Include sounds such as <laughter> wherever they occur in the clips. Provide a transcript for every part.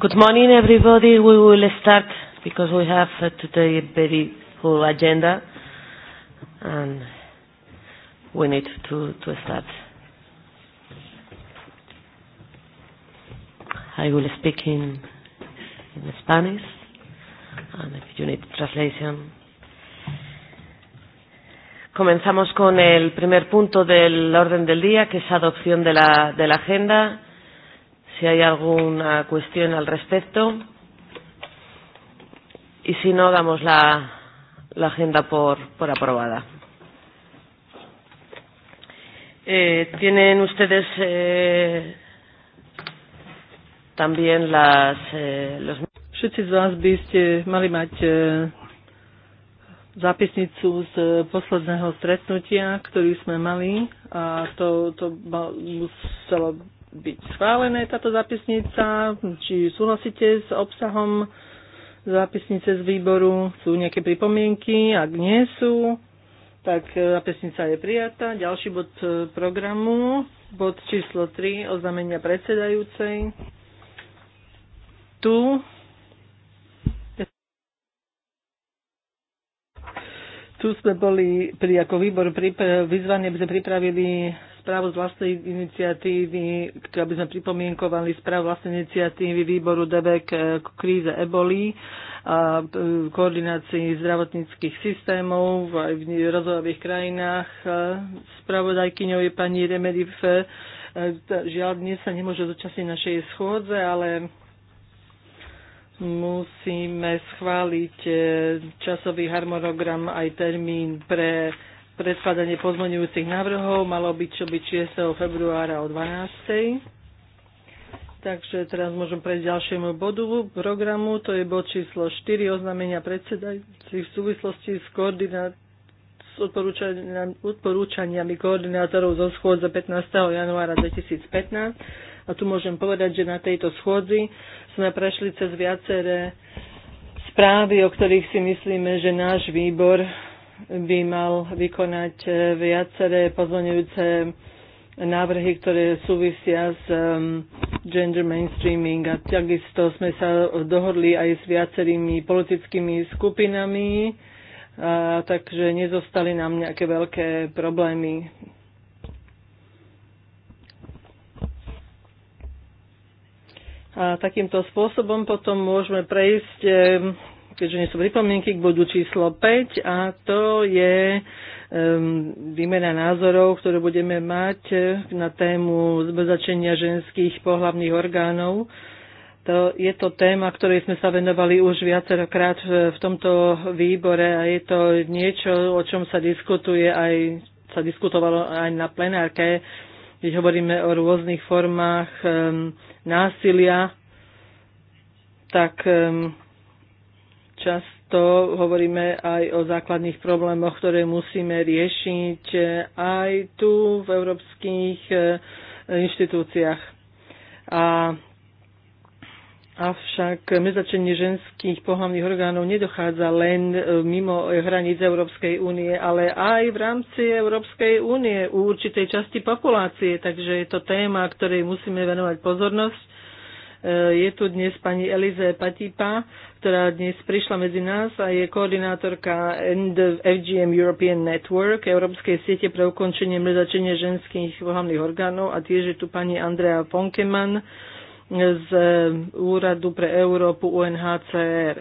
Good morning, everybody. We will start because we have uh, today a very full agenda and we need to, to start. I will speak in, in Spanish and if you need translation. Comenzamos con el primer punto del orden del día, que es adopción de la, de la agenda si hay alguna cuestión al respecto. Y si no, damos la, la agenda por, por aprobada. Eh, Tienen ustedes eh, también las, eh, los. Všetci z vás by ste mali mať eh, zápisnicu z eh, posledného stretnutia, ktorý sme mali a to, to muselo byť schválené táto zápisnica, či súhlasíte s obsahom zápisnice z výboru, sú nejaké pripomienky, ak nie sú, tak e, zápisnica je prijatá. Ďalší bod e, programu, bod číslo 3, oznamenia predsedajúcej. Tu tu sme boli pri, ako výbor pri, vyzvaní, aby sme pripravili správu z vlastnej iniciatívy, aby sme pripomienkovali správu vlastnej iniciatívy výboru DB k kríze eboli a koordinácii zdravotníckých systémov aj v rozvojových krajinách. Spravodajkyňou je pani Remedif, e, Žiaľ, dnes sa nemôže zúčastniť našej schôdze, ale musíme schváliť e, časový harmonogram aj termín pre predkladanie pozmeňujúcich návrhov malo byť čo byť 6. februára o 12. Takže teraz môžem prejsť ďalšiemu bodu programu, to je bod číslo 4 oznámenia predsedajúcich v súvislosti s, koordinát- s odporúčaniami koordinátorov zo schôdze 15. januára 2015. A tu môžem povedať, že na tejto schôdzi sme prešli cez viaceré správy, o ktorých si myslíme, že náš výbor by mal vykonať e, viaceré pozvoňujúce návrhy, ktoré súvisia s gender mainstreaming. A takisto sme sa dohodli aj s viacerými politickými skupinami, a, takže nezostali nám nejaké veľké problémy. A takýmto spôsobom potom môžeme prejsť keďže nie sú pripomienky k bodu číslo 5 a to je um, výmena názorov, ktoré budeme mať e, na tému zbezačenia ženských pohlavných orgánov. To, je to téma, ktorej sme sa venovali už viacerokrát v, e, v tomto výbore a je to niečo, o čom sa diskutuje aj sa diskutovalo aj na plenárke, keď hovoríme o rôznych formách um, násilia, tak um, často hovoríme aj o základných problémoch, ktoré musíme riešiť e, aj tu v európskych e, inštitúciách. A Avšak mezačenie ženských pohľavných orgánov nedochádza len e, mimo hraníc Európskej únie, ale aj v rámci Európskej únie u určitej časti populácie. Takže je to téma, ktorej musíme venovať pozornosť Eh, je tu dnes pani Elize Patipa, ktorá dnes prišla medzi nás a je koordinátorka FGM European Network, Európskej siete pre ukončenie mrzačenia ženských vohamných orgánov a tiež je tu pani Andrea Ponkeman eh, z eh, Úradu pre Európu UNHCR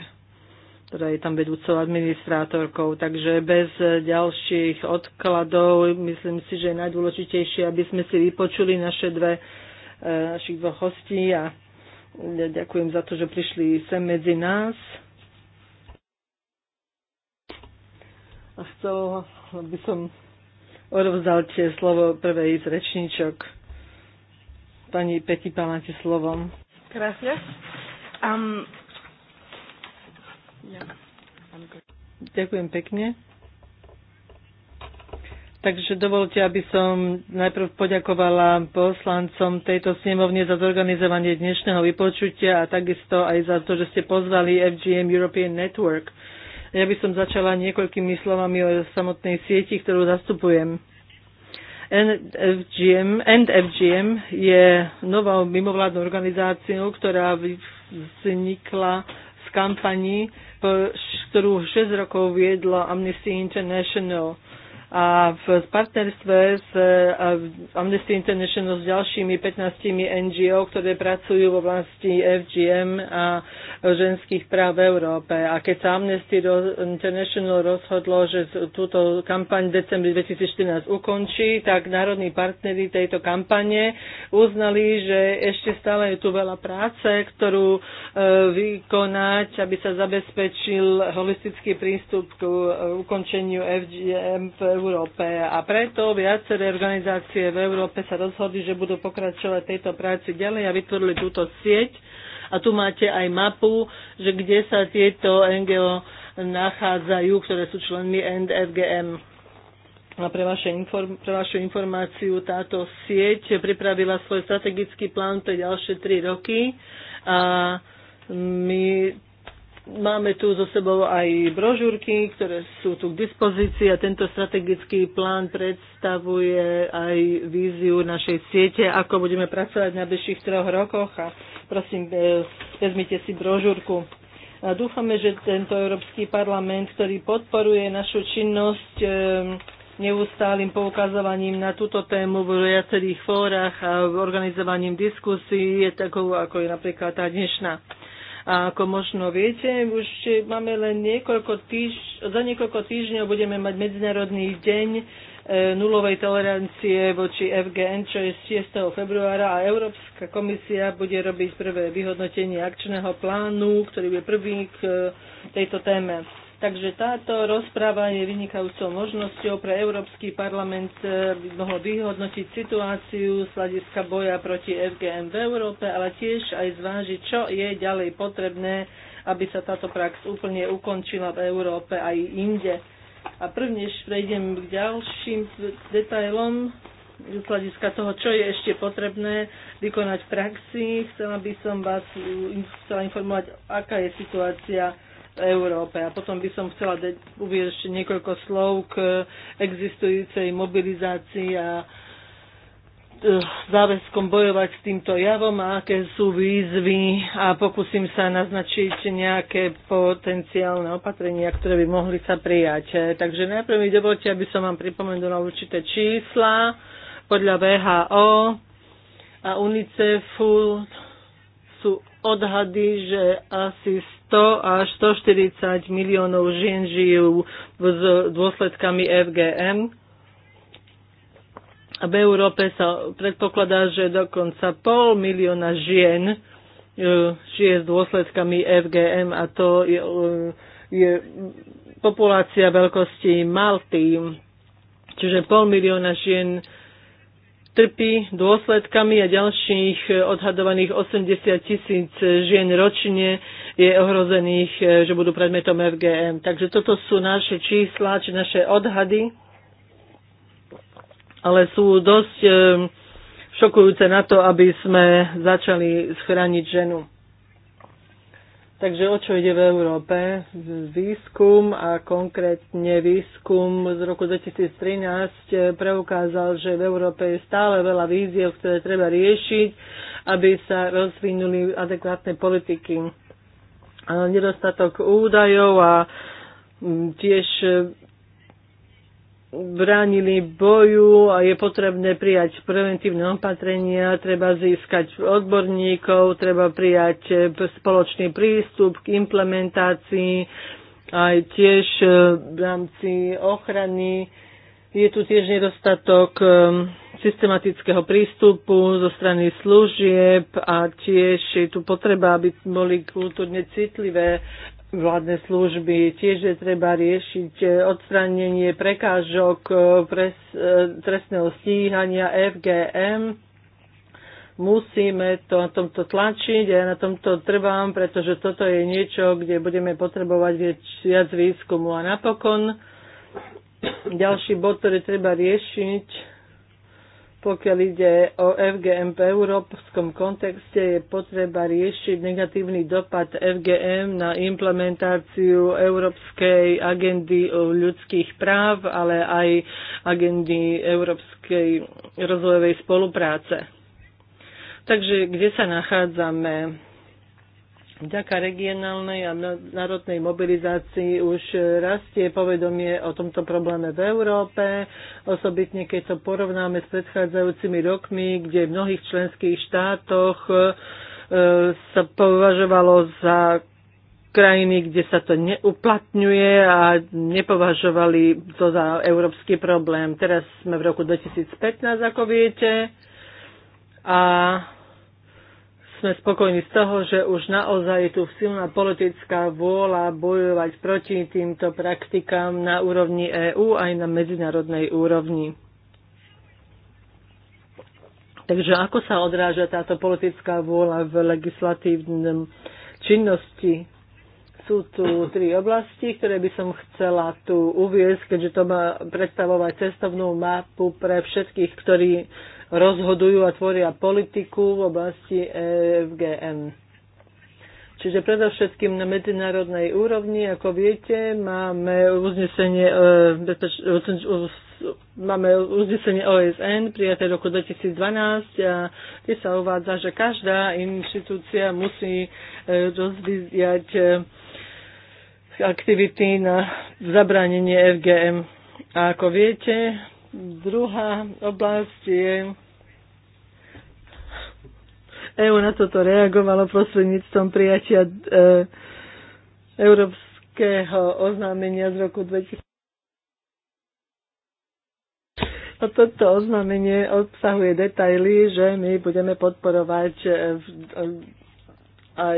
ktorá je tam vedúcou administrátorkou. Takže bez ďalších odkladov myslím si, že je najdôležitejšie, aby sme si vypočuli naše dve našich dvoch hostí a ja ďakujem za to, že prišli sem medzi nás. A chcel by som odovzdal tie slovo prvej z rečníčok. Pani peti máte slovom. Krásne. Um, ja. Ďakujem pekne. Takže dovolte, aby som najprv poďakovala poslancom tejto snemovne za zorganizovanie dnešného vypočutia a takisto aj za to, že ste pozvali FGM European Network. Ja by som začala niekoľkými slovami o samotnej sieti, ktorú zastupujem. NFGM, NFGM je novou mimovládnou organizáciou, ktorá vznikla z kampanii, ktorú 6 rokov viedla Amnesty International a v partnerstve s e, Amnesty International s ďalšími 15 NGO, ktoré pracujú v oblasti FGM a ženských práv v Európe. A keď sa Amnesty International rozhodlo, že túto kampaň v decembri 2014 ukončí, tak národní partnery tejto kampane uznali, že ešte stále je tu veľa práce, ktorú e, vykonať, aby sa zabezpečil holistický prístup k e, ukončeniu FGM v Európe. A preto viaceré organizácie v Európe sa rozhodli, že budú pokračovať tejto práci ďalej a vytvorili túto sieť. A tu máte aj mapu, že kde sa tieto NGO nachádzajú, ktoré sú členmi NFGM. A pre, vaše inform- pre vašu informáciu táto sieť pripravila svoj strategický plán pre ďalšie tri roky. A my Máme tu so sebou aj brožúrky, ktoré sú tu k dispozícii a tento strategický plán predstavuje aj víziu našej siete, ako budeme pracovať na bližších troch rokoch a prosím, e, vezmite si brožúrku. A dúfame, že tento Európsky parlament, ktorý podporuje našu činnosť e, neustálým poukazovaním na túto tému v viacerých fórach a organizovaním diskusí, je takou, ako je napríklad tá dnešná. A ako možno viete, už máme len niekoľko týž- za niekoľko týždňov budeme mať Medzinárodný deň e, nulovej tolerancie voči FGN, čo je 6. februára a Európska komisia bude robiť prvé vyhodnotenie akčného plánu, ktorý je prvý k e, tejto téme. Takže táto rozpráva je vynikajúcou možnosťou pre Európsky parlament eh, by mohol vyhodnotiť situáciu z hľadiska boja proti FGM v Európe, ale tiež aj zvážiť, čo je ďalej potrebné, aby sa táto prax úplne ukončila v Európe aj inde. A prvnež prejdem k ďalším detailom z hľadiska toho, čo je ešte potrebné vykonať v praxi. Chcela by som vás chcela informovať, aká je situácia Európe. A potom by som chcela dať, uvieť niekoľko slov k existujúcej mobilizácii a e, záväzkom bojovať s týmto javom a aké sú výzvy a pokúsim sa naznačiť nejaké potenciálne opatrenia, ktoré by mohli sa prijať. E, takže najprv mi dovolte, aby som vám pripomenula určité čísla podľa VHO a UNICEFu sú odhady, že asi 100 až 140 miliónov žien žijú s dôsledkami FGM. A v Európe sa predpokladá, že dokonca pol milióna žien e, žije s dôsledkami FGM a to je, e, je populácia veľkosti Malty. Čiže pol milióna žien trpí dôsledkami a ďalších eh, odhadovaných 80 tisíc eh, žien ročne je ohrozených, eh, že budú predmetom FGM. Takže toto sú naše čísla, či naše odhady, ale sú dosť šokujúce na to, aby sme začali schrániť ženu. Takže o čo ide v Európe? Výskum a konkrétne výskum z roku 2013 preukázal, že v Európe je stále veľa víziev, ktoré treba riešiť, aby sa rozvinuli adekvátne politiky. nedostatok údajov a tiež bránili boju a je potrebné prijať preventívne opatrenia, treba získať odborníkov, treba prijať e, spoločný prístup k implementácii aj tiež e, v rámci ochrany. Je tu tiež nedostatok e, systematického prístupu zo strany služieb a tiež je tu potreba, aby boli kultúrne citlivé vládne služby. Tiež je treba riešiť eh, odstránenie prekážok eh, pres, eh, trestného stíhania FGM. Musíme to na tomto tlačiť a ja na tomto trvám, pretože toto je niečo, kde budeme potrebovať viac výskumu. A napokon ďalší bod, ktorý treba riešiť, pokiaľ ide o FGM v európskom kontexte, je potreba riešiť negatívny dopad FGM na implementáciu Európskej agendy o ľudských práv, ale aj agendy Európskej rozvojovej spolupráce. Takže kde sa nachádzame? Vďaka regionálnej a národnej mobilizácii už e, rastie povedomie o tomto probléme v Európe, osobitne keď to porovnáme s predchádzajúcimi rokmi, kde v mnohých členských štátoch e, sa považovalo za krajiny, kde sa to neuplatňuje a nepovažovali to za európsky problém. Teraz sme v roku 2015, ako viete, a sme spokojní z toho, že už naozaj je tu silná politická vôľa bojovať proti týmto praktikám na úrovni EÚ aj na medzinárodnej úrovni. Takže ako sa odráža táto politická vôľa v legislatívnom činnosti? Sú tu tri oblasti, ktoré by som chcela tu uviezť, keďže to má predstavovať cestovnú mapu pre všetkých, ktorí rozhodujú a tvoria politiku v oblasti e FGM. Čiže predovšetkým na medzinárodnej úrovni, ako viete, máme uznesenie, e, máme uznesenie OSN prijaté roku 2012, a kde sa uvádza, že každá inštitúcia musí e, rozvíjať aktivity na zabránenie FGM. A ako viete, Druhá oblasť je EU na toto reagovalo prostredníctvom prijatia e, európskeho oznámenia z roku 2000. A no, toto oznámenie obsahuje detaily, že my budeme podporovať e, aj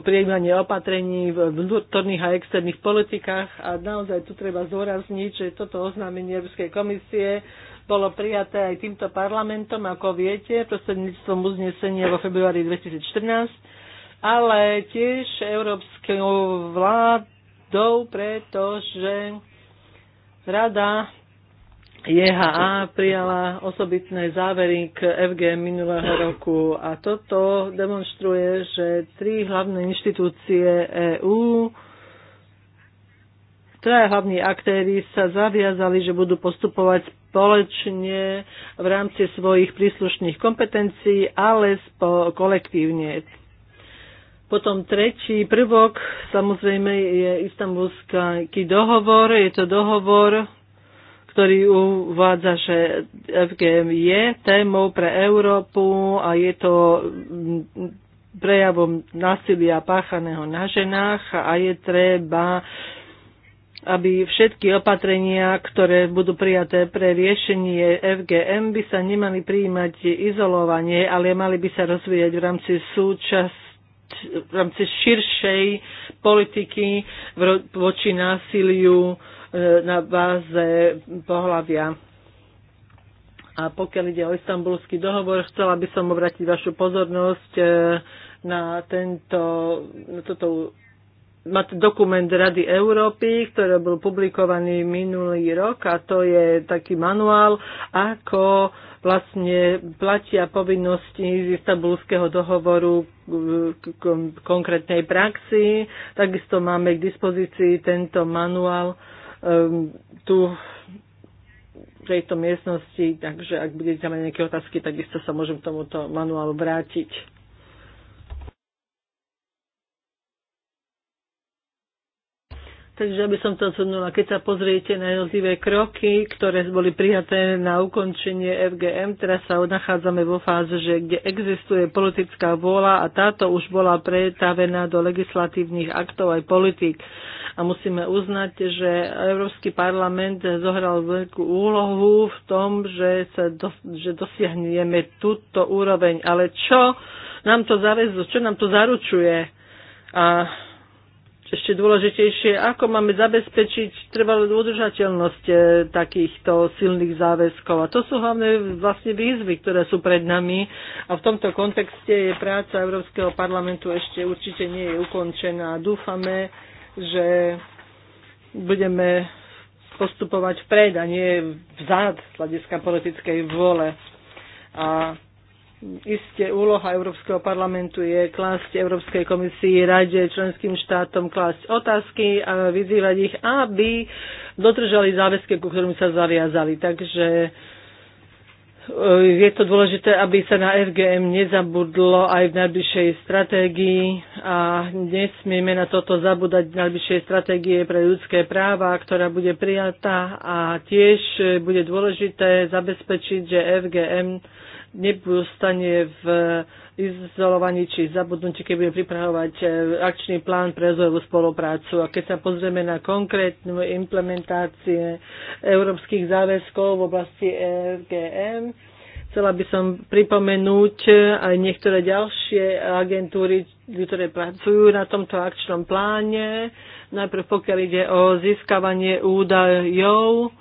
prijímanie opatrení v vnútorných a externých politikách a naozaj tu treba zdôrazniť, že toto oznámenie Európskej komisie bolo prijaté aj týmto parlamentom, ako viete, prostredníctvom uznesenia vo februári 2014, ale tiež európskou vládou, pretože rada JHA prijala osobitné závery k FG minulého hm. roku a toto demonstruje, že tri hlavné inštitúcie EÚ, traja hlavní aktéry sa zaviazali, že budú postupovať spoločne v rámci svojich príslušných kompetencií, ale kolektívne. Potom tretí prvok, samozrejme, je istambulský dohovor. Je to dohovor, ktorý uvádza, že FGM je témou pre Európu a je to prejavom násilia páchaného na ženách a je treba aby všetky opatrenia, ktoré budú prijaté pre riešenie FGM, by sa nemali prijímať izolovanie, ale mali by sa rozvíjať v rámci súčasť v rámci širšej politiky voči násiliu E, na báze pohľavia. A pokiaľ ide o istambulský dohovor, chcela by som obratiť vašu pozornosť e, na tento, na toto dokument Rady Európy, ktorý bol publikovaný minulý rok a to je taký manuál, ako vlastne platia povinnosti z istambulského dohovoru k konkrétnej praxi. Takisto máme k dispozícii tento manuál Ehm, tu v tejto miestnosti, takže ak budete mať nejaké otázky, takisto sa môžem k tomuto manuálu vrátiť. Takže aby som to zhodnula, keď sa pozriete na jednotlivé kroky, ktoré boli prijaté na ukončenie FGM, teraz sa nachádzame vo fáze, že kde existuje politická vôľa a táto už bola pretavená do legislatívnych aktov aj politik. A musíme uznať, že Európsky parlament zohral veľkú úlohu v tom, že, sa dos- že dosiahneme túto úroveň. Ale čo nám to zavezuje, čo nám to zaručuje? A ešte dôležitejšie, ako máme zabezpečiť trvalú udržateľnosť eh, takýchto silných záväzkov. A to sú hlavné vlastne výzvy, ktoré sú pred nami. A v tomto kontexte je práca Európskeho parlamentu ešte určite nie je ukončená. Dúfame, že budeme postupovať vpred a nie vzad z hľadiska politickej vôle. A Isté úloha Európskeho parlamentu je klásť Európskej komisii, rade, členským štátom klásť otázky a vyzývať ich, aby dodržali záväzky, ku ktorým sa zaviazali. Takže e, je to dôležité, aby sa na FGM nezabudlo aj v najbližšej stratégii a nesmieme na toto zabúdať v najbližšej stratégie pre ľudské práva, ktorá bude prijatá a tiež bude dôležité zabezpečiť, že FGM stane v izolovaní či zabudnutí, keď budeme pripravovať e, akčný plán pre rozvojovú spoluprácu. A keď sa pozrieme na konkrétnu implementácie európskych záväzkov v oblasti EGM, chcela by som pripomenúť e, aj niektoré ďalšie agentúry, ktoré pracujú na tomto akčnom pláne. Najprv pokiaľ ide o získavanie údajov,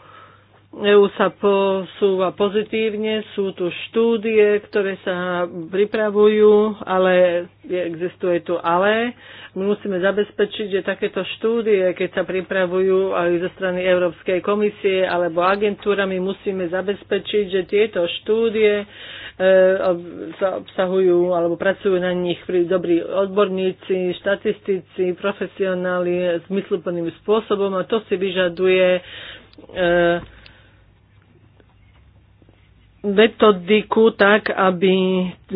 EU sa posúva pozitívne, sú tu štúdie, ktoré sa pripravujú, ale existuje tu ale. My musíme zabezpečiť, že takéto štúdie, keď sa pripravujú aj zo strany Európskej komisie alebo agentúrami, musíme zabezpečiť, že tieto štúdie e, sa obsahujú alebo pracujú na nich pri dobrí odborníci, štatistici, profesionáli zmysluplným spôsobom a to si vyžaduje e, metodiku tak, aby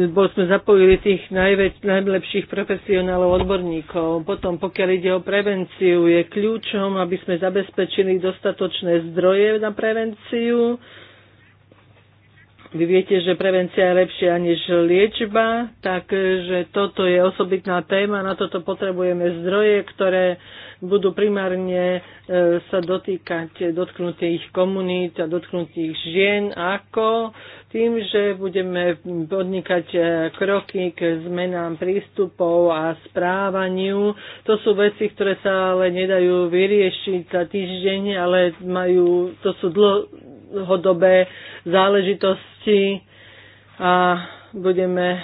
bol sme zapojili tých najväč, najlepších profesionálov, odborníkov. Potom, pokiaľ ide o prevenciu, je kľúčom, aby sme zabezpečili dostatočné zdroje na prevenciu. Vy viete, že prevencia je lepšia než liečba, takže toto je osobitná téma, na toto potrebujeme zdroje, ktoré budú primárne e, sa dotýkať dotknutých komunít a dotknutých žien. Ako? Tým, že budeme podnikať e, kroky k zmenám prístupov a správaniu. To sú veci, ktoré sa ale nedajú vyriešiť za týždeň, ale majú, to sú dlhodobé záležitosti a budeme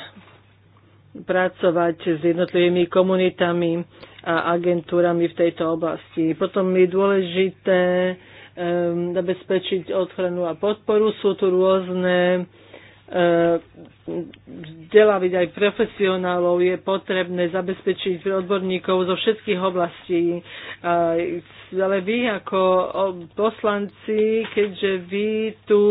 pracovať s jednotlivými komunitami agentúrami v tejto oblasti. Potom je dôležité ehm, zabezpečiť ochranu a podporu. Sú tu rôzne ehm, vzdelávať aj profesionálov, je potrebné zabezpečiť odborníkov zo všetkých oblastí. Ale vy ako poslanci, keďže vy tu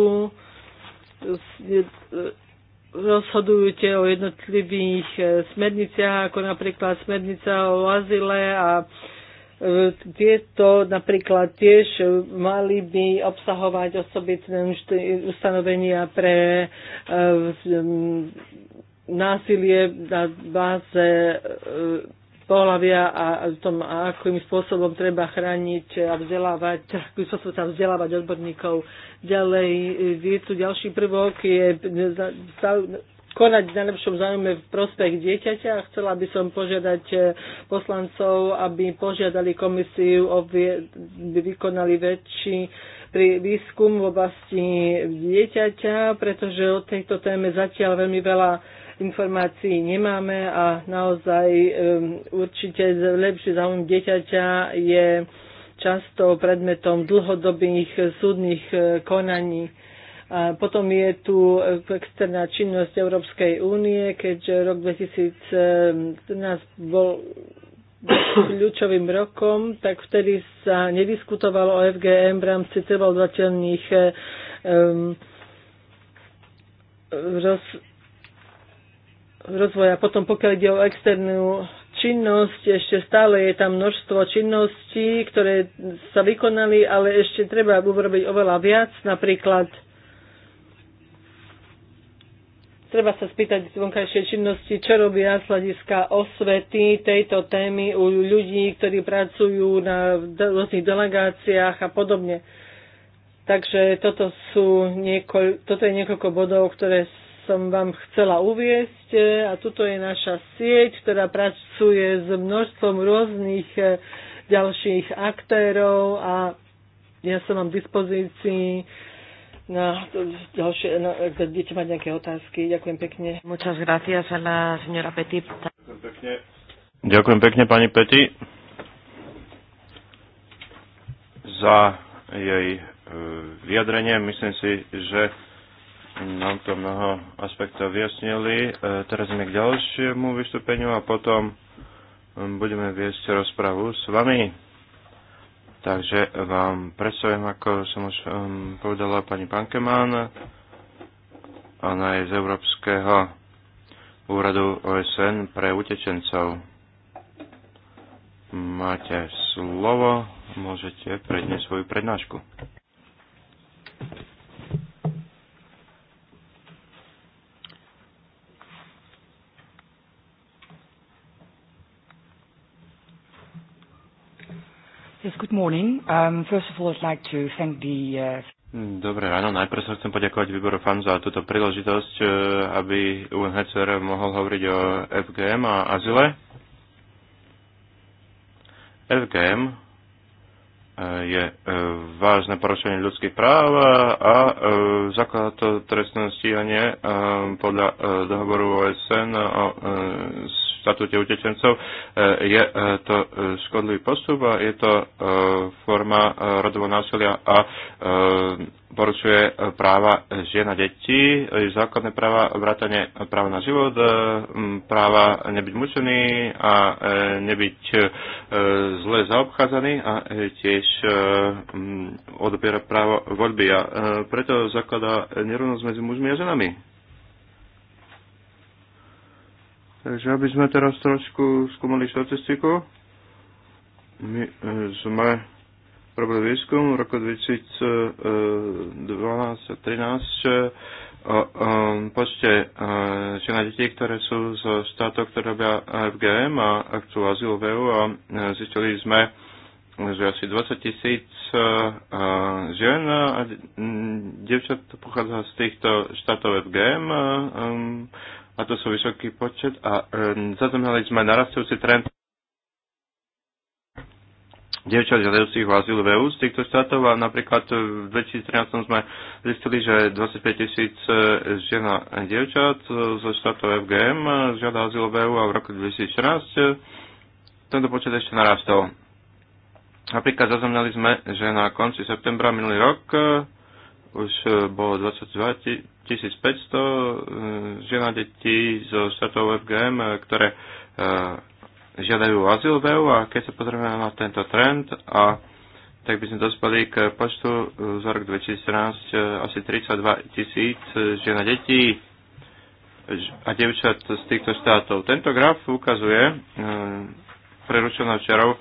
rozhodujete o jednotlivých e, smerniciach, ako napríklad smernica o azile a e, tieto napríklad tiež mali by obsahovať osobitné ustanovenia pre e, násilie na báze pohľavia a tom, a akým spôsobom treba chrániť a vzdelávať, akým spôsobom sa vzdelávať odborníkov. Ďalej je tu ďalší prvok, je konať v najlepšom záujme v prospech dieťaťa. Chcela by som požiadať eh, poslancov, aby požiadali komisiu, aby vykonali väčší pri výskum v oblasti dieťaťa, pretože o tejto téme zatiaľ veľmi veľa informácií nemáme a naozaj určite lepší záujem dieťaťa je často predmetom dlhodobých súdnych eh, konaní. A potom je tu externá činnosť Európskej únie, keďže rok 2014 bol kľúčovým rokom, tak vtedy sa nediskutovalo o FGM v rámci trvalodateľných um, eh, roz, rozvoja. Potom pokiaľ ide o externú činnosť, ešte stále je tam množstvo činností, ktoré sa vykonali, ale ešte treba urobiť oveľa viac. Napríklad treba sa spýtať z vonkajšej činnosti, čo robia z hľadiska osvety tejto témy u ľudí, ktorí pracujú na rôznych delegáciách a podobne. Takže toto, sú niekoľ, toto je niekoľko bodov, ktoré som vám chcela uviesť. E, a tuto je naša sieť, ktorá pracuje s množstvom rôznych e, ďalších aktérov a ja som vám v dispozícii na ďalšie, na, ak budete mať nejaké otázky. Ďakujem pekne. Muchas gracias a la señora Peti. Ďakujem pekne. Ďakujem pekne pani Peti za jej e, vyjadrenie. Myslím si, že nám to mnoho aspektov vyjasnili. E, teraz sme k ďalšiemu vystúpeniu a potom mm, budeme viesť rozpravu s vami. Takže vám predstavím, ako som už mm, povedala pani Pankeman. Ona je z Európskeho úradu OSN pre utečencov. Máte slovo, môžete predniesť svoju prednášku. Um, Dobré uh, Dobre ráno. Najprv sa chcem poďakovať výboru FAM za túto príležitosť, uh, aby UNHCR mohol hovoriť o FGM a azile. FGM uh, je vážne porušenie ľudských práv a základ to trestné stíhanie um, podľa dohovoru OSN o štatúte utečencov. E, je e, to e, škodlivý postup a je to forma rodovo násilia a porušuje práva žien a detí, základné práva, vrátanie práva na život, práva nebyť mučený a nebyť zle zaobchádzaný a tiež odopiera právo voľby. A preto zakladá nerovnosť medzi mužmi a ženami. Takže aby sme teraz trošku skúmali štatistiku, my e, sme robili výskum v roku 2012 e, a 2013 o, o počte e, žena detí, ktoré sú z štátov, ktoré robia FGM a akciu azyl v EU a zistili sme, že asi 20 tisíc žien a devčat pochádza z týchto štátov FGM a to sú vysoký počet a e, zaznamenali sme narastujúci trend dievčat žiadajúcich o azyl v EU z týchto štátov a napríklad v 2013 sme zistili, že 25 tisíc e, žien a dievčat zo štátov FGM žiada azyl v EU a v roku 2014 e, tento počet ešte narastol. Napríklad zaznamenali sme, že na konci septembra minulý rok e, už bolo 22 1500 žien a detí zo štátov FGM, e, ktoré e, žiadajú azyl v EU a keď sa pozrieme na tento trend a tak by sme dospeli k počtu e, za rok 2014 asi 32 tisíc žien a detí a devčat z týchto štátov. Tento graf ukazuje preručenou čarou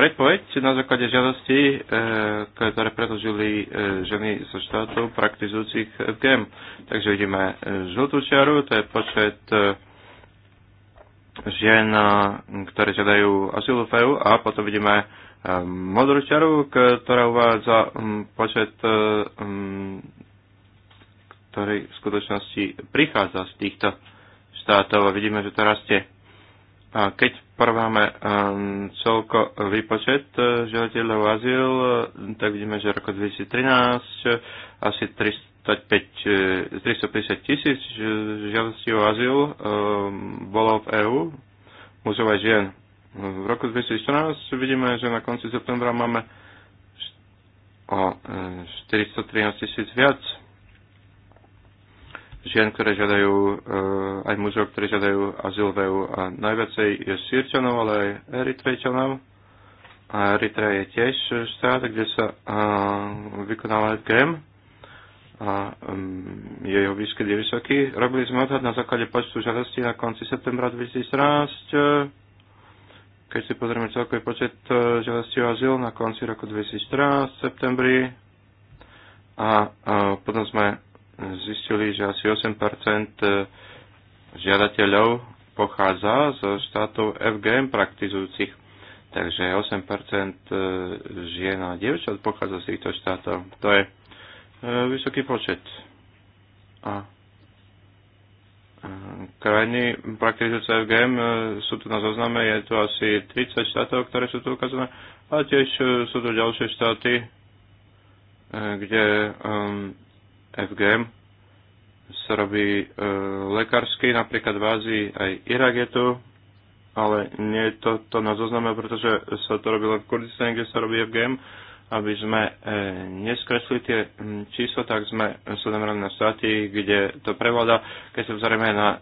Predpoveď na základe žiadosti, e, ktoré predložili e, ženy zo so štátov praktizujúcich GEM. Takže vidíme e, žltú čiaru, to je počet žien, ktoré žiadajú azyl v EU a potom vidíme modrú čiaru, ktorá uvádza počet, ktorý v skutočnosti prichádza z týchto štátov a vidíme, že to rastie. A keď porovnáme um, ehm, celkový počet e, žiadateľov azyl, e, tak vidíme, že v roku 2013 asi 305, 350 e, tisíc žiadostí o azyl um, bolo v EÚ mužov aj žien. V roku 2014 vidíme, že na konci septembra máme o 413 tisíc viac žien, ktoré žiadajú, eh, aj mužov, ktorí žiadajú azyl v EU. A najviacej je Sýrčanov, ale aj Eritrejčanov. A Eritrea je tiež štát, kde sa eh, vykonáva krem a um, jeho výskyt je vysoký. Robili sme odhad na základe počtu žiadostí na konci septembra 2014. Keď si pozrieme celkový počet eh, žiadostí o azyl na konci roku 2014 v septembri a, a potom sme zistili, že asi 8 e, žiadateľov pochádza zo štátov FGM praktizujúcich. Takže 8% e, žien a dievčat pochádza z týchto štátov. To je e, vysoký počet. A krajiny praktizujúce FGM sú tu na zozname, je tu asi 30 štátov, ktoré sú tu ukázané, ale tiež sú tu ďalšie štáty, kde um, FGM sa robí e, lekársky, napríklad v Ázii aj Irak je tu, ale nie je to, to na zozname, pretože sa to robí len v Kurdistane, kde sa robí FGM. Aby sme e, neskresli tie číslo, tak sme sa zamerali na štáty, kde to prevláda. Keď sa vzrieme na e,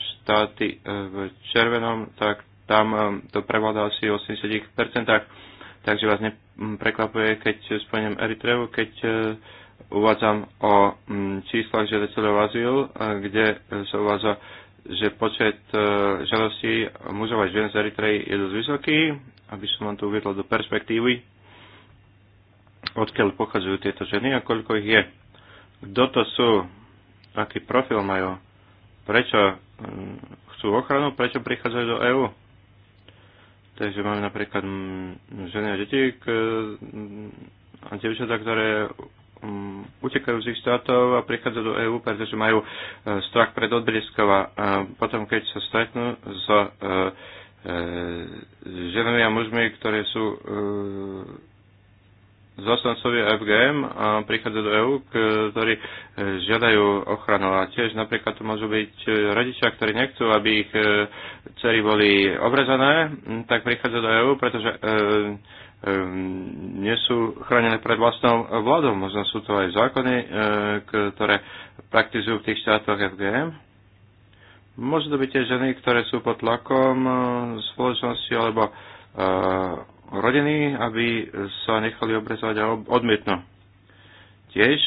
štáty e, v červenom, tak tam e, to prevláda asi v 80%. Takže vás neprekvapuje, keď spomeniem Eritreu, keď e, uvádzam o mm, číslach žiadateľov azyl, e, kde sa uvádza, že počet e, žiadostí mužov a žien z Eritreji je dosť vysoký, aby som vám to uviedol do perspektívy, odkiaľ pochádzajú tieto ženy a koľko ich je. Kto to sú, aký profil majú, prečo mm, chcú ochranu, prečo prichádzajú do EÚ. Takže máme napríklad mm, ženy a deti, a dievčatá, ktoré Mm, utekajú z ich štátov a prichádzajú do EÚ, pretože majú e, strach pred odbrieskom a e, potom, keď sa stretnú s e, ženami a mužmi, ktoré sú zastancovia FGM a prichádza do EU, ktorí žiadajú ochranu. A tiež napríklad to môžu byť rodičia, ktorí nechcú, aby ich cery boli obrazané, tak prichádza do EÚ, pretože Ehm, nie sú chránené pred vlastnou vládou. Možno sú to aj zákony, eh, ktoré praktizujú v tých štátoch FGM. Môžu to byť tie ženy, ktoré sú pod tlakom eh, spoločnosti alebo eh, rodiny, aby sa nechali obrezovať a odmietno. Tiež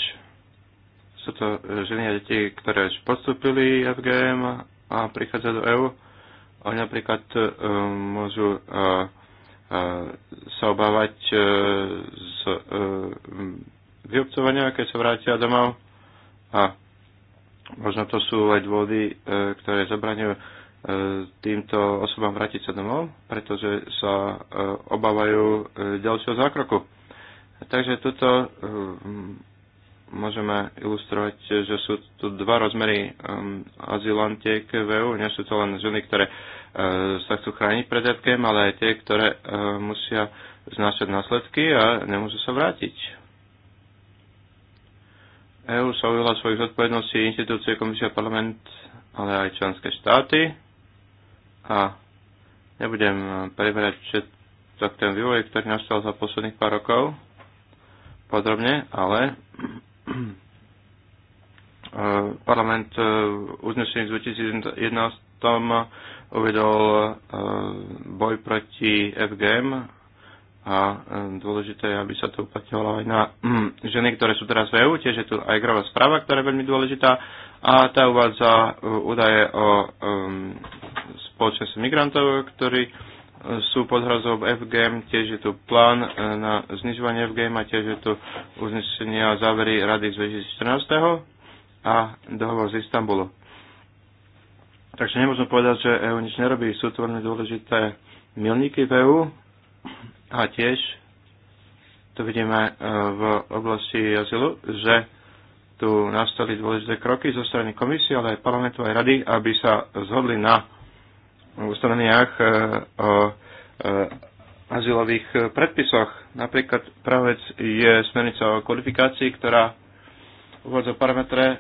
sú to ženy a deti, ktoré už postupili FGM a prichádzajú do EU. Oni napríklad môžu sa obávať e, z e, vyobcovania, keď sa vrátia domov. A možno to sú aj dôvody, e, ktoré zabraňujú týmto osobám vrátiť sa domov, pretože sa obávajú ďalšieho zákroku. Takže toto môžeme ilustrovať, že sú tu dva rozmery um, azylantiek v EU. Nie sú to len ženy, ktoré uh, sa chcú chrániť pred FKM, ale aj tie, ktoré uh, musia znášať následky a nemôžu sa vrátiť. EU sa ujela svojich zodpovedností inštitúcie, komisia, parlament, ale aj členské štáty. A nebudem uh, preberať všetko ten vývoj, ktorý nastal za posledných pár rokov podrobne, ale Ehm, eh, parlament eh, uznesením z 2011 uvedol eh, boj proti FGM a dôležité je, aby sa to uplatňovalo aj na ehm, ženy, ktoré sú teraz v EU, tiež je tu aj gravá správa, ktorá je veľmi dôležitá a tá uvádza údaje o ehm, spoločnosti migrantov, ktorí sú pod hrozou FGM, tiež je tu plán e, na znižovanie FGM a tiež je tu uznesenia závery Rady z 2014. a dohovor z Istanbulu. Takže nemôžem povedať, že EU nič nerobí. Sú tu veľmi dôležité milníky v EU a tiež to vidíme e, v oblasti azylu, že tu nastali dôležité kroky zo strany komisie, ale aj parlamentu aj rady, aby sa zhodli na ustanoveniach e, o e, azylových predpisoch. Napríklad pravec je smernica o kvalifikácii, ktorá uvádza parametre e,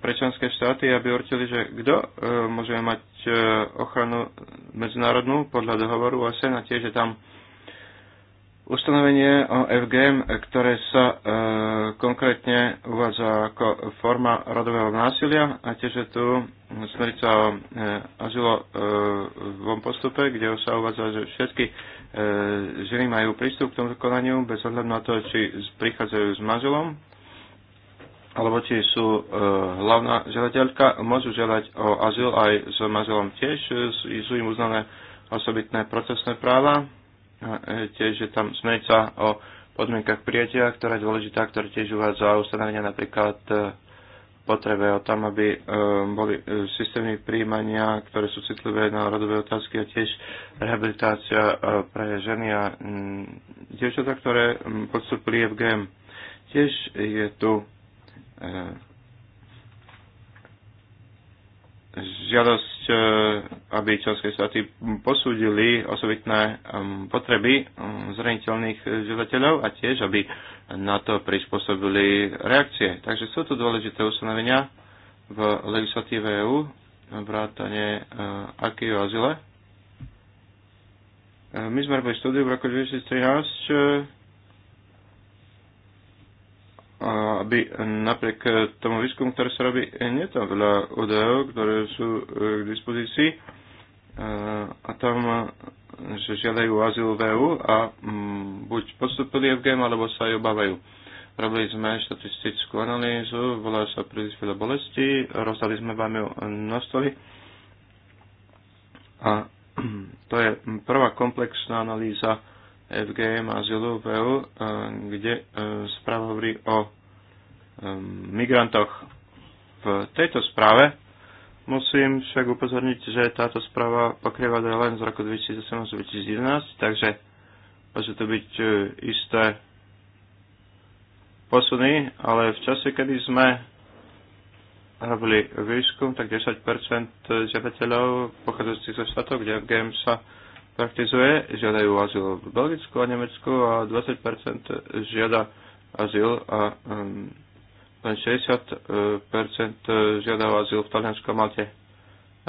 pre členské štáty, aby určili, že kto môže mať ochranu medzinárodnú podľa dohovoru OSN a tiež je tam ustanovenie o FGM, ktoré sa e, konkrétne uvádza ako forma rodového násilia a tiež je tu smerica o e, azylovom e, postupe, kde sa uvádza, že všetky e, ženy majú prístup k tomto konaniu bez ohľadu na to, či prichádzajú s mazilom alebo či sú e, hlavná želateľka, môžu želať o azyl aj s mazilom tiež, e, sú im uznané osobitné procesné práva E, tiež je tam smerica o podmienkach prijatia, ktorá je dôležitá, ktorá tiež uvádza ustanovenia napríklad e, potrebe o tom, aby e, boli systémy príjmania, ktoré sú citlivé na rodové otázky a tiež rehabilitácia pre ženy a mm, dievčatá, ktoré podstúpili FGM. Tiež je tu žiadosť, e, aby členské štáty posúdili osobitné e, potreby e, zraniteľných žiadateľov a tiež, aby na to prispôsobili reakcie. Takže sú tu dôležité ustanovenia v legislatíve EÚ, vrátane aký o azile. My sme robili štúdiu v roku 2013, aby napriek tomu výskumu, ktorý sa robí, nie tam veľa údajov, ktoré sú e, k dispozícii e, a tam e, že žiadajú azyl v EU a mm, buď postupili FGM, alebo sa aj obávajú. Robili sme štatistickú analýzu, volá sa príliš veľa bolesti, rozdali sme vám ju na stoli. A <clears throat> to je prvá komplexná analýza FGM a v e e, kde e, správa hovorí o migrantoch. V tejto správe musím však upozorniť, že táto správa pokrýva len z roku 2018-2011, takže môže to byť isté posuny, ale v čase, kedy sme robili výskum, tak 10% žiadateľov pochádzajúcich zo štátov, kde FGM sa praktizuje, žiadajú azyl v Belgicku a Nemecku a 20% žiada azyl a um, len 60% žiada azyl v Taliansku Malte.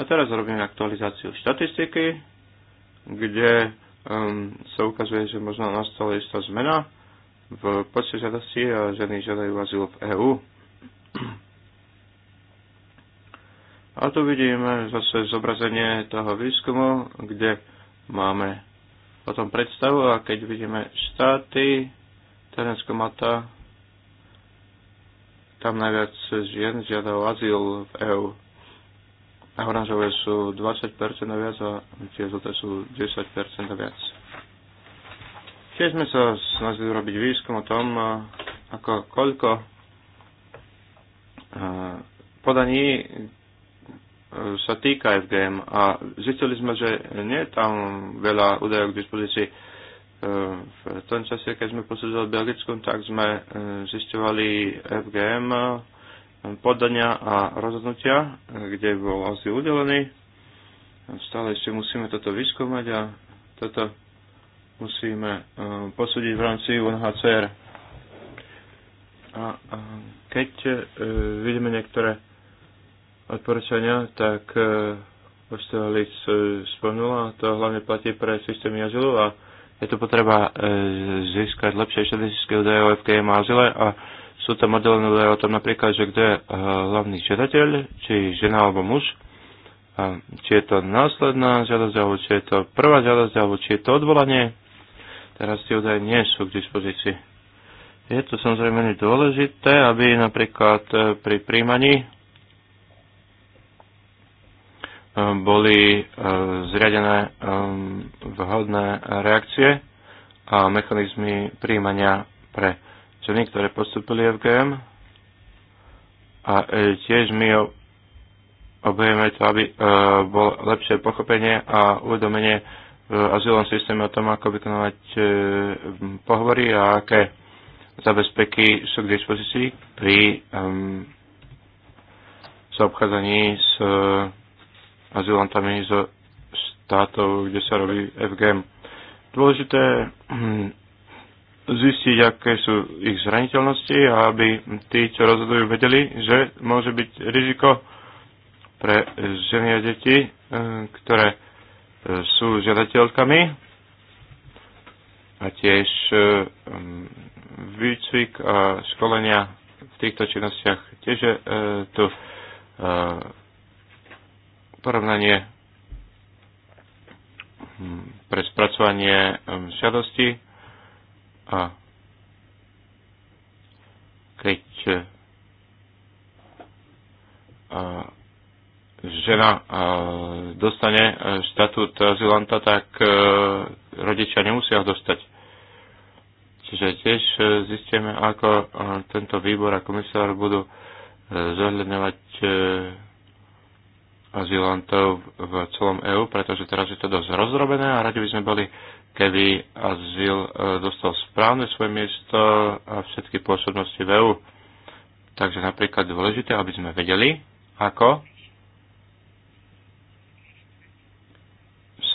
A teraz robíme aktualizáciu štatistiky, kde um, sa ukazuje, že možno nastala istá zmena v počte žiadosti a ženy žiadajú azyl v EÚ. A tu vidíme zase zobrazenie toho výskumu, kde máme potom predstavu a keď vidíme štáty, Terensko Mata, tam najviac žien žiada o azyl v EU. A oranžové sú 20% a viac a tie žlté sú 10% a viac. Tiež sme sa snažili urobiť výskum o tom, ako koľko podaní, sa týka FGM a zistili sme, že nie je tam veľa údajov k dispozícii. E, v tom čase, keď sme posudzovali Belgickom, tak sme e, zistovali FGM e, podania a rozhodnutia, kde bol asi udelený. Stále ešte musíme toto vyskúmať a toto musíme posúdiť v rámci UNHCR. A keď vidíme niektoré odporúčania, tak už e, to Liz e, spomenula, to hlavne platí pre systémy azylu a je tu potreba e, získať lepšie štatistické údaje o FKM a azyle a sú tam oddelené údaje o tom napríklad, že kto je hlavný žiadateľ, či žena alebo muž, a či je to následná žiadosť, alebo či je to prvá žiadosť, alebo či je to odvolanie. Teraz tie údaje nie sú k dispozícii. Je to samozrejme dôležité, aby napríklad pri príjmaní boli e, zriadené e, vhodné reakcie a mechanizmy príjmania pre ženy, ktoré postupili FGM. A e, tiež my obejeme to, aby bolo lepšie pochopenie a uvedomenie v azylovom systéme o tom, ako vykonovať pohovory a aké zabezpeky sú k dispozícii pri um, obchádzaní s azylantami zo štátov, kde sa robí FGM. Dôležité hm, zistiť, aké sú ich zraniteľnosti a aby tí, čo rozhodujú, vedeli, že môže byť riziko pre ženy a deti, hm, ktoré hm, sú žiadateľkami a tiež výcvik a školenia v týchto činnostiach. Tiež je tu porovnanie hm, pre spracovanie hm, žiadosti a keď hm, žena dostane štatút azylanta, tak rodičia nemusia ho dostať. Čiže tiež zistíme, ako tento výbor a komisár budú zohľadňovať azylantov v celom EÚ, pretože teraz je to dosť rozrobené a radi by sme boli, keby azyl e, dostal správne svoje miesto a všetky pôsobnosti v EÚ. Takže napríklad dôležité, aby sme vedeli, ako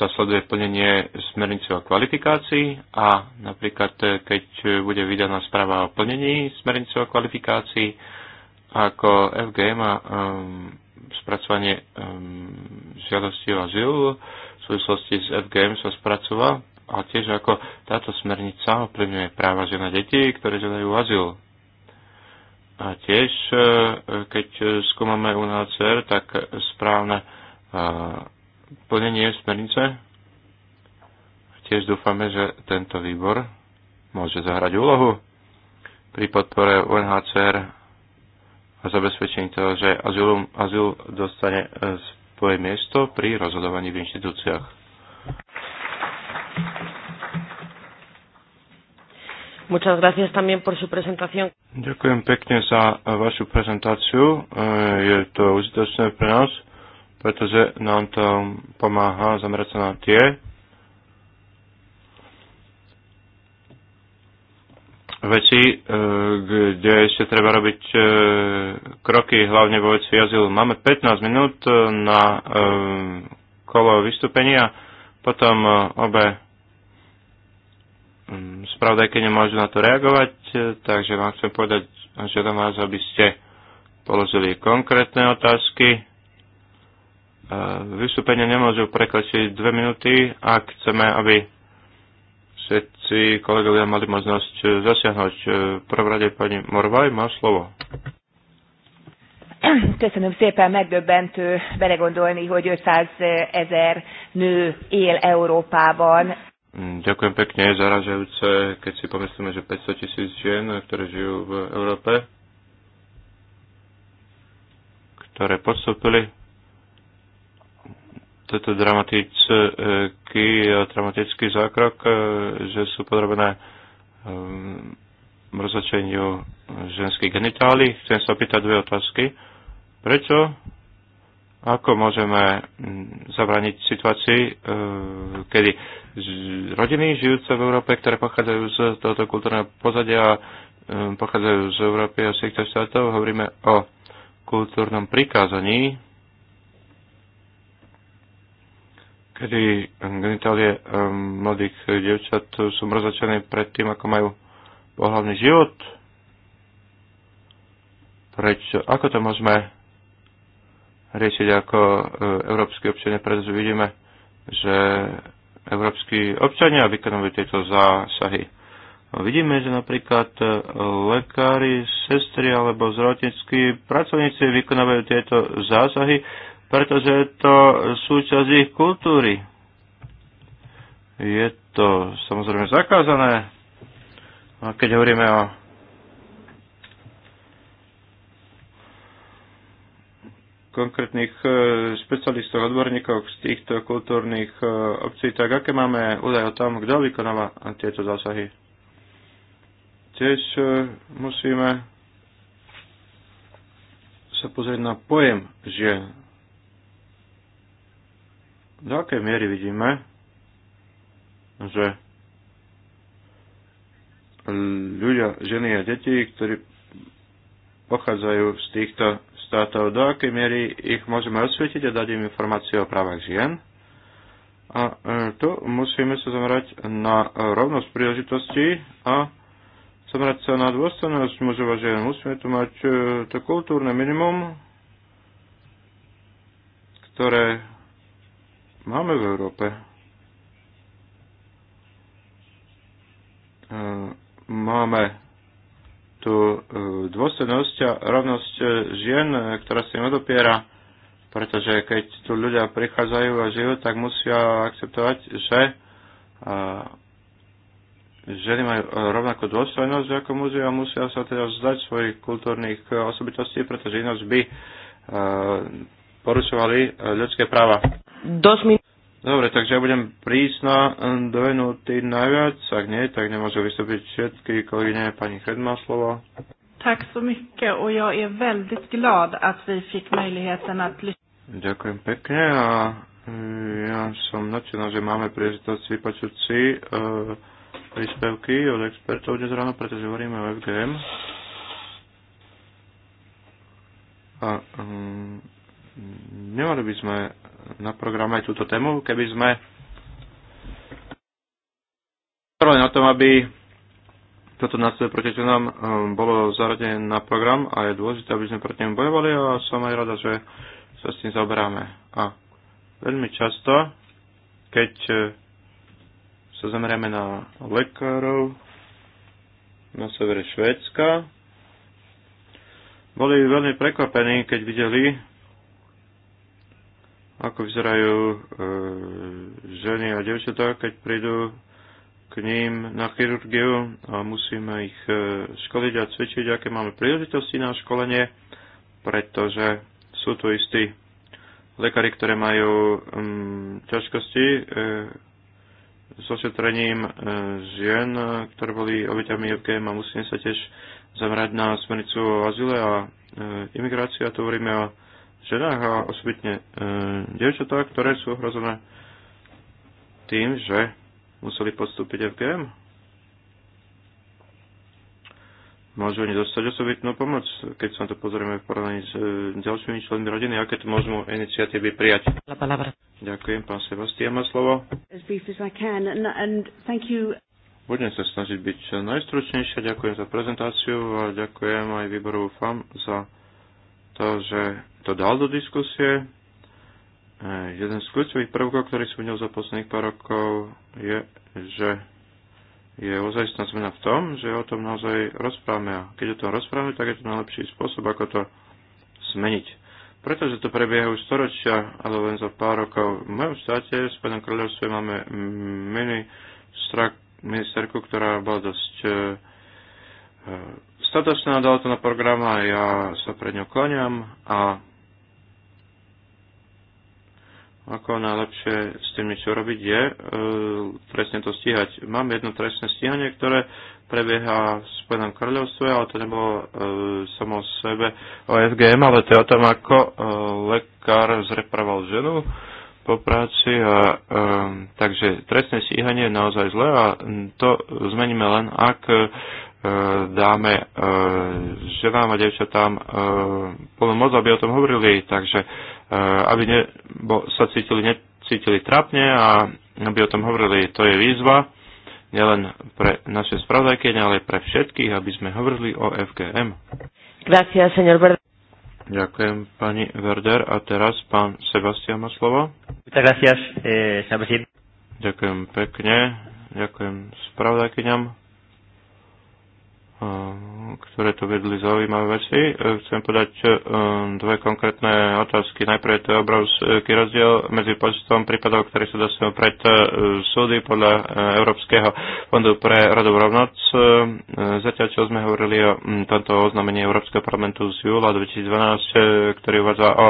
sa sleduje plnenie smernice o kvalifikácii a napríklad e, keď bude vydaná správa o plnení smernice o kvalifikácii, ako FGM a um, spracovanie ehm, žiadosti o azyl v súvislosti s FGM sa spracová a tiež ako táto smernica ovplyvňuje práva žena detí, ktoré žiadajú azyl. A tiež, e, keď skúmame UNHCR, tak správne e, plnenie smernice. Tiež dúfame, že tento výbor môže zahrať úlohu pri podpore UNHCR a zabezpečení toho, že azylum, azyl dostane e, svoje miesto pri rozhodovaní v inštitúciách. Muchas gracias también por su presentación. Ďakujem pekne za e, vašu prezentáciu. E, je to užitočné pre nás, pretože nám to pomáha zamerať sa na tie veci, e, kde ešte treba robiť e, kroky, hlavne vo veci jazyl. Máme 15 minút e, na kolo vystúpenia, potom obe mm, spravodajke nemôžu na to reagovať, takže vám chcem povedať, že do vás, aby ste položili konkrétne otázky. Vystúpenie nemôžu prekročiť 2 minúty, ak chceme, aby všetci kolegovia mali možnosť e, zasiahnuť. E, v prvom rade pani Morvaj má slovo. <clears throat> Köszönöm szépen, megdöbbentő belegondolni, hogy 500 ezer nő él Európában. Mm, ďakujem pekne, je zaražajúce, keď si pomyslíme, že 500 tisíc žien, ktoré žijú v Európe, ktoré podstúpili toto dramatický, eh, dramatický zákrok, eh, že sú podrobené mrzačeniu ehm, ženských genitálií. Chcem sa opýtať dve otázky. Prečo? Ako môžeme hm, zabraniť situácii, eh, kedy rodiny žijúce v Európe, ktoré pochádzajú z tohoto kultúrneho pozadia, hm, pochádzajú z Európy a z týchto štátov, hovoríme o kultúrnom prikázaní kedy genitálie eh, mladých devčat sú mrzačené pred tým, ako majú pohľavný život. Prečo? Ako to môžeme riešiť ako eh, európsky občania, pretože vidíme, že európsky občania vykonujú tieto zásahy. Vidíme, že napríklad eh, lekári, sestry alebo zdravotníckí pracovníci vykonávajú tieto zásahy pretože je to súčasť ich kultúry. Je to samozrejme zakázané. A keď hovoríme o konkrétnych e, špecialistov, odborníkov z týchto kultúrnych e, obcí, tak aké máme údaj o tom, kto vykonáva tieto zásahy? Tiež e, musíme sa pozrieť na pojem, že do akej miery vidíme, že ľudia, ženy a deti, ktorí pochádzajú z týchto státov, do akej miery ich môžeme osvietiť a dať im informácie o právach žien. A e, tu musíme sa zamerať na rovnosť príležitosti a zamerať sa na dôstojnosť mužov a žien. Musíme tu mať e, to kultúrne minimum, ktoré máme v Európe. E, máme tú e, dôstojnosť a rovnosť e, žien, ktorá sa im odopiera, pretože keď tu ľudia prichádzajú a žijú, tak musia akceptovať, že ženy majú rovnakú dôstojnosť ako muži a musia sa teda vzdať svojich kultúrnych osobitostí, pretože ináč by porušovali e, ľudské práva. Dobre, takže ja budem prísna e, do minúty najviac, ak nie, tak nemôžu vystúpiť všetky kolegyne, pani Ched má slovo. Tack så mycket och jag är väldigt glad att vi fick möjligheten att lyssna. Ďakujem pekne a e, ja som nadšená, že máme príležitosť vypočuť si uh, príspevky od expertov dnes ráno, pretože hovoríme o FGM. A um, nemali by sme na programe aj túto tému, keby sme trvali na tom, aby toto nástroje proti nám um, bolo zaradené na program a je dôležité, aby sme proti nemu bojovali a som aj rada, že sa s tým zaoberáme. A veľmi často, keď e, sa zameriame na lekárov na severe Švédska, boli veľmi prekvapení, keď videli, ako vyzerajú e, ženy a devčatá, keď prídu k ním na chirurgiu a musíme ich e, školiť a cvičiť, aké máme príležitosti na školenie, pretože sú tu istí lekári, ktoré majú um, ťažkosti e, s ošetrením e, žien, ktoré boli obeťami FGM a musíme sa tiež zamerať na smernicu o azile a e, imigráciu a to hovoríme o ženách a osobitne e, dievčatá, ktoré sú ohrozené tým, že museli podstúpiť FGM. Môžu oni dostať osobitnú pomoc, keď sa to pozrieme v porovnaní s e, ďalšími členmi rodiny, aké to môžu iniciatívy prijať. Ďakujem, pán Sebastian má slovo. Budem sa snažiť byť najstručnejšia. Ďakujem za prezentáciu a ďakujem aj výboru FAM za to, že to dal do diskusie. E, jeden z kľúčových prvkov, ktorý som videl za posledných pár rokov, je, že je ozajstná zmena v tom, že o tom naozaj rozprávame. A keď o tom rozprávame, tak je to najlepší spôsob, ako to zmeniť. Pretože to prebieha už storočia, ale len za pár rokov. V mojom štáte, v Spojenom kráľovstve, máme mini ministerku, ktorá bola dosť e, e, statočná Daltona programa, ja sa pred ňou kloniam a ako najlepšie s tým niečo robiť je e, trestne to stíhať. Mám jedno trestné stíhanie, ktoré prebieha v Spojenom kráľovstve, ale to nebolo e, samo o sebe o FGM, ale to je o tom, ako e, lekár zrepraval ženu po práci. A, e, takže trestné stíhanie je naozaj zlé a to zmeníme len, ak e, E, dáme e, ženám a devčatám e, plnú moc, aby o tom hovorili, takže aby ne, bo sa cítili, necítili trápne a aby o tom hovorili. To je výzva nielen pre naše spravodajky, ale pre všetkých, aby sme hovorili o FGM. Gracias, señor Verder. Ďakujem, pani Verder. A teraz pán Sebastian má slovo. Gracias, eh, Ďakujem pekne. Ďakujem spravodajkyňam Eh, ktoré tu vedli zaujímavé veci. Eh, chcem podať eh, dve konkrétne otázky. Najprv je to obrovský rozdiel medzi počtom prípadov, ktoré sa dostanú pred súdy podľa Európskeho fondu pre radov rovnoc. Zatiaľ, čo sme hovorili o hm, tomto oznámení Európskeho parlamentu z júla 2012, ktorý uvádza o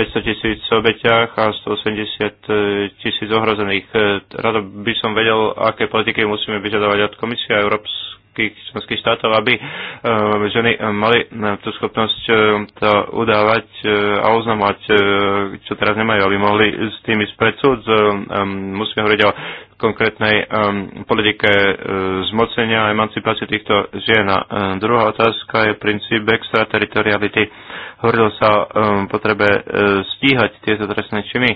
500 tisíc obeťach a 180 tisíc ohrozených. Rado by som vedel, aké politiky musíme vyžadovať od a Európskej tých členských štátov, aby e, ženy e, mali e, tú schopnosť to udávať a oznamovať, čo teraz nemajú, aby mohli s tým ísť pred súd. Musíme hovoriť o konkrétnej politike zmocenia a emancipácie týchto žien. Druhá otázka je princíp extrateritoriality. Hovorilo sa o potrebe stíhať tieto trestné činy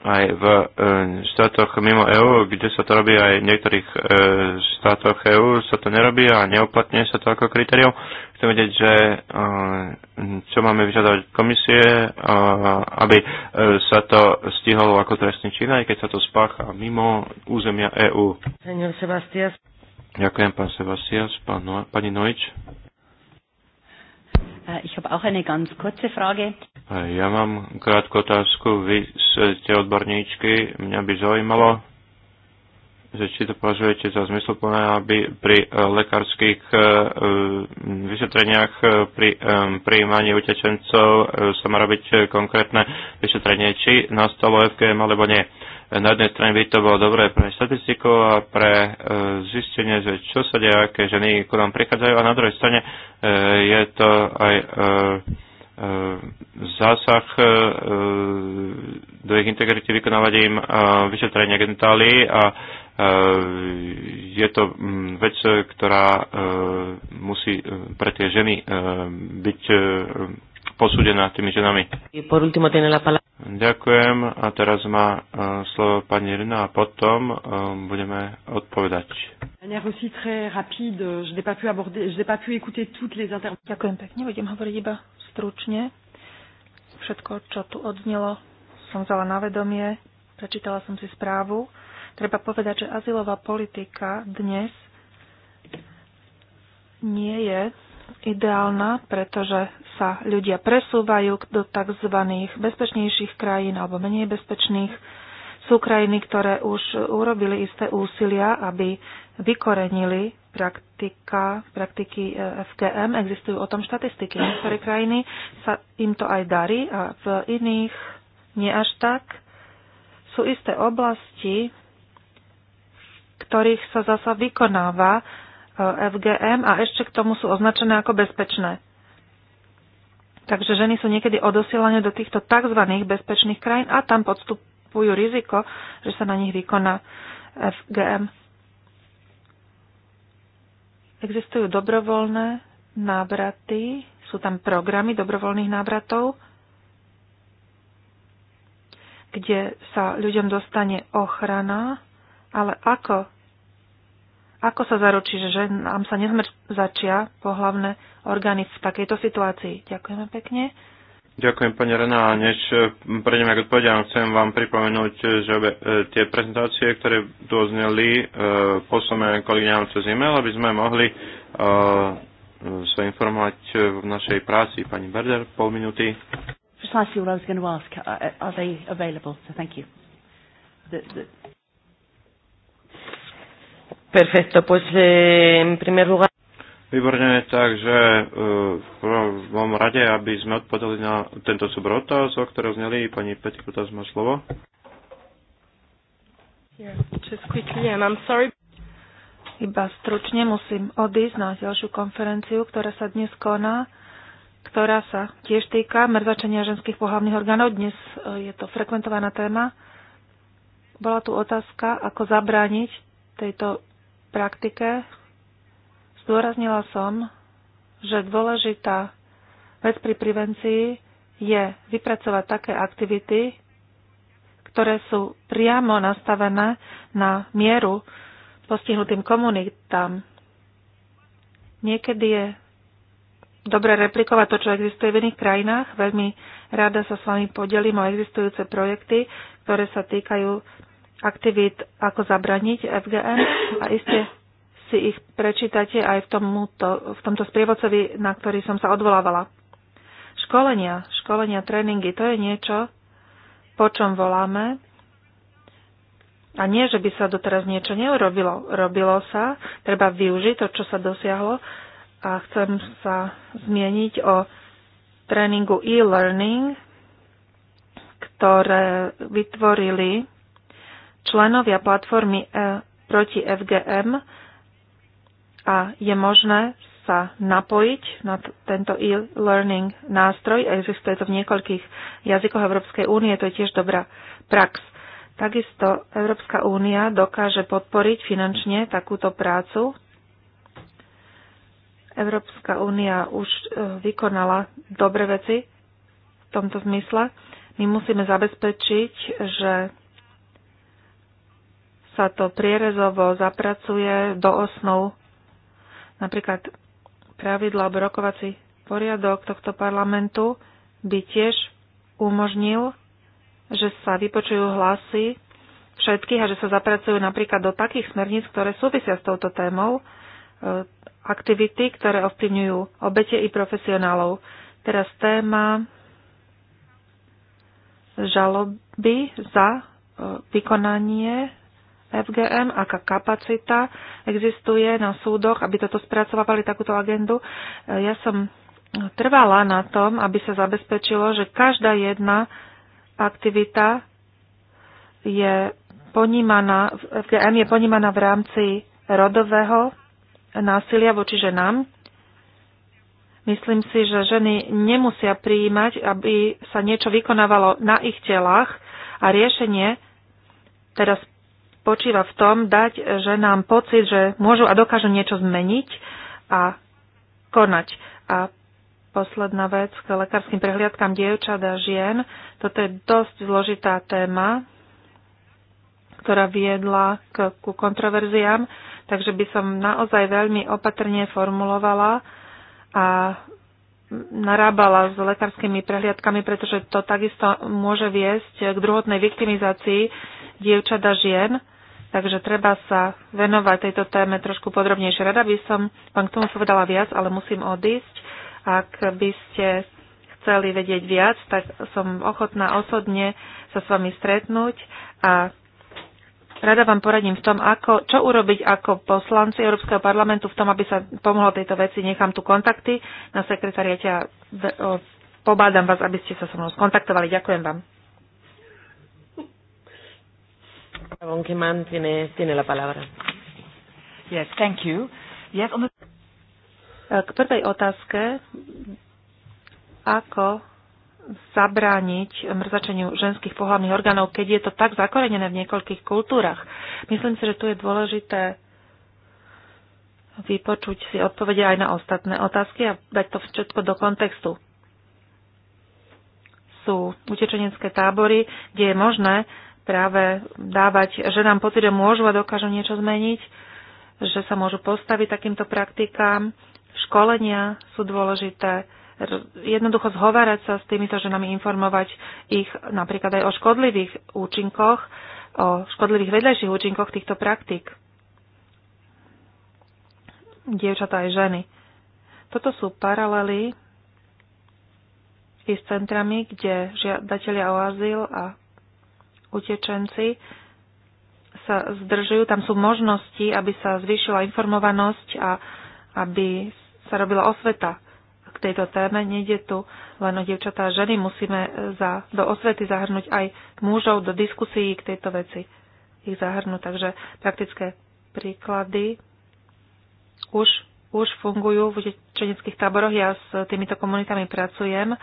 aj v e, štátoch mimo EÚ, kde sa to robí, aj v niektorých e, štátoch EÚ sa to nerobí a neoplatňuje sa to ako kritérium. Chcem vedieť, že e, čo máme vyžadovať komisie, a, e, aby e, sa to stihalo ako trestný čin, aj keď sa to spácha mimo územia EÚ. Ďakujem, pán Sebastias. Pán, pani Noič. Äh, ich habe auch eine ganz kurze Frage. Ja mám krátku otázku. Vy ste odborníčky. Mňa by zaujímalo, že či to považujete za zmysluplné, aby pri e, lekárskych e, vyšetreniach e, pri prijímaní utečencov sa má robiť konkrétne vyšetrenie, či nastalo FGM alebo nie. Na jednej strane by to bolo dobré pre štatistiku a pre zistenie, že čo sa deje, aké ženy k nám prichádzajú a na druhej strane je to aj E, zásah e, e, do ich integrity vykonávať im vyšetrenie genitálií a je to mm, vec, ktorá musí pre tie ženy byť posúdená tými ženami. Ďakujem a teraz má e, slovo pani Irina a potom e, budeme odpovedať. Ďakujem pekne, budem hovoriť iba stručne. Všetko, čo tu odznelo, som vzala na vedomie, prečítala som si správu. Treba povedať, že azylová politika dnes nie je ideálna, pretože sa ľudia presúvajú do tzv. bezpečnejších krajín alebo menej bezpečných. Sú krajiny, ktoré už urobili isté úsilia, aby vykorenili praktika, praktiky e, FGM. Existujú o tom štatistiky. Niektoré krajiny sa im to aj darí a v iných nie až tak. Sú isté oblasti, v ktorých sa zasa vykonáva FGM a ešte k tomu sú označené ako bezpečné. Takže ženy sú niekedy odosielané do týchto tzv. bezpečných krajín a tam podstupujú riziko, že sa na nich vykoná FGM. Existujú dobrovoľné návraty, sú tam programy dobrovoľných návratov, kde sa ľuďom dostane ochrana, ale ako ako sa zaručí, že nám sa nezmrzačia pohlavné orgány v takejto situácii? Ďakujeme pekne. Ďakujem, pani Rená. A než eh, prejdem k odpovediam, chcem vám pripomenúť, eh, že obe, eh, tie prezentácie, ktoré tu ozneli, posláme kolegyňám cez e-mail, aby sme mohli sa informovať v našej práci. Pani Berder, pol minúty. Precisely what I was going to ask. Are they available? So thank you. The, the... Perfecto, pues eh, en primer lugar. Výborne, takže uh, v prvom rade, aby sme odpovedali na tento súbor otázok, ktoré zneli, pani Petrikuta má slovo. Yeah, just quickly, and I'm sorry. Iba stručne musím odísť na ďalšiu konferenciu, ktorá sa dnes koná, ktorá sa tiež týka mrzačenia ženských pohľavných orgánov. Dnes eh, je to frekventovaná téma. Bola tu otázka, ako zabrániť tejto praktike zdôraznila som, že dôležitá vec pri prevencii je vypracovať také aktivity, ktoré sú priamo nastavené na mieru postihnutým komunitám. Niekedy je dobre replikovať to, čo existuje v iných krajinách. Veľmi rada sa s vami podelím o existujúce projekty, ktoré sa týkajú aktivít, ako zabraniť FGM a iste si ich prečítate aj v, tomuto, v tomto sprievodcovi, na ktorý som sa odvolávala. Školenia, školenia, tréningy, to je niečo, po čom voláme. A nie, že by sa doteraz niečo neurobilo. Robilo sa, treba využiť to, čo sa dosiahlo. A chcem sa zmieniť o tréningu e-learning, ktoré vytvorili členovia platformy e, proti FGM a je možné sa napojiť na tento e-learning nástroj. Existuje to v niekoľkých jazykoch Európskej únie, to je tiež dobrá prax. Takisto Európska únia dokáže podporiť finančne takúto prácu. Európska únia už e, vykonala dobre veci v tomto zmysle. My musíme zabezpečiť, že sa to prierezovo zapracuje do osnov. Napríklad pravidla alebo rokovací poriadok tohto parlamentu by tiež umožnil, že sa vypočujú hlasy všetkých a že sa zapracujú napríklad do takých smerníc, ktoré súvisia s touto témou, e, aktivity, ktoré ovplyvňujú obete i profesionálov. Teraz téma žaloby za e, vykonanie FGM, aká kapacita existuje na súdoch, aby toto spracovávali takúto agendu. E, ja som trvala na tom, aby sa zabezpečilo, že každá jedna aktivita je ponímaná, FGM je ponímaná v rámci rodového násilia voči ženám. Myslím si, že ženy nemusia prijímať, aby sa niečo vykonávalo na ich telách a riešenie teraz spočíva v tom dať e, ženám pocit, že môžu a dokážu niečo zmeniť a konať. A posledná vec k lekárskym prehliadkám dievčat a žien. Toto je dosť zložitá téma, ktorá viedla k, ku kontroverziám, takže by som naozaj veľmi opatrne formulovala a narábala s lekárskymi prehliadkami, pretože to takisto môže viesť k druhotnej viktimizácii dievčat a žien. Takže treba sa venovať tejto téme trošku podrobnejšie. Rada by som vám k tomu povedala viac, ale musím odísť. Ak by ste chceli vedieť viac, tak som ochotná osobne sa s vami stretnúť a rada vám poradím v tom, ako, čo urobiť ako poslanci Európskeho parlamentu v tom, aby sa pomohlo tejto veci. Nechám tu kontakty na sekretariate a pobádam vás, aby ste sa so mnou skontaktovali. Ďakujem vám. Yes, thank you. Yes, on the... K prvej otázke, ako zabrániť mrzačeniu ženských pohľavných orgánov, keď je to tak zakorenené v niekoľkých kultúrach. Myslím si, že tu je dôležité vypočuť si odpovede aj na ostatné otázky a dať to všetko do kontextu. Sú utečenecké tábory, kde je možné práve dávať nám pocit, že môžu a dokážu niečo zmeniť, že sa môžu postaviť takýmto praktikám. Školenia sú dôležité. Jednoducho zhovárať sa s týmito ženami, informovať ich napríklad aj o škodlivých účinkoch, o škodlivých vedľajších účinkoch týchto praktik. Dievčatá aj ženy. Toto sú paralely i s centrami, kde žiadatelia o azyl a utečenci sa zdržujú, tam sú možnosti, aby sa zvýšila informovanosť a aby sa robila osveta k tejto téme. Nejde tu len o dievčatá a ženy, musíme za, do osvety zahrnúť aj mužov do diskusií k tejto veci. Ich zahrnúť, takže praktické príklady už, už fungujú v utečeneckých táboroch. Ja s týmito komunitami pracujem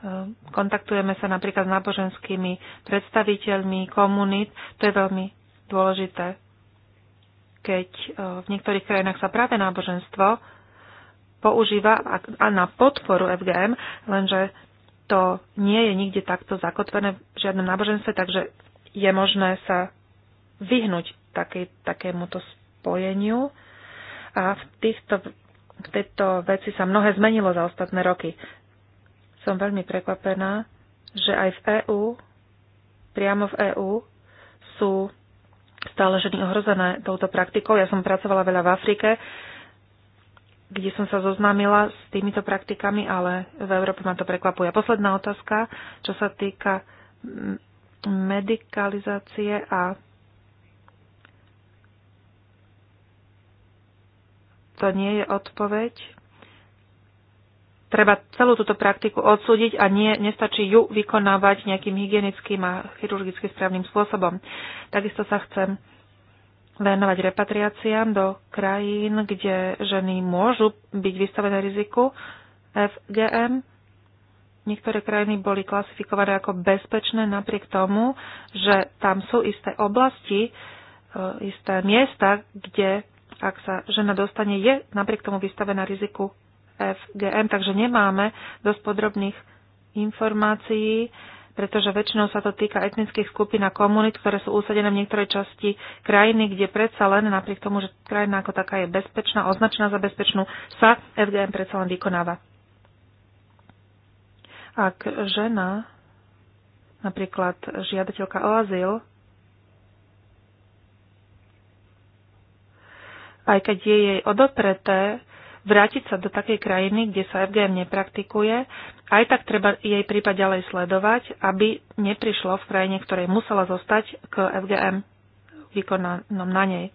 Ehm, kontaktujeme sa napríklad s náboženskými predstaviteľmi komunít. To je veľmi dôležité. Keď e, v niektorých krajinách sa práve náboženstvo používa a na podporu FGM, lenže to nie je nikde takto zakotvené v žiadnom náboženstve, takže je možné sa vyhnúť také, takémuto spojeniu. A v, týchto, v tejto veci sa mnohé zmenilo za ostatné roky som veľmi prekvapená, že aj v EÚ, priamo v EÚ, sú stále ženy ohrozené touto praktikou. Ja som pracovala veľa v Afrike, kde som sa zoznámila s týmito praktikami, ale v Európe ma to prekvapuje. Posledná otázka, čo sa týka medikalizácie a to nie je odpoveď treba celú túto praktiku odsúdiť a nie, nestačí ju vykonávať nejakým hygienickým a chirurgicky správnym spôsobom. Takisto sa chcem venovať repatriáciám do krajín, kde ženy môžu byť vystavené riziku FGM. Niektoré krajiny boli klasifikované ako bezpečné napriek tomu, že tam sú isté oblasti, e, isté miesta, kde ak sa žena dostane, je napriek tomu vystavená riziku FGM, takže nemáme dosť podrobných informácií, pretože väčšinou sa to týka etnických skupín a komunít, ktoré sú usadené v niektorej časti krajiny, kde predsa len, napriek tomu, že krajina ako taká je bezpečná, označená za bezpečnú, sa FGM predsa len vykonáva. Ak žena, napríklad žiadateľka o azyl, aj keď je jej odopreté vrátiť sa do takej krajiny, kde sa FGM nepraktikuje, aj tak treba jej prípad ďalej sledovať, aby neprišlo v krajine, ktorej musela zostať k FGM výkonanom na nej.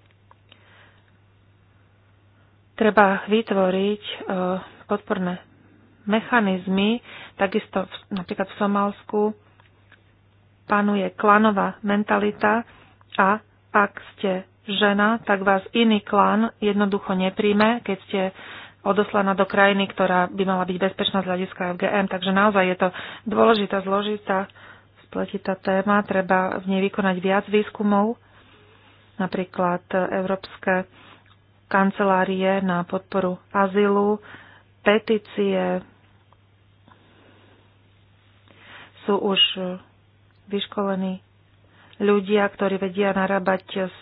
Treba vytvoriť e, podporné mechanizmy, takisto napríklad v Somálsku panuje klanová mentalita a ak ste žena, tak vás iný klan jednoducho nepríjme, keď ste odoslaná do krajiny, ktorá by mala byť bezpečná z hľadiska FGM. Takže naozaj je to dôležitá, zložitá, spletitá téma. Treba v nej vykonať viac výskumov, napríklad Európske kancelárie na podporu azylu, petície sú už vyškolení ľudia, ktorí vedia narábať s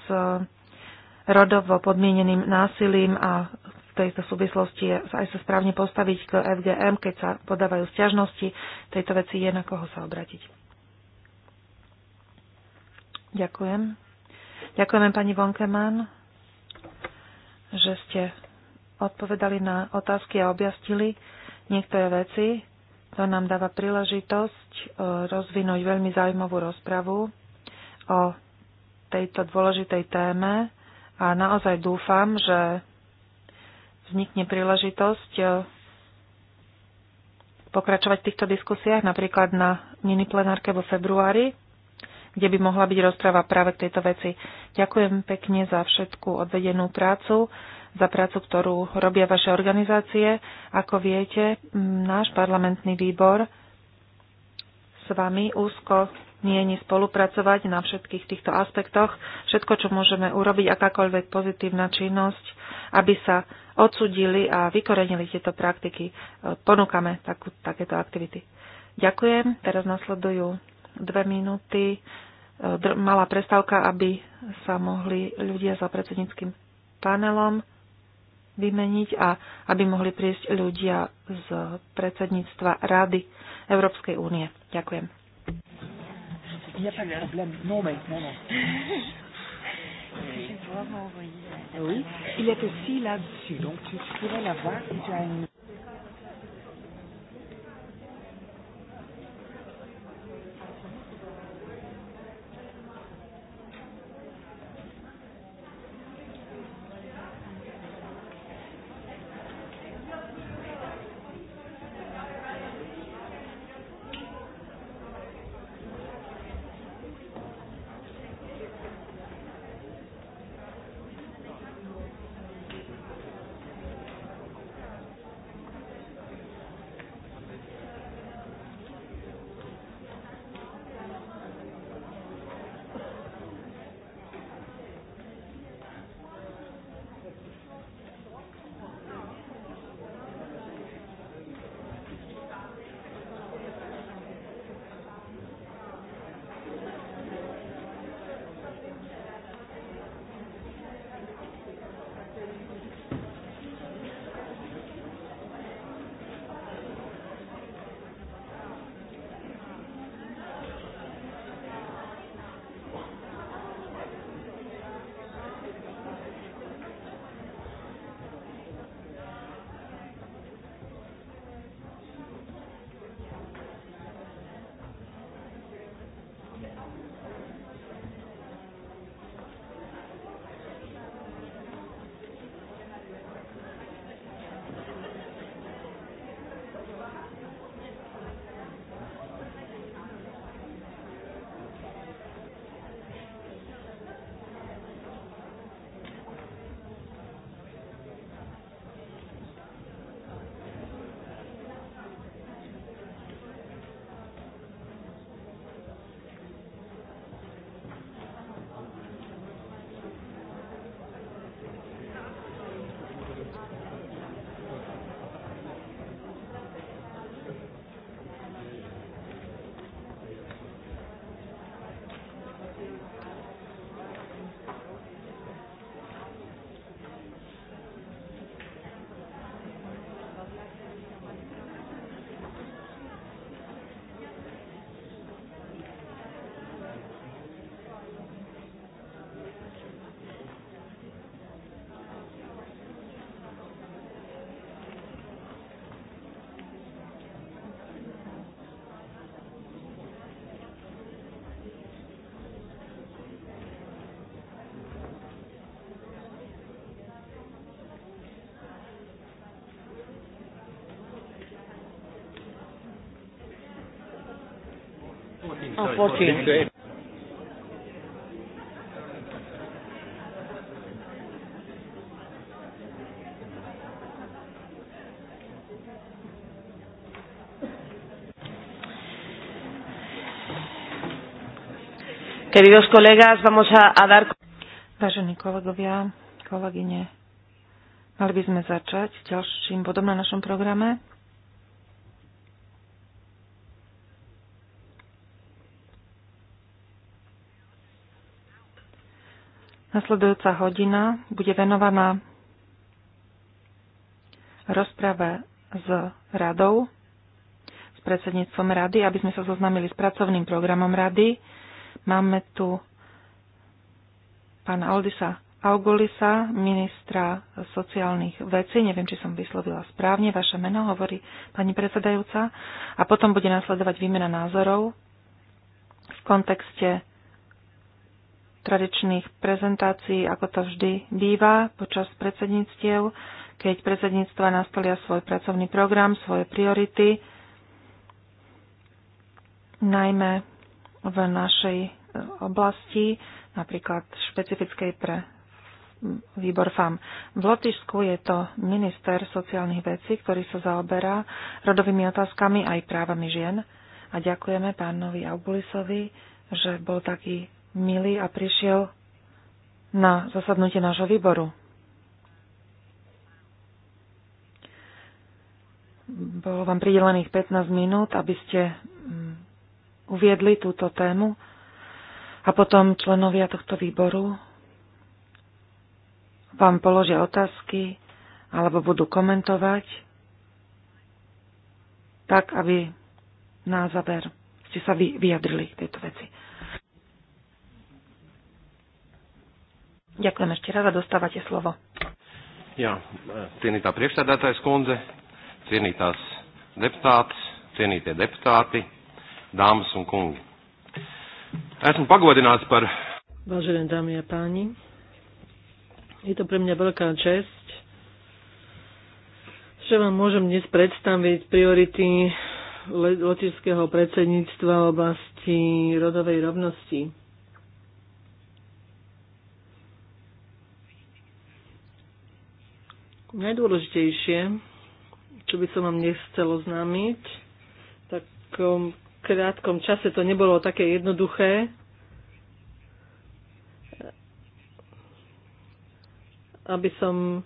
rodovo podmieneným násilím a v tejto súvislosti aj sa správne postaviť k FGM, keď sa podávajú stiažnosti. Tejto veci je na koho sa obratiť. Ďakujem. Ďakujeme pani Vonkeman, že ste odpovedali na otázky a objasnili niektoré veci. To nám dáva príležitosť e, rozvinúť veľmi zaujímavú rozpravu o tejto dôležitej téme a naozaj dúfam, že vznikne príležitosť eh, pokračovať v týchto diskusiách, napríklad na mini plenárke vo februári, kde by mohla byť rozpráva práve k tejto veci. Ďakujem pekne za všetku odvedenú prácu, za prácu, ktorú robia vaše organizácie. Ako viete, náš parlamentný výbor s vami úzko mieni spolupracovať na všetkých týchto aspektoch, všetko, čo môžeme urobiť, akákoľvek pozitívna činnosť, aby sa odsudili a vykorenili tieto praktiky. Ponúkame takú, takéto aktivity. Ďakujem. Teraz nasledujú dve minúty. Malá prestávka, aby sa mohli ľudia za predsedníckým panelom vymeniť a aby mohli prísť ľudia z predsedníctva Rady Európskej únie. Ďakujem. Il n'y a pas de problème. Non, mais non, non. <laughs> Ah oui, il est aussi là-dessus, donc tu pourrais l'avoir si tu as une. 14. Oh, 14. Queridos colegas, vamos a, a dar... Vážení kolegovia, kolegyne, mali by sme začať ďalším bodom na našom programe. Nasledujúca hodina bude venovaná rozprave s radou, s predsedníctvom rady, aby sme sa zoznamili s pracovným programom rady. Máme tu pána Oldisa Augulisa, ministra sociálnych vecí. Neviem, či som vyslovila správne vaše meno, hovorí pani predsedajúca. A potom bude nasledovať výmena názorov v kontekste tradičných prezentácií, ako to vždy býva počas predsedníctiev, keď predsedníctva nastolia svoj pracovný program, svoje priority, najmä v našej e, oblasti, napríklad špecifickej pre výbor FAM. V Lotyšsku je to minister sociálnych vecí, ktorý sa zaoberá rodovými otázkami aj právami žien. A ďakujeme pánovi Augulisovi, že bol taký milý a prišiel na zasadnutie nášho výboru. Bolo vám pridelených 15 minút, aby ste mm, uviedli túto tému a potom členovia tohto výboru vám položia otázky alebo budú komentovať tak, aby na záver ste sa vyjadrili k tejto veci. Ďakujem ešte raz a dostávate slovo. Ja, e, cienītā priekšsēdētājs kundze, cienītās deputātes, cienītie deputāti, dāmas un kungi. Esmu pagodināts par... Vážené dámy a páni, je to pre mňa veľká čest, že vám môžem dnes predstaviť priority lotičského predsedníctva v oblasti rodovej rovnosti. Najdôležitejšie, čo by som vám nechcel oznámiť, v takom krátkom čase to nebolo také jednoduché, aby som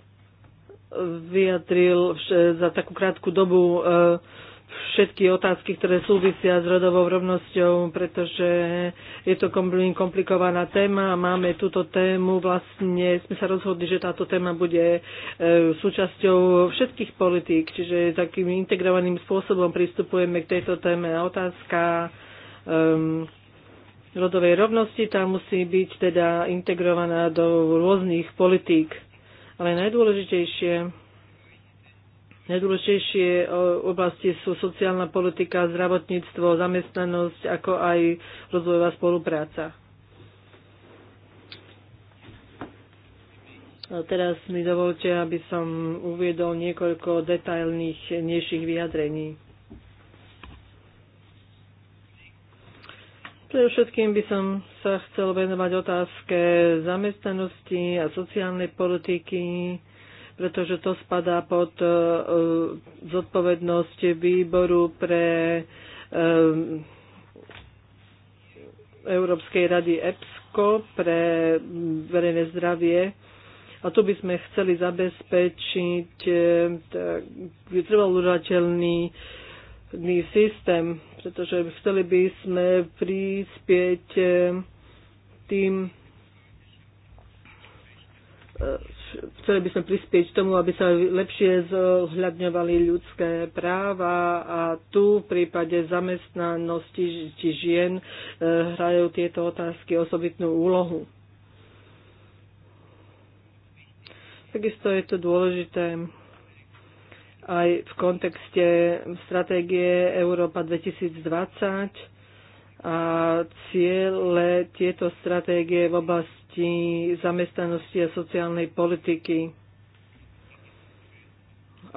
vyjadril za takú krátku dobu eh, všetky otázky, ktoré súvisia s rodovou rovnosťou, pretože je to komplikovaná téma a máme túto tému. Vlastne sme sa rozhodli, že táto téma bude e, súčasťou všetkých politík, čiže takým integrovaným spôsobom pristupujeme k tejto téme. A otázka um, rodovej rovnosti tá musí byť teda integrovaná do rôznych politík. Ale najdôležitejšie Najdôležitejšie eh, oblasti sú sociálna politika, zdravotníctvo, zamestnanosť, ako aj rozvojová spolupráca. A teraz mi dovolte, aby som uviedol niekoľko detailných nejších vyjadrení. Predovšetkým by som sa chcel venovať otázke zamestnanosti a sociálnej politiky pretože to spadá pod e, e, zodpovednosť výboru pre e, Európskej rady EPSCO pre verejné zdravie. A tu by sme chceli zabezpečiť vytrvalúrateľný systém, pretože chceli by sme prispieť tým chceli by sme prispieť tomu, aby sa lepšie zohľadňovali ľudské práva a tu v prípade zamestnanosti či žien e, hrajú tieto otázky osobitnú úlohu. Takisto je to dôležité aj v kontekste stratégie Európa 2020 a ciele tieto stratégie v oblasti zamestnanosti a sociálnej politiky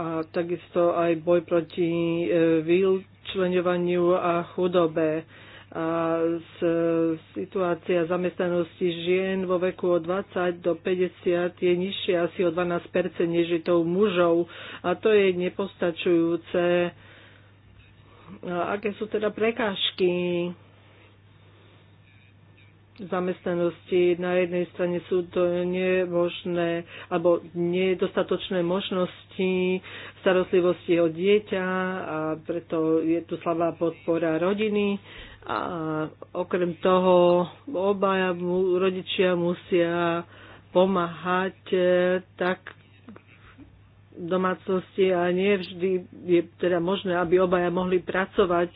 a takisto aj boj proti e, vyčlenovaniu a chudobe. A z, e, situácia zamestnanosti žien vo veku od 20 do 50 je nižšia asi o 12 než to u mužov a to je nepostačujúce. A aké sú teda prekážky? zamestnanosti. Na jednej strane sú to nemožné alebo nedostatočné možnosti starostlivosti o dieťa a preto je tu slabá podpora rodiny. A okrem toho obaja rodičia musia pomáhať e, tak domácnosti a nie vždy je teda možné, aby obaja mohli pracovať.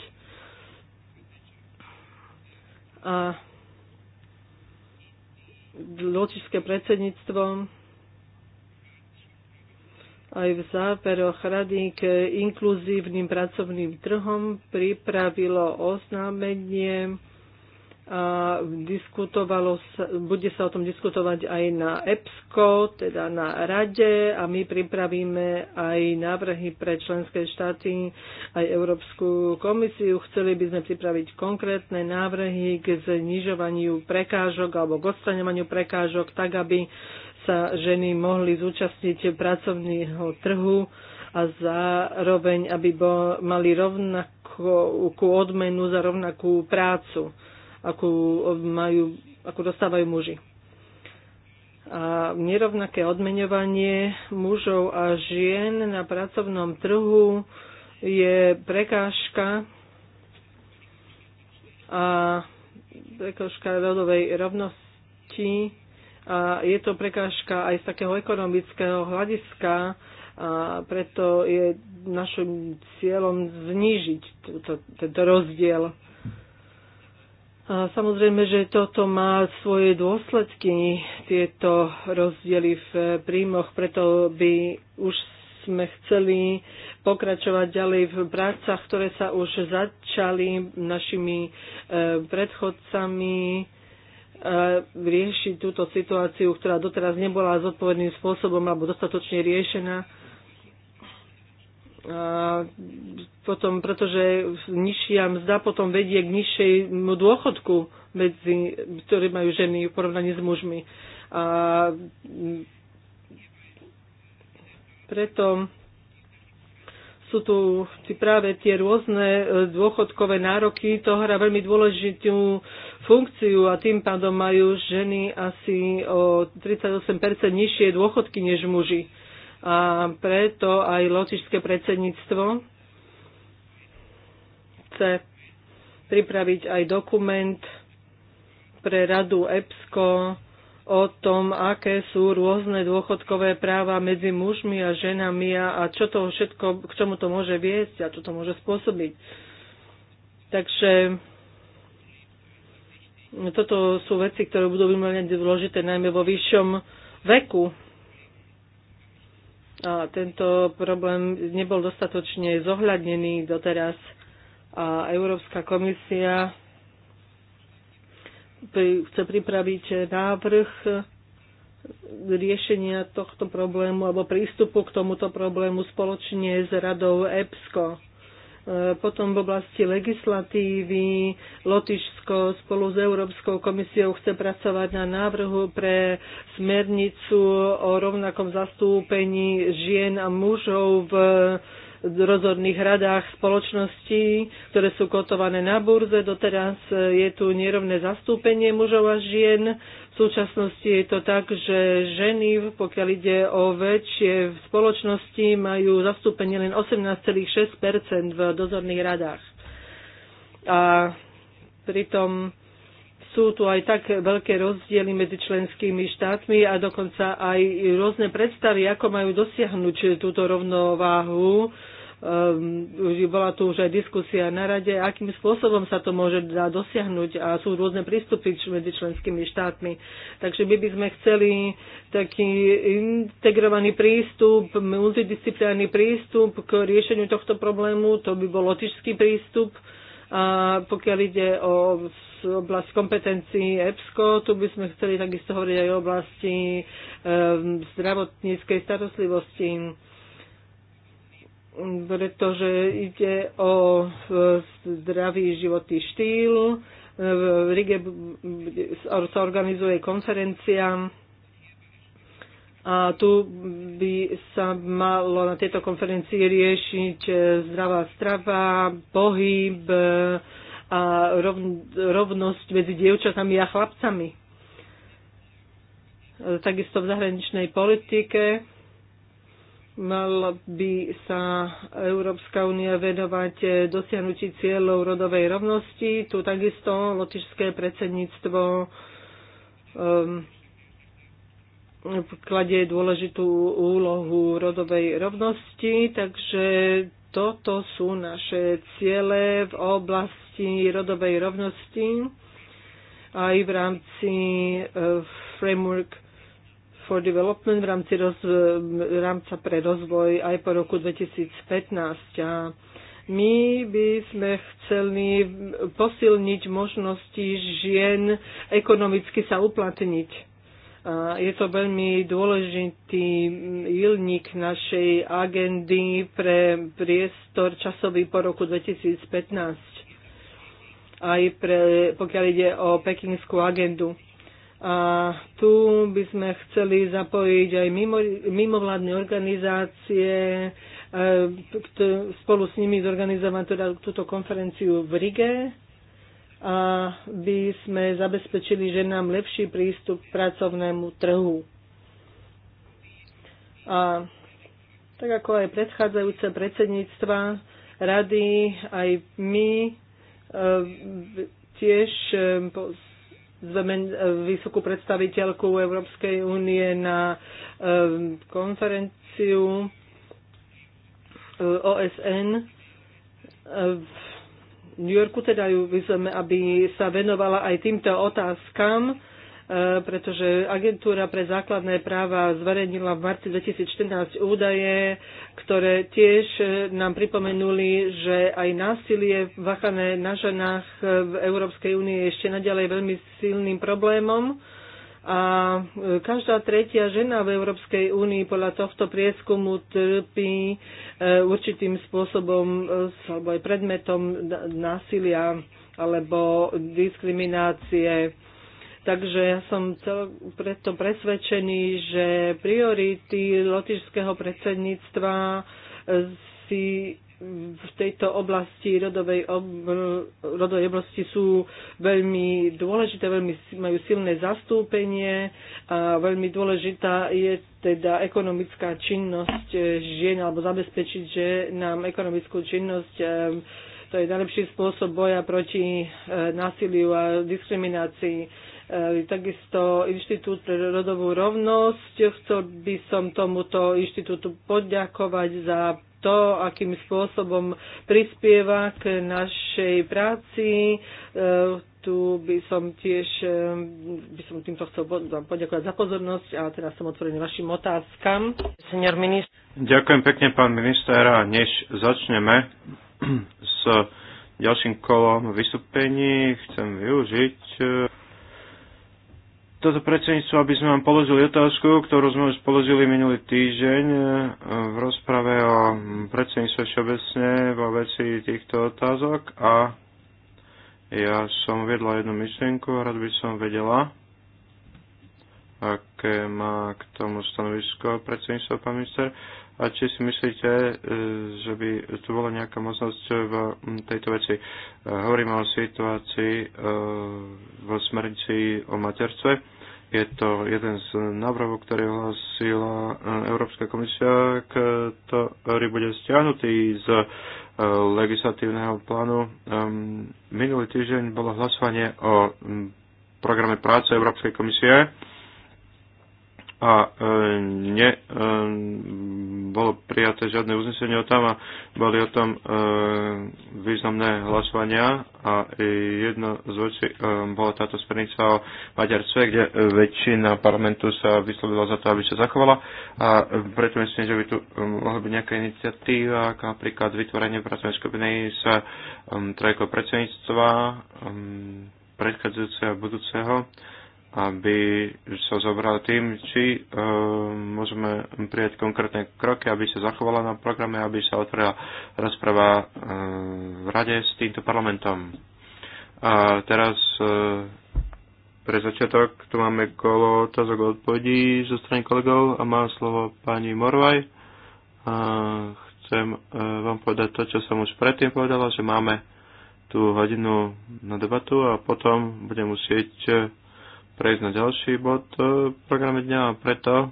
A lotičské predsedníctvo aj v záveroch rady k inkluzívnym pracovným trhom pripravilo oznámenie a diskutovalo sa, bude sa o tom diskutovať aj na EPSCO, teda na Rade a my pripravíme aj návrhy pre členské štáty, aj Európsku komisiu. Chceli by sme pripraviť konkrétne návrhy k znižovaniu prekážok alebo k odstraňovaniu prekážok, tak aby sa ženy mohli zúčastniť pracovného trhu a zároveň, aby bo, mali rovnakú odmenu za rovnakú prácu akú, majú, akú dostávajú muži. A nerovnaké odmeňovanie mužov a žien na pracovnom trhu je prekážka a prekážka rodovej rovnosti a je to prekážka aj z takého ekonomického hľadiska a preto je našim cieľom znížiť tento, tento rozdiel. A samozrejme, že toto má svoje dôsledky, tieto rozdiely v príjmoch, preto by už sme chceli pokračovať ďalej v prácach, ktoré sa už začali našimi e, predchodcami e, riešiť túto situáciu, ktorá doteraz nebola zodpovedným spôsobom alebo dostatočne riešená a potom, pretože nižšia mzda potom vedie k nižšiemu dôchodku, medzi, ktoré majú ženy v porovnaní s mužmi. A preto sú tu práve tie rôzne e, dôchodkové nároky, to hrá veľmi dôležitú funkciu a tým pádom majú ženy asi o 38% nižšie dôchodky než muži a preto aj lotičské predsedníctvo chce pripraviť aj dokument pre radu EPSCO o tom, aké sú rôzne dôchodkové práva medzi mužmi a ženami a, čo to všetko, k čomu to môže viesť a čo to môže spôsobiť. Takže toto sú veci, ktoré budú vymeniať dôležité najmä vo vyššom veku tento problém nebol dostatočne zohľadnený doteraz a Európska komisia chce pripraviť návrh riešenia tohto problému alebo prístupu k tomuto problému spoločne s radou EPSCO E, potom v oblasti legislatívy Lotyšsko spolu s Európskou komisiou chce pracovať na návrhu pre smernicu o rovnakom zastúpení žien a mužov v rozhodných radách spoločností, ktoré sú kotované na burze. Doteraz je tu nerovné zastúpenie mužov a žien v súčasnosti je to tak, že ženy, pokiaľ ide o väčšie spoločnosti, majú zastúpenie len 18,6 v dozorných radách. A pritom sú tu aj tak veľké rozdiely medzi členskými štátmi a dokonca aj rôzne predstavy, ako majú dosiahnuť túto rovnováhu um, bola tu už aj diskusia na rade, akým spôsobom sa to môže dá dosiahnuť a sú rôzne prístupy medzi členskými štátmi. Takže my by sme chceli taký integrovaný prístup, multidisciplinárny prístup k riešeniu tohto problému, to by bol lotičský prístup. A pokiaľ ide o oblasť kompetencií EPSCO, tu by sme chceli takisto hovoriť aj o oblasti um, zdravotníckej starostlivosti pretože ide o e, zdravý životný štýl. E, v Rige sa organizuje konferencia a tu by sa malo na tejto konferencii riešiť e, zdravá strava, pohyb a rovnosť medzi dievčatami a chlapcami. Takisto v zahraničnej politike Mala by sa Európska únia venovať dosiahnutí cieľov rodovej rovnosti. Tu takisto lotišské predsedníctvo um, kladie dôležitú úlohu rodovej rovnosti, takže toto sú naše ciele v oblasti rodovej rovnosti aj v rámci eh, framework for Development v rámci roz, rámca pre rozvoj aj po roku 2015. A my by sme chceli posilniť možnosti žien ekonomicky sa uplatniť. A je to veľmi dôležitý ilník našej agendy pre priestor časový po roku 2015 aj pre, pokiaľ ide o pekinskú agendu. A tu by sme chceli zapojiť aj mimo, mimovládne organizácie, spolu s nimi zorganizovať teda túto konferenciu v Rige, aby sme zabezpečili, že nám lepší prístup k pracovnému trhu. A tak ako aj predchádzajúce predsedníctva rady, aj my e, tiež e, E, vysokú predstaviteľku Európskej únie na e, konferenciu e, OSN v New Yorku, teda ju vyzveme, aby sa venovala aj týmto otázkam Eh, pretože agentúra pre základné práva zverejnila v marci 2014 údaje, ktoré tiež eh, nám pripomenuli, že aj násilie vachané na ženách eh, v Európskej únie je ešte naďalej veľmi silným problémom a každá tretia žena v Európskej únii podľa tohto prieskumu trpí určitým spôsobom alebo aj predmetom násilia alebo diskriminácie. Takže ja som cel, preto presvedčený, že priority lotišského predsedníctva e, si v tejto oblasti rodovej, ob, rodovej oblasti sú veľmi dôležité, veľmi majú silné zastúpenie a veľmi dôležitá je teda ekonomická činnosť e, žien alebo zabezpečiť, že nám ekonomickú činnosť e, to je najlepší spôsob boja proti násiliu a diskriminácii E, takisto Inštitút pre rodovú rovnosť. Chcel by som tomuto inštitútu poďakovať za to, akým spôsobom prispieva k našej práci. E, tu by som tiež, e, by som týmto chcel vám poďakovať za pozornosť a teraz som otvorený vašim otázkam. Senior minister. Ďakujem pekne, pán minister. A než začneme s ďalším kolom vystúpení, chcem využiť toto predsedníctvo, aby sme vám položili otázku, ktorú sme už položili minulý týždeň e, v rozprave o predsedníctve všeobecne vo veci týchto otázok a ja som vedla jednu myšlienku a rád by som vedela, aké má k tomu stanovisko predsedníctva, pán minister, a či si myslíte, e, že by tu bola nejaká možnosť v tejto veci. E, hovoríme o situácii v smernici o materstve je to jeden z návrhov, ktorý hlasila eh, Európska komisia, ktorý bude stiahnutý z eh, legislatívneho plánu. Ehm, minulý týždeň bolo hlasovanie o hm, programe práce Európskej komisie a eh, ne bolo prijaté žiadne uznesenie o tom a boli o tom e, významné hlasovania a jedno z vecí e, bola táto smernica o Maďarstve, kde väčšina parlamentu sa vyslovila za to, aby sa zachovala a preto myslím, že by tu e, mohla byť nejaká iniciatíva, ako napríklad vytvorenie pracovnej skupiny s e, trojkou predsedníctva e, predchádzajúceho a budúceho aby sa zobral tým, či e, môžeme prijať konkrétne kroky, aby sa zachovala na programe, aby sa otvorila rozprava e, v rade s týmto parlamentom. A teraz e, pre začiatok tu máme kolo otázok odpovedí zo strany kolegov a má slovo pani Morvaj. A chcem e, vám povedať to, čo som už predtým povedala, že máme tú hodinu na debatu a potom budem musieť e, prejsť na ďalší bod v e, programe dňa a preto,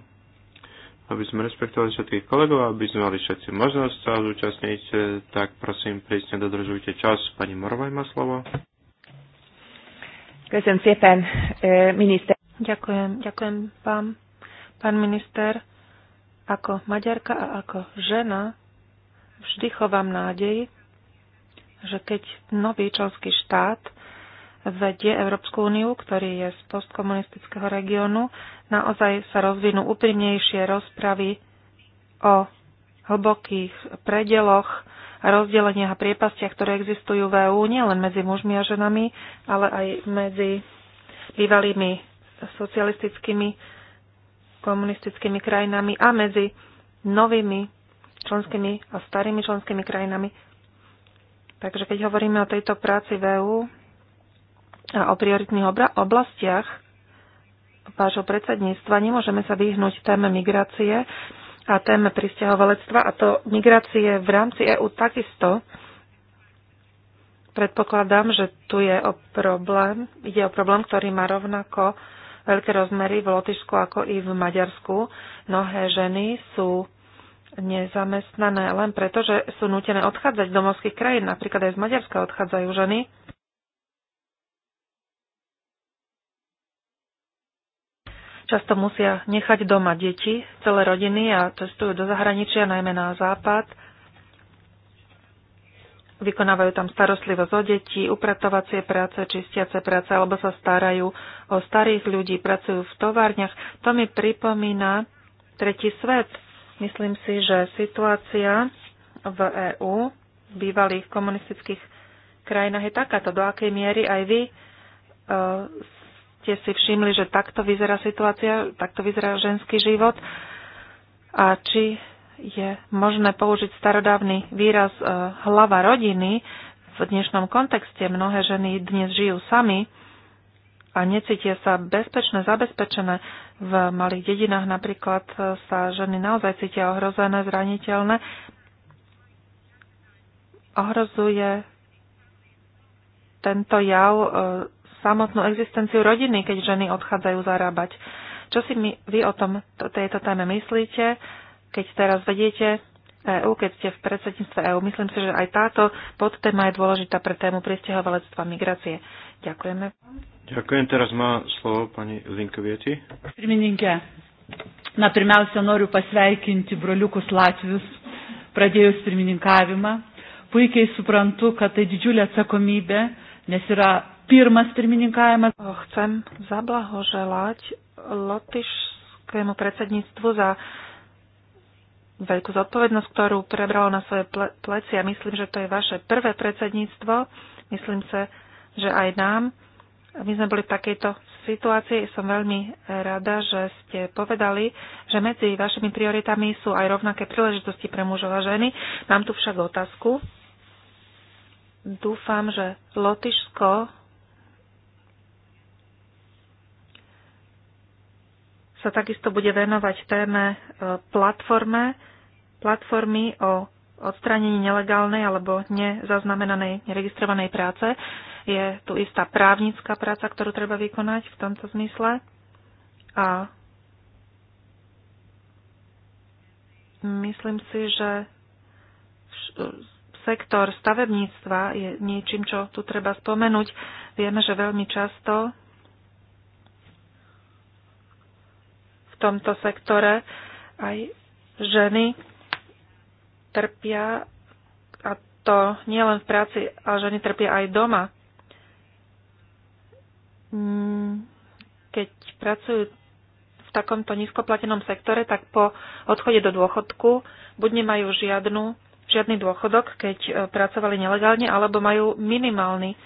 aby sme respektovali všetkých kolegov, aby sme mali všetci možnosť sa zúčastniť, e, tak prosím prísne dodržujte čas. Pani Morovaj má slovo. Ďakujem, pán e, minister. Ďakujem, ďakujem vám, pán minister. Ako maďarka a ako žena vždy chovám nádej, že keď nový členský štát vedie Európsku úniu, ktorý je z postkomunistického regiónu, naozaj sa rozvinú úprimnejšie rozpravy o hlbokých predeloch a rozdeleniach a priepastiach, ktoré existujú v EÚ nielen medzi mužmi a ženami, ale aj medzi bývalými socialistickými komunistickými krajinami a medzi novými členskými a starými členskými krajinami. Takže keď hovoríme o tejto práci v EÚ, a o prioritných oblastiach vášho predsedníctva nemôžeme sa vyhnúť téme migrácie a téme pristahovalectva a to migrácie v rámci EÚ takisto. Predpokladám, že tu je o problém, ide o problém, ktorý má rovnako veľké rozmery v Lotyšsku ako i v Maďarsku. Mnohé ženy sú nezamestnané len preto, že sú nutené odchádzať z domovských krajín. Napríklad aj z Maďarska odchádzajú ženy. Často musia nechať doma deti, celé rodiny a cestujú do zahraničia, najmä na západ. Vykonávajú tam starostlivosť o deti, upratovacie práce, čistiace práce alebo sa starajú o starých ľudí, pracujú v továrniach. To mi pripomína tretí svet. Myslím si, že situácia v EÚ, v bývalých komunistických krajinách je takáto. Do akej miery aj vy e, ste si všimli, že takto vyzerá situácia, takto vyzerá ženský život a či je možné použiť starodávny výraz e, hlava rodiny v dnešnom kontexte. Mnohé ženy dnes žijú sami a necítia sa bezpečné, zabezpečené. V malých dedinách napríklad e, sa ženy naozaj cítia ohrozené, zraniteľné. Ohrozuje tento jav e, samotnú existenciu rodiny, keď ženy odchádzajú zarábať. Čo si my, vy o tom, to, tejto téme myslíte, keď teraz vediete EU, keď ste v predsedníctve EU? Myslím si, že aj táto podtéma je dôležitá pre tému pristahovalectva migrácie. Ďakujeme. Ďakujem. Teraz má slovo pani Linkovieti. Pirmininkė, na pirmiausia noriu pasveikinti broliukus Latvius, pradėjus pirmininkavimą. Puikiai suprantu, kad tai didžiulė atsakomybė, nes yra pirmas pirmininkavimas. Chcem zablahoželať lotyšskému predsedníctvu za veľkú zodpovednosť, ktorú prebralo na svoje pleci a myslím, že to je vaše prvé predsedníctvo. Myslím sa, že aj nám. My sme boli v takejto situácii. Som veľmi rada, že ste povedali, že medzi vašimi prioritami sú aj rovnaké príležitosti pre mužov a ženy. Mám tu však otázku. Dúfam, že Lotyšsko sa takisto bude venovať téme e, platforme, platformy o odstránení nelegálnej alebo nezaznamenanej, neregistrovanej práce. Je tu istá právnická práca, ktorú treba vykonať v tomto zmysle. A myslím si, že sektor stavebníctva je niečím, čo tu treba spomenúť. Vieme, že veľmi často tomto sektore. Aj ženy trpia, a to nie len v práci, ale ženy trpia aj doma. Mm, keď pracujú v takomto nízkoplatenom sektore, tak po odchode do dôchodku buď nemajú žiadnu, žiadny dôchodok, keď e, pracovali nelegálne, alebo majú minimálny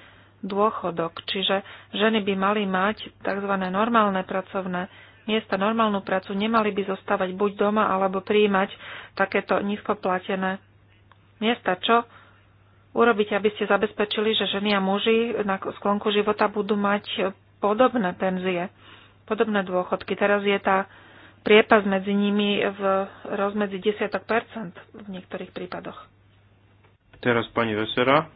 dôchodok. Čiže ženy by mali mať tzv. normálne pracovné miesta normálnu prácu, nemali by zostávať buď doma, alebo prijímať takéto nízkoplatené miesta. Čo urobiť, aby ste zabezpečili, že ženy a muži na sklonku života budú mať podobné penzie, podobné dôchodky. Teraz je tá priepas medzi nimi v rozmedzi desiatok percent v niektorých prípadoch. Teraz pani Vesera.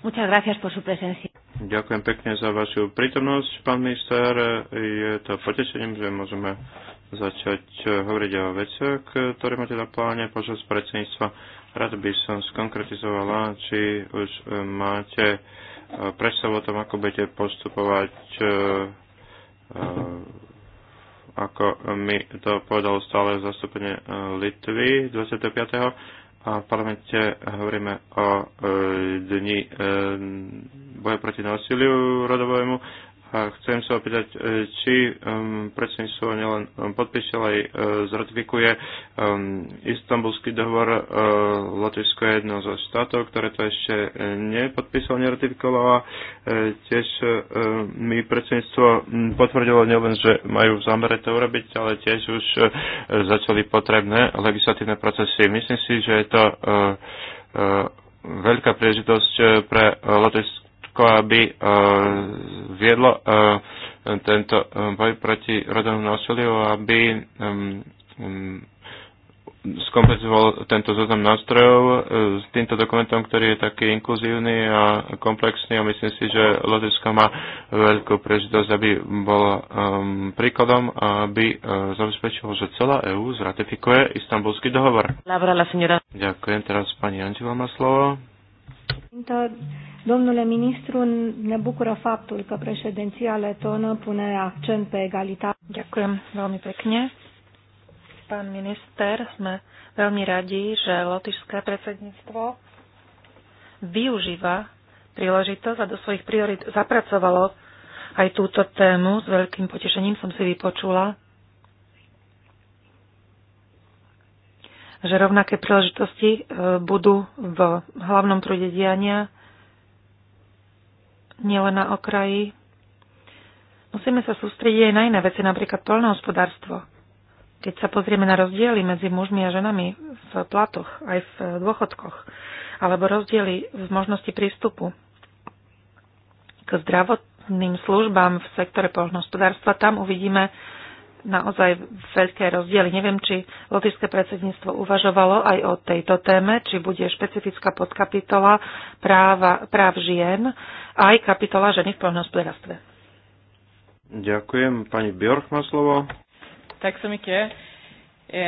Muchas gracias por su presencia. Ďakujem pekne za vašu prítomnosť, pán minister. Je to potešením, že môžeme začať eh, hovoriť o veciach, ktoré máte na pláne počas predsedníctva. Rád by som skonkretizovala, či už eh, máte eh, predstavu o tom, ako budete postupovať, ako mi to povedalo stále zastúpenie Litvy 25 a v parlamente hovoríme o e, dni e, boja proti násiliu rodovému Chcem sa opýtať, e, či predsedníctvo nielen podpíše, ale aj e, zratifikuje istambulský dohovor. E, Lotyšsko je jedno zo štátov, ktoré to ešte nepodpísalo, neratifikovalo. Tiež mi predsedníctvo potvrdilo nielen, že majú v zámere to urobiť, ale tiež už začali potrebné legislatívne procesy. Myslím si, že je to veľká príležitosť pre Lotyšsko Rusko, aby e, viedlo e, tento e, boj proti rodovnom násiliu, aby skompenzoval tento zoznam nástrojov s týmto dokumentom, ktorý je taký inkluzívny a komplexný a myslím si, že Lotyšsko má veľkú príležitosť, aby bol um, príkladom a aby uh, zabezpečilo, že celá EÚ zratifikuje istambulský dohovor. Ďakujem, teraz pani Angela má slovo. Domnule ministru, ne bucură faptul că președinția letonă pune accent pe egalitate. Ďakujem veľmi pekne. Pán minister, sme veľmi radi, že lotišské predsedníctvo využíva príležitosť a do svojich priorit zapracovalo aj túto tému. S veľkým potešením som si vypočula, že rovnaké príležitosti e, budú v hlavnom prúde diania nielen na okraji. Musíme sa sústrediť aj na iné veci, napríklad poľnohospodárstvo. Keď sa pozrieme na rozdiely medzi mužmi a ženami v platoch, aj v dôchodkoch, alebo rozdiely v možnosti prístupu k zdravotným službám v sektore poľnohospodárstva, tam uvidíme naozaj veľké rozdiely. Neviem, či lotišské predsedníctvo uvažovalo aj o tejto téme, či bude špecifická podkapitola práva, práv žien aj kapitola ženy v plnohospodárstve. Ďakujem. Pani Bjork má slovo. Tak som Ike. E,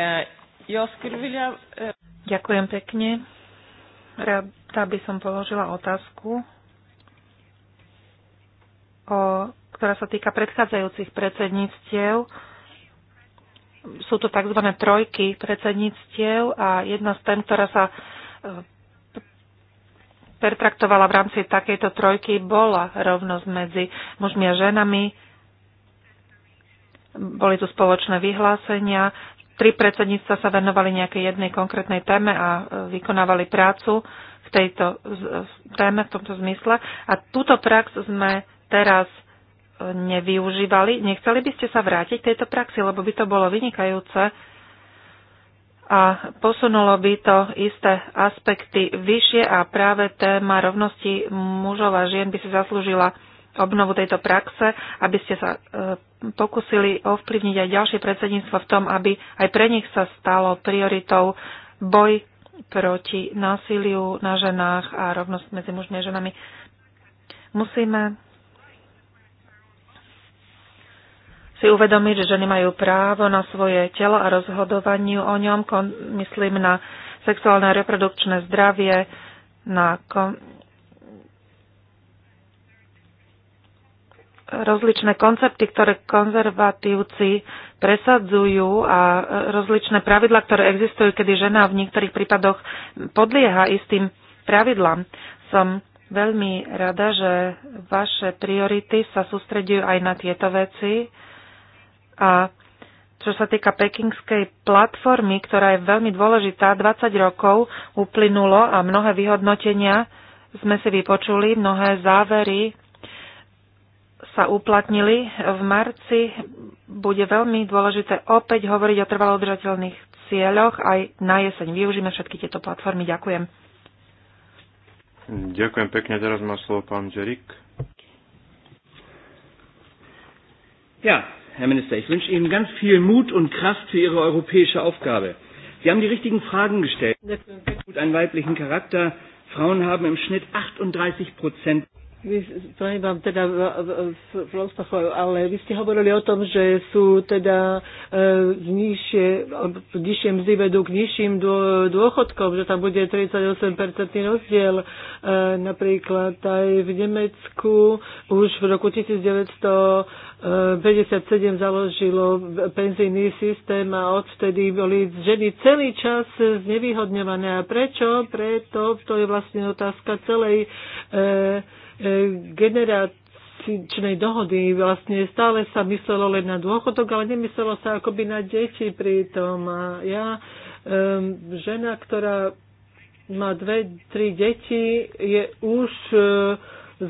e, Ďakujem pekne. Rada by som položila otázku, o, ktorá sa týka predchádzajúcich predsedníctiev sú to tzv. trojky predsedníctiev a jedna z tém, ktorá sa e, pertraktovala v rámci takejto trojky, bola rovnosť medzi mužmi a ženami. Boli tu spoločné vyhlásenia. Tri predsedníctva sa venovali nejakej jednej konkrétnej téme a e, vykonávali prácu v tejto e, téme, v tomto zmysle. A túto prax sme teraz nevyužívali. Nechceli by ste sa vrátiť tejto praxi, lebo by to bolo vynikajúce a posunulo by to isté aspekty vyššie a práve téma rovnosti mužov a žien by si zaslúžila obnovu tejto praxe, aby ste sa e, pokúsili ovplyvniť aj ďalšie predsedníctvo v tom, aby aj pre nich sa stalo prioritou boj proti násiliu na ženách a rovnosť medzi mužmi a ženami. Musíme si uvedomiť, že ženy majú právo na svoje telo a rozhodovaniu o ňom, kon, myslím na sexuálne a reprodukčné zdravie, na kon, rozličné koncepty, ktoré konzervatívci presadzujú a rozličné pravidla, ktoré existujú, kedy žena v niektorých prípadoch podlieha istým pravidlám. Som veľmi rada, že vaše priority sa sústredujú aj na tieto veci a čo sa týka pekingskej platformy, ktorá je veľmi dôležitá, 20 rokov uplynulo a mnohé vyhodnotenia sme si vypočuli, mnohé závery sa uplatnili. V marci bude veľmi dôležité opäť hovoriť o trvalo udržateľných cieľoch aj na jeseň. Využíme všetky tieto platformy. Ďakujem. Ďakujem pekne. Teraz má slovo pán Žerik. Ja, Herr Minister, ich wünsche Ihnen ganz viel Mut und Kraft für Ihre europäische Aufgabe. Sie haben die richtigen Fragen gestellt. Gut, einen weiblichen Charakter. Frauen haben im Schnitt 38 Prozent. Vy, to nemám teda v, v, v rozpachu, ale vy ste hovorili o tom, že sú teda e, nižšie, nižšie mzdy vedú k nižším dô, dôchodkom, že tam bude 38% rozdiel. E, napríklad aj v Nemecku už v roku 1957 založilo penzijný systém a odvtedy boli ženy celý čas znevýhodňované. A prečo? Preto to je vlastne otázka celej e, E, generačnej dohody vlastne stále sa myslelo len na dôchodok, ale nemyslelo sa akoby na deti pritom. A ja, žena, ktorá má dve, tri deti, je už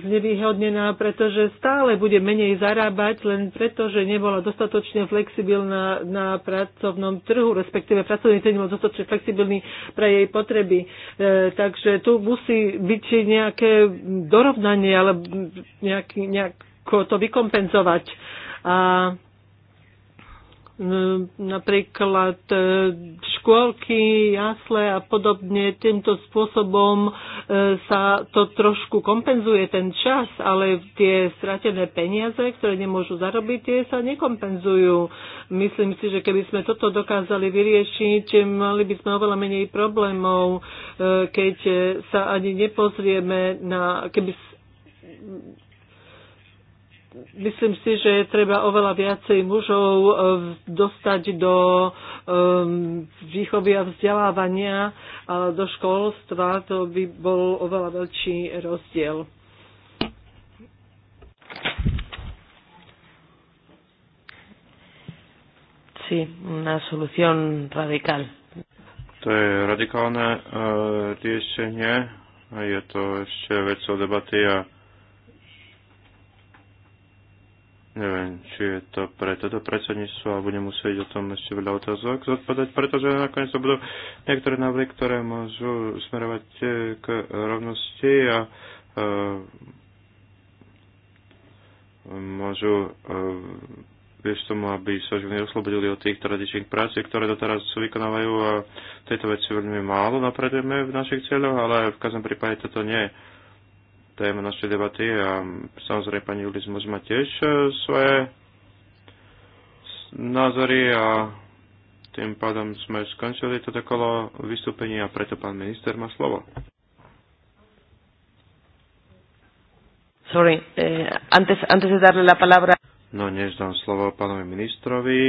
znevýhodnená, pretože stále bude menej zarábať len preto, že nebola dostatočne flexibilná na pracovnom trhu, respektíve pracovný trh nebol dostatočne flexibilný pre jej potreby. E, takže tu musí byť nejaké dorovnanie, ale nejak, nejako to vykompenzovať. A Ehm, napríklad e, škôlky, jasle a podobne. Týmto spôsobom e, sa to trošku kompenzuje ten čas, ale tie stratené peniaze, ktoré nemôžu zarobiť, tie sa nekompenzujú. Myslím si, že keby sme toto dokázali vyriešiť, mali by sme oveľa menej problémov, e, keď sa ani nepozrieme na, keby myslím si, že treba oveľa viacej mužov eh, dostať do ehm, výchovy a vzdelávania a do školstva. To by bol oveľa väčší rozdiel. Sí, una solución radical. To je radikálne uh, riešenie. Je to ešte o debaty a Neviem, či je to pre toto predsedníctvo a budem musieť o tom ešte veľa otázok zodpovedať, pretože nakoniec to budú niektoré návrhy, ktoré môžu smerovať eh, k rovnosti a e, môžu e, eh, vieš tomu, aby sa ženy oslobodili od tých tradičných prác, ktoré doteraz vykonávajú a tejto veci veľmi málo napredujeme v našich cieľoch, ale v každom prípade toto nie je téma našej debaty a samozrejme pani Julis môže mať tiež e, svoje názory a tým pádom sme skončili toto kolo vystúpenia a preto pán minister má slovo. Sorry, eh, antes, antes de darle la palabra. No, než dám slovo pánovi ministrovi.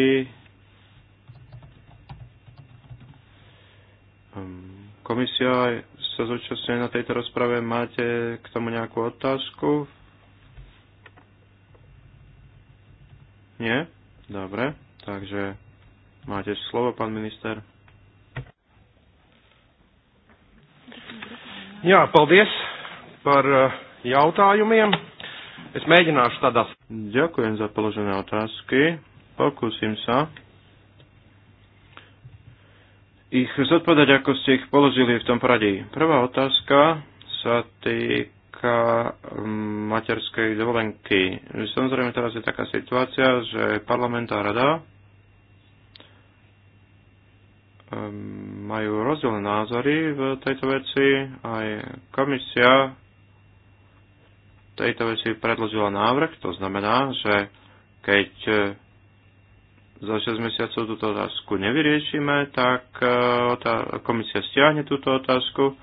Ehm, komisia sa zúčastnili na tejto rozprave. Máte k tomu nejakú otázku? Nie? Dobre, takže máte slovo, pán minister. Jā, paldies par eh, jautājumiem. Es mēģināšu tādās. Ďakujem za položené otázky. Pokúsim sa ich zodpovedať, ako ste ich položili v tom poradí. Prvá otázka sa týka um, materskej dovolenky. Samozrejme, teraz je taká situácia, že parlament a rada um, majú rozdielne názory v tejto veci. Aj komisia tejto veci predložila návrh, to znamená, že keď za 6 mesiacov túto otázku nevyriešime, tak e, komisia stiahne túto otázku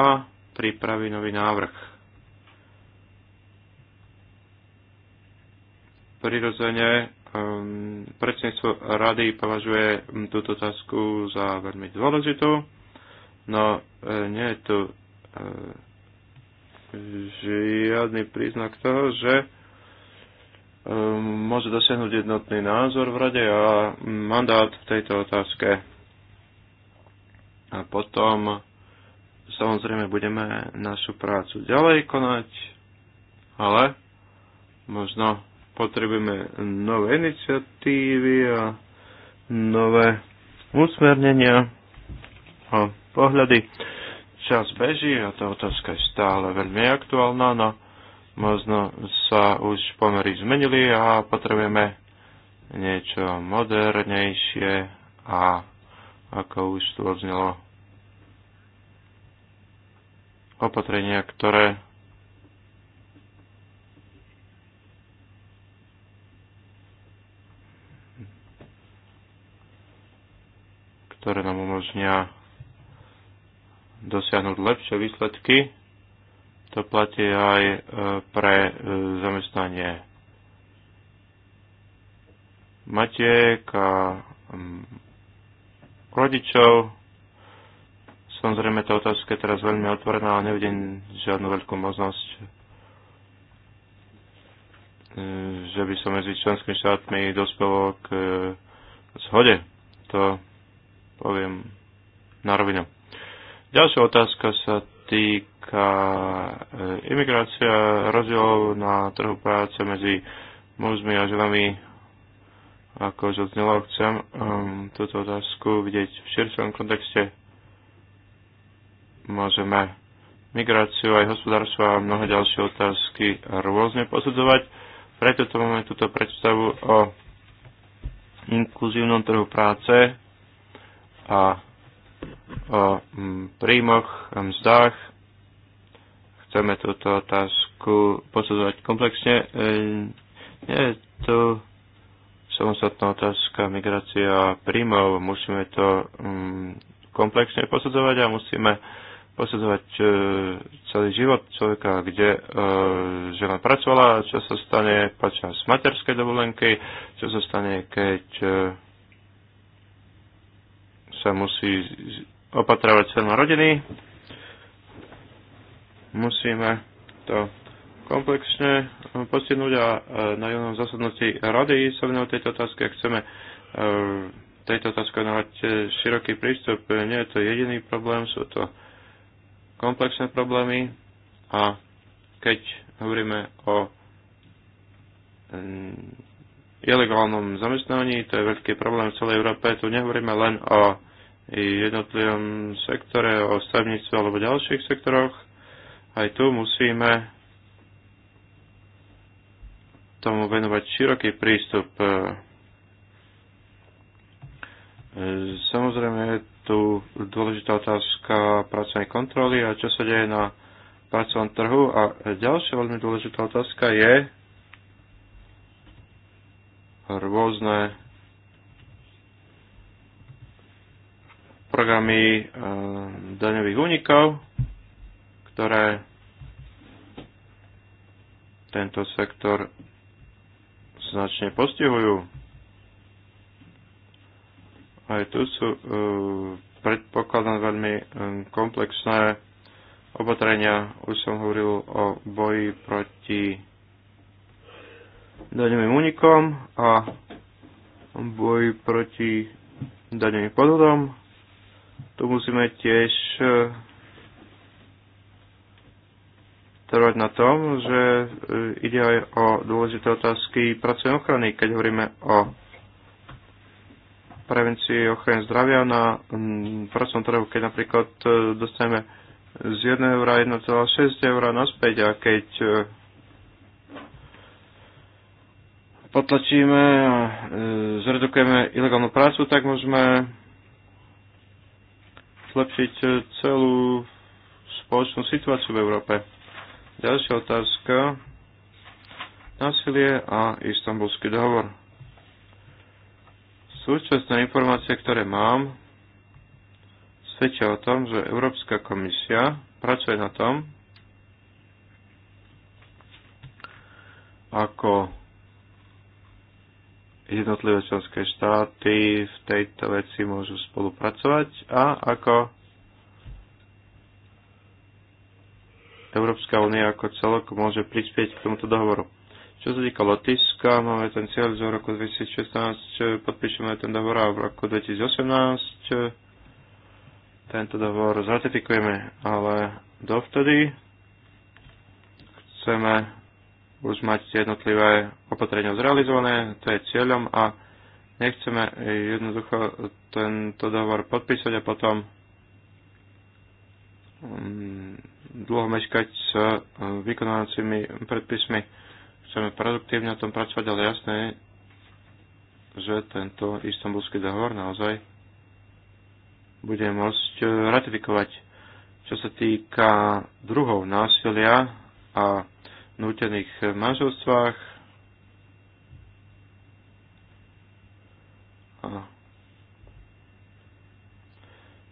a pripraví nový návrh. Prirodzene um, predsedníctvo rady považuje túto otázku za veľmi dôležitú, no e, nie je tu e, žiadny príznak toho, že Ehm, môže dosiahnuť jednotný názor v rade a mandát v tejto otázke. A potom samozrejme budeme našu prácu ďalej konať, ale možno potrebujeme nové iniciatívy a nové usmernenia a pohľady. Čas beží a tá otázka je stále veľmi aktuálna, no možno sa už pomery zmenili a potrebujeme niečo modernejšie a ako už tu odznelo opatrenia, ktoré ktoré nám umožnia dosiahnuť lepšie výsledky to platí aj e, pre e, zamestnanie matiek a mm, rodičov. Samozrejme, tá otázka je teraz veľmi otvorená, ale nevidím žiadnu veľkú možnosť, e, že by sa medzi členskými štátmi dospelo k zhode. To poviem na rovinu. Ďalšia otázka sa týka e, imigrácia rozdielov na trhu práce medzi mužmi a ženami. Ako už odznelo, chcem um, túto otázku vidieť v širšom kontexte. Môžeme migráciu aj hospodárstvo a mnohé ďalšie otázky rôzne posudzovať. Preto tu máme túto predstavu o inkluzívnom trhu práce a o mm, príjmoch, a mm, mzdách. Chceme túto otázku posudzovať komplexne. Nie je tu samostatná otázka migrácia a príjmov. Musíme to mm, komplexne posudzovať a musíme posudzovať e, celý život človeka, kde e, žena pracovala, čo sa stane počas materskej dovolenky, čo sa stane, keď e, sa musí opatrovať celom rodiny. Musíme to komplexne postihnúť a na jednom zasadnutí rady sa o tejto otázke. Chceme e, tejto otázke dávať e, široký prístup. Nie je to jediný problém, sú to komplexné problémy a keď hovoríme o mm, ilegálnom zamestnaní, to je veľký problém v celej Európe, tu nehovoríme len o jednotlivom sektore, o stavníctve alebo ďalších sektoroch. Aj tu musíme tomu venovať široký prístup. Samozrejme je tu dôležitá otázka pracovnej kontroly a čo sa deje na pracovnom trhu. A ďalšia veľmi dôležitá otázka je rôzne programy ehm, daňových únikov, ktoré tento sektor značne postihujú. Aj tu sú e, predpokladané veľmi e, komplexné opatrenia. Už som hovoril o boji proti daňovým únikom a boji proti daňovým podvodom tu musíme tiež e, trvať na tom, že e, ide aj o dôležité otázky pracovnej ochrany, keď hovoríme o prevencii ochrany zdravia na mm, pracovnom trhu, keď napríklad e, dostaneme z 1 eura 1,6 eura naspäť a keď potlačíme a zredukujeme ilegálnu prácu, tak môžeme zlepšiť e, celú spoločnú situáciu v Európe. Ďalšia otázka. Násilie a istambulský dohovor. Súčasné informácie, ktoré mám, svedčia o tom, že Európska komisia pracuje na tom, ako jednotlivé členské štáty v tejto veci môžu spolupracovať a ako Európska únia ako celok môže prispieť k tomuto dohovoru. Čo sa týka Lotyšska, máme ten cieľ, že v roku 2016 podpíšeme ten dohovor a v roku 2018 tento dohovor zratifikujeme, ale dovtedy chceme už mať jednotlivé opatrenia zrealizované, to je cieľom a nechceme jednoducho tento dohovor podpísať a potom mm, dlho meškať s e, vykonávacími predpismi. Chceme produktívne o tom pracovať, ale jasné je, že tento istambulský dohovor naozaj bude môcť e, ratifikovať. Čo sa týka druhov násilia a nútených manželstvách.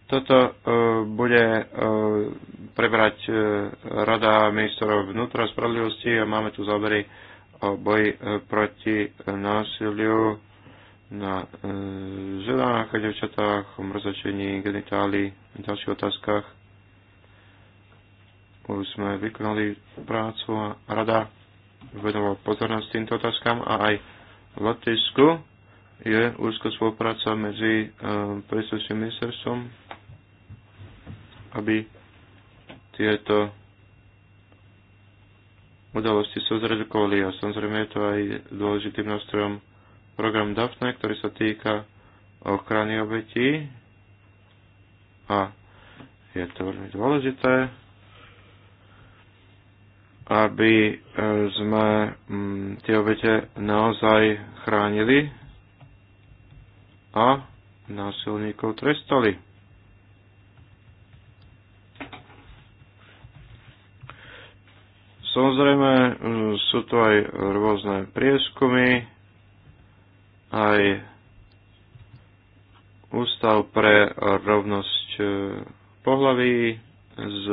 Toto e, bude e, prebrať e, Rada ministrov vnútra spravodlivosti a máme tu zábery o boji proti násiliu na ženách a devčatách, mrzačení genitálii, a ďalších otázkach už sme vykonali prácu a rada venoval pozornosť týmto otázkam a aj v Latisku je úzka spolupráca medzi eh, príslušným ministerstvom, aby tieto udalosti sa zredukovali a samozrejme je to aj dôležitým nástrojom program DAFNE, ktorý sa týka ochrany obetí a je to veľmi dôležité aby e, sme mm, tie obete naozaj chránili a násilníkov trestali. Samozrejme, mm, sú tu aj rôzne prieskumy, aj Ústav pre rovnosť e, pohlaví z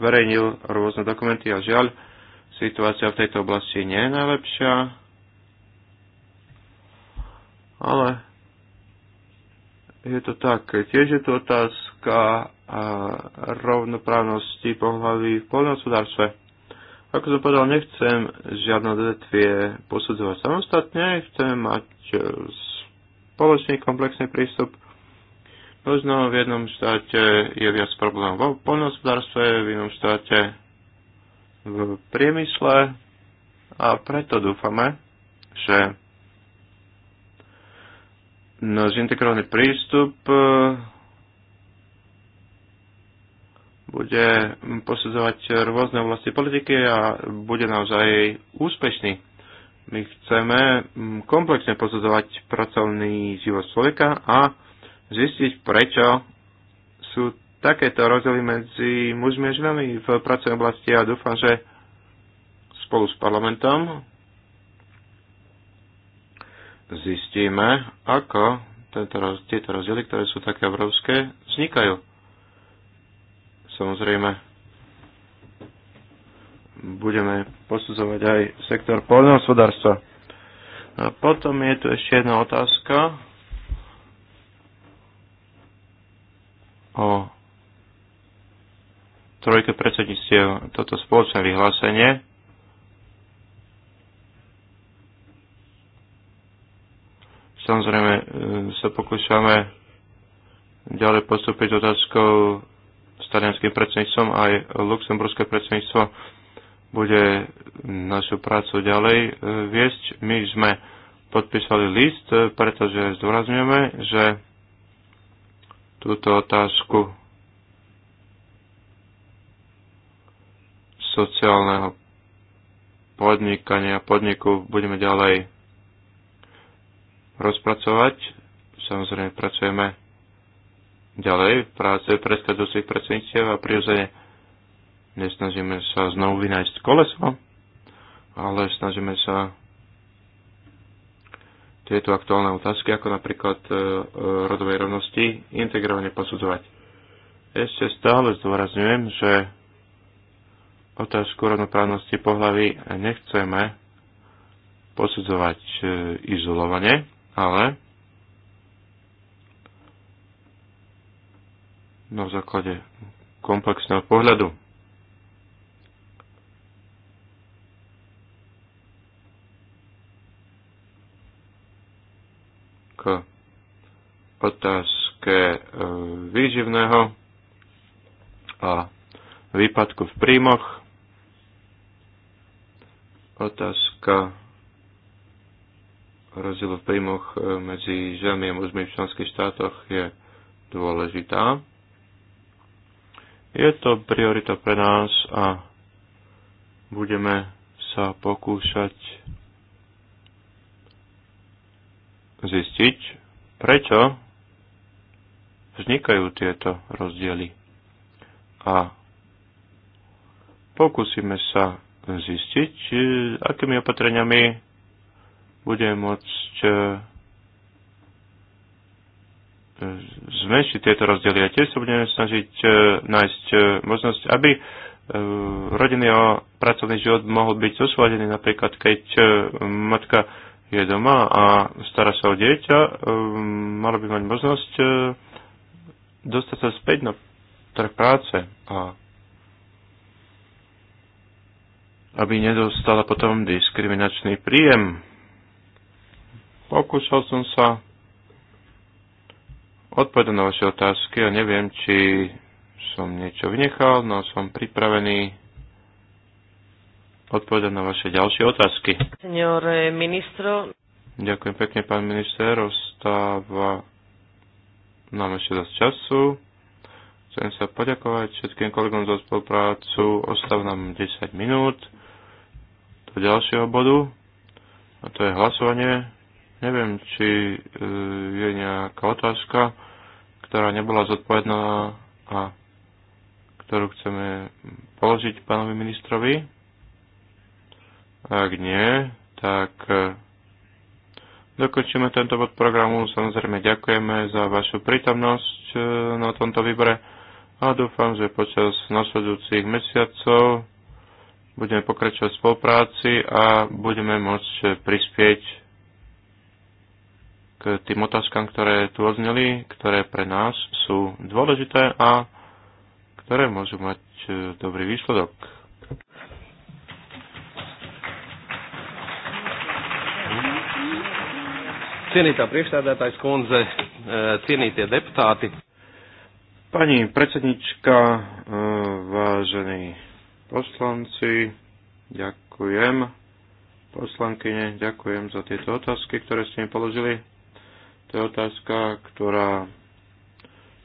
verejnil rôzne dokumenty a žiaľ, situácia v tejto oblasti nie je najlepšia. Ale je to tak. Tiež je to otázka rovnoprávnosti pohľavy v poľnohospodárstve. Ako som povedal, nechcem žiadne odvetvie posudzovať samostatne, chcem mať spoločný komplexný prístup Možno v jednom štáte je viac problém v poľnohospodárstve, v inom štáte v priemysle a preto dúfame, že náš zintegrovaný prístup e, bude posudzovať rôzne oblasti politiky a bude naozaj úspešný. My chceme mm, komplexne posudzovať pracovný život človeka a zistiť, prečo sú takéto rozdiely medzi mužmi a ženami v pracovnej oblasti a dúfam, že spolu s parlamentom zistíme, ako tento, tieto rozdiely, ktoré sú také obrovské, vznikajú. Samozrejme, budeme posudzovať aj sektor poľnohospodárstva. A potom je tu ešte jedna otázka. o trojke predsedníctiev toto spoločné vyhlásenie. Samozrejme e, sa pokúšame ďalej postúpiť otázkou s talianským predsedníctvom aj luxemburské predsedníctvo bude našu prácu ďalej e, viesť. My sme podpísali list, pretože zdôrazňujeme, že túto otázku sociálneho podnikania podniku budeme ďalej rozpracovať. Samozrejme, pracujeme ďalej v práce predstavujúcich predsedníctiev a prirodzene nesnažíme sa znovu vynájsť koleso, ale snažíme sa tieto aktuálne otázky, ako napríklad e, e, rodovej rovnosti, integrovane posudzovať. Ešte stále zdôrazňujem, že otázku rovnoprávnosti pohlavy nechceme posudzovať e, izolovane, ale na základe komplexného pohľadu. k otázke e, výživného a výpadku v prímoch, Otázka rozdielu v príjmoch e, medzi ženami a mužmi v členských štátoch je dôležitá. Je to priorita pre nás a budeme sa pokúšať zistiť, prečo vznikajú tieto rozdiely. A pokúsime sa zistiť, akými opatreniami bude môcť e, zmenšiť tieto rozdiely. A tiež sa budeme snažiť e, nájsť e, možnosť, aby rodinný a pracovný život mohol byť zosúladený, napríklad keď matka je doma a stará sa o dieťa, e, mala by mať možnosť e, dostať sa späť na trh práce a aby nedostala potom diskriminačný príjem. Pokúšal som sa odpovedať na vaše otázky a neviem, či som niečo vynechal, no som pripravený odpovedať na vaše ďalšie otázky. Senior eh, ministro. Ďakujem pekne, pán minister. Ostáva nám ešte dosť času. Chcem sa poďakovať všetkým kolegom za spoluprácu. Ostáva nám 10 minút do ďalšieho bodu. A to je hlasovanie. Neviem, či eh, je nejaká otázka, ktorá nebola zodpovedná a ktorú chceme položiť pánovi ministrovi. Ak nie, tak e, dokončíme tento bod programu. Samozrejme ďakujeme za vašu prítomnosť e, na tomto výbore a dúfam, že počas nasledujúcich mesiacov budeme pokračovať v spolupráci a budeme môcť prispieť k tým otázkam, ktoré tu odzneli, ktoré pre nás sú dôležité a ktoré môžu mať e, dobrý výsledok. Cienītā priekšstādātājs kundze, e, cienītie deputāti. Pani predsednička, e, vážení poslanci, ďakujem. Poslankyne, ďakujem za tieto otázky, ktoré ste mi položili. To je otázka, ktorá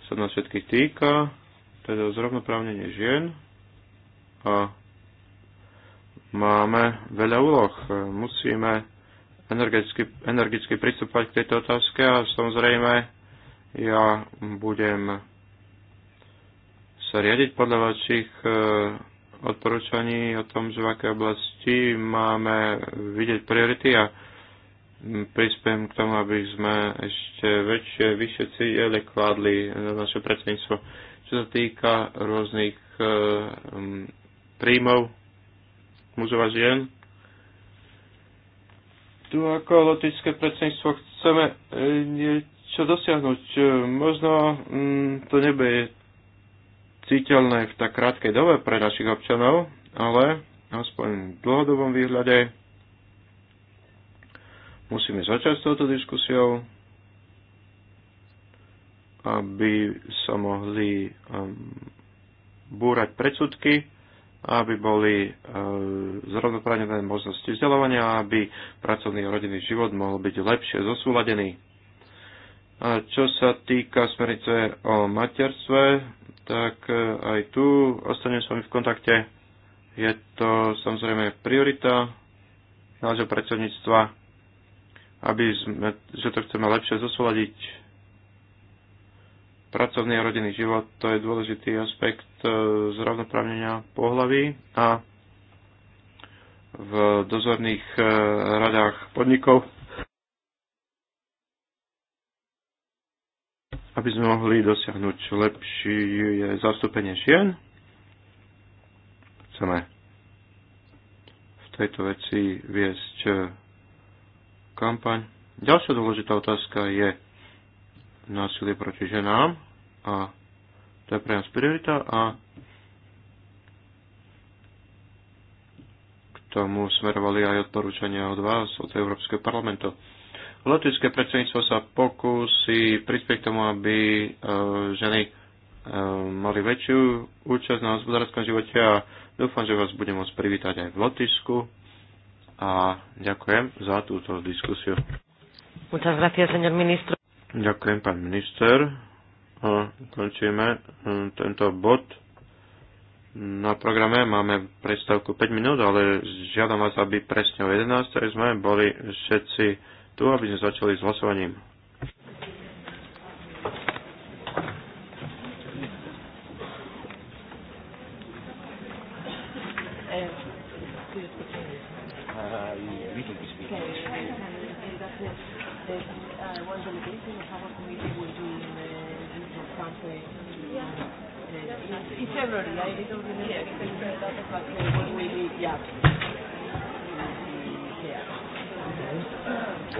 sa nás všetkých týka, teda zrovnoprávnenie žien. A máme veľa úloh. Musíme energicky, energicky pristúpať k tejto otázke a samozrejme ja budem sa riadiť podľa vašich e, odporúčaní o tom, že v akej oblasti máme vidieť priority a prispiem k tomu, aby sme ešte väčšie, vyššie cíle kládli na naše predsedníctvo. Čo sa týka rôznych e, príjmov mužov a žien, tu ako lotické predsedníctvo chceme e, niečo dosiahnuť. Možno mm, to nebe je citeľné v tak krátkej dobe pre našich občanov, ale aspoň v dlhodobom výhľade musíme začať s touto diskusiou, aby sa mohli um, búrať predsudky aby boli e, zrovnoprávnené možnosti vzdelávania, aby pracovný a rodinný život mohol byť lepšie zosúladený. A čo sa týka smernice o materstve, tak e, aj tu ostanem s vami v kontakte. Je to samozrejme priorita nášho predsedníctva, aby sme, že to chceme lepšie zosúladiť pracovný a rodinný život, to je dôležitý aspekt e, zrovnoprávnenia pohlaví a v dozorných e, radách podnikov, aby sme mohli dosiahnuť lepšie zastúpenie žien. Chceme v tejto veci viesť e, kampaň. Ďalšia dôležitá otázka je násilie proti ženám a to je pre nás priorita a k tomu smerovali aj odporúčania od vás, od Európskeho parlamentu. Lotické predsedníctvo sa pokusí prispieť k tomu, aby e, ženy e, mali väčšiu účasť na hospodárskom živote a dúfam, že vás budem môcť privítať aj v Lotisku a ďakujem za túto diskusiu. Muchas gracias, señor ministro. Ďakujem, pán minister končíme hm, tento bod. Na programe máme predstavku 5 minút, ale žiadam vás, aby presne o 11. sme boli všetci tu, aby sme začali s hlasovaním. February. I didn't really expect that, but did, yeah.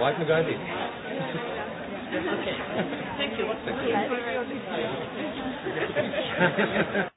yeah. Wife okay. Thank you. What's <laughs> the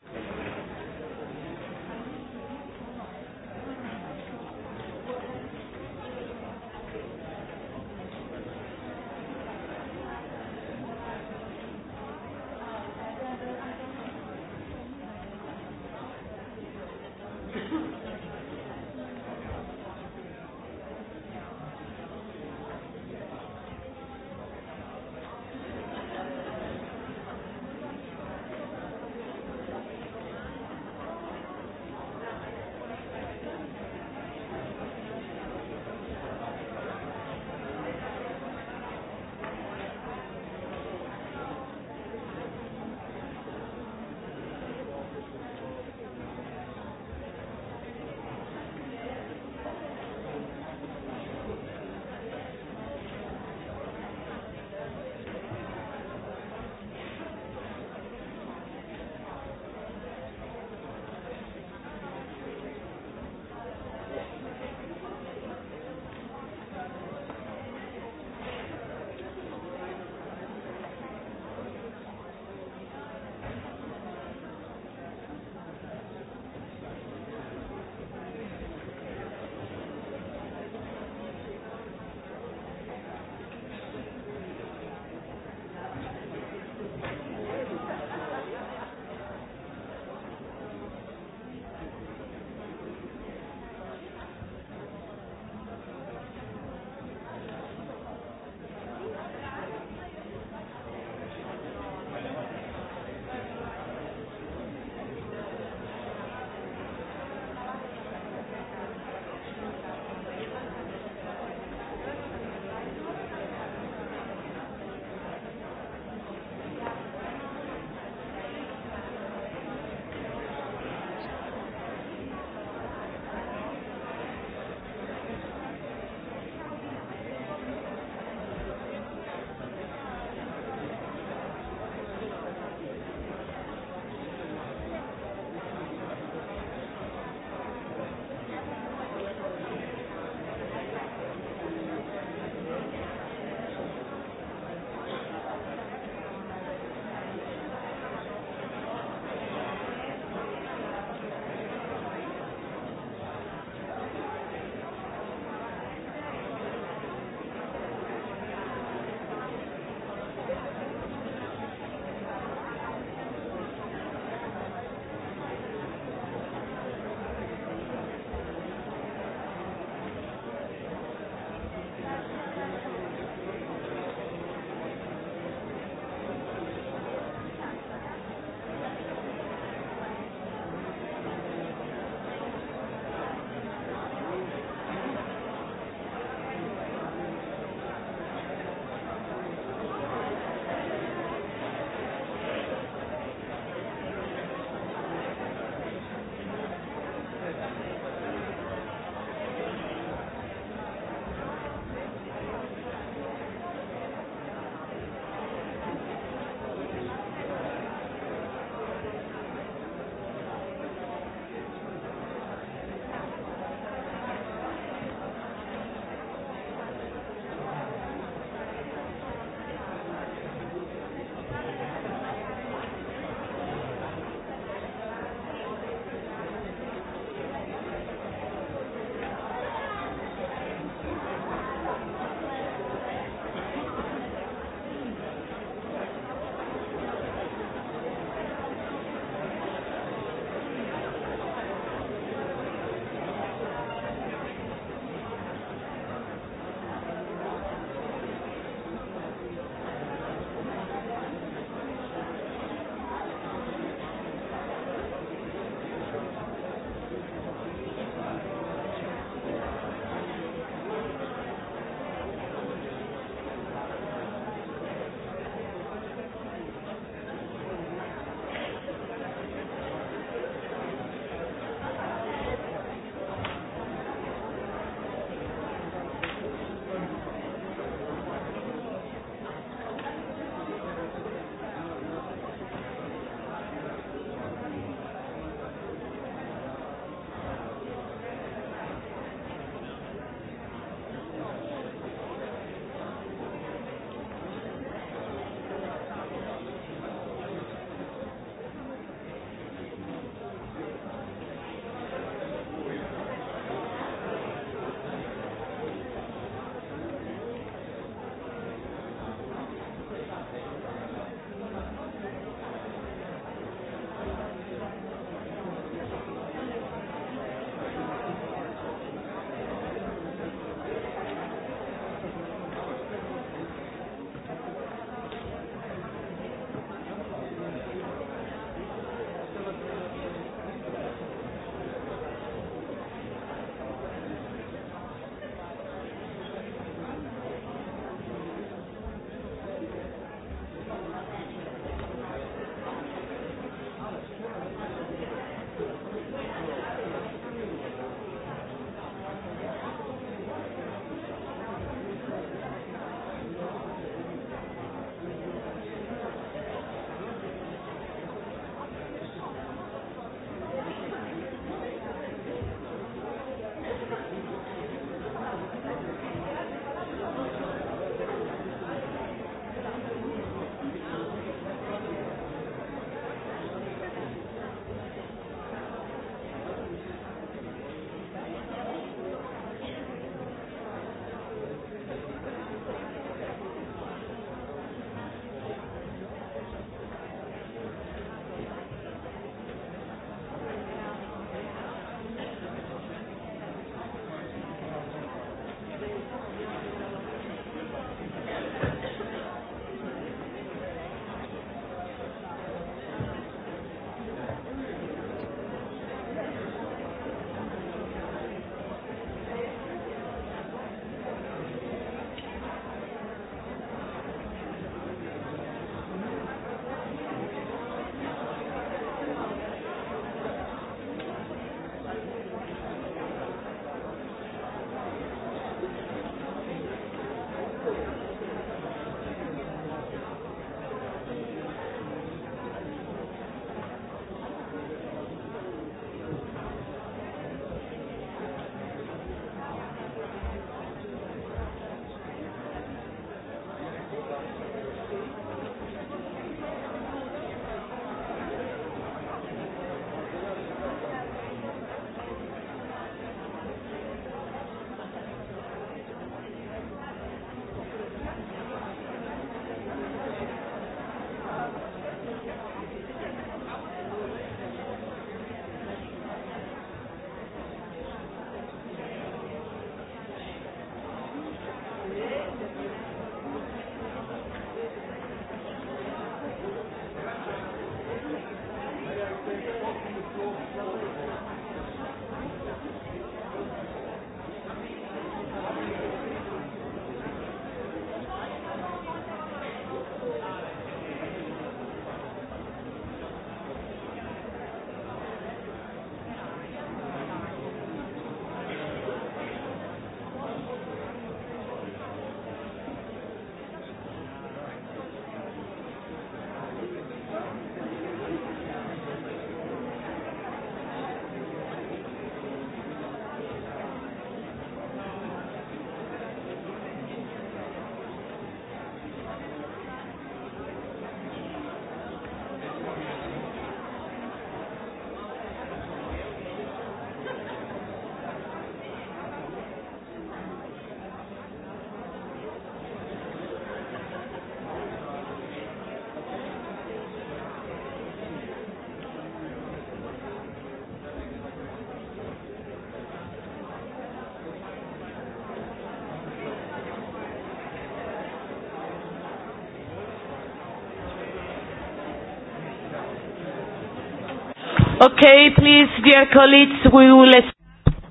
Okay, please, dear colleagues, we will...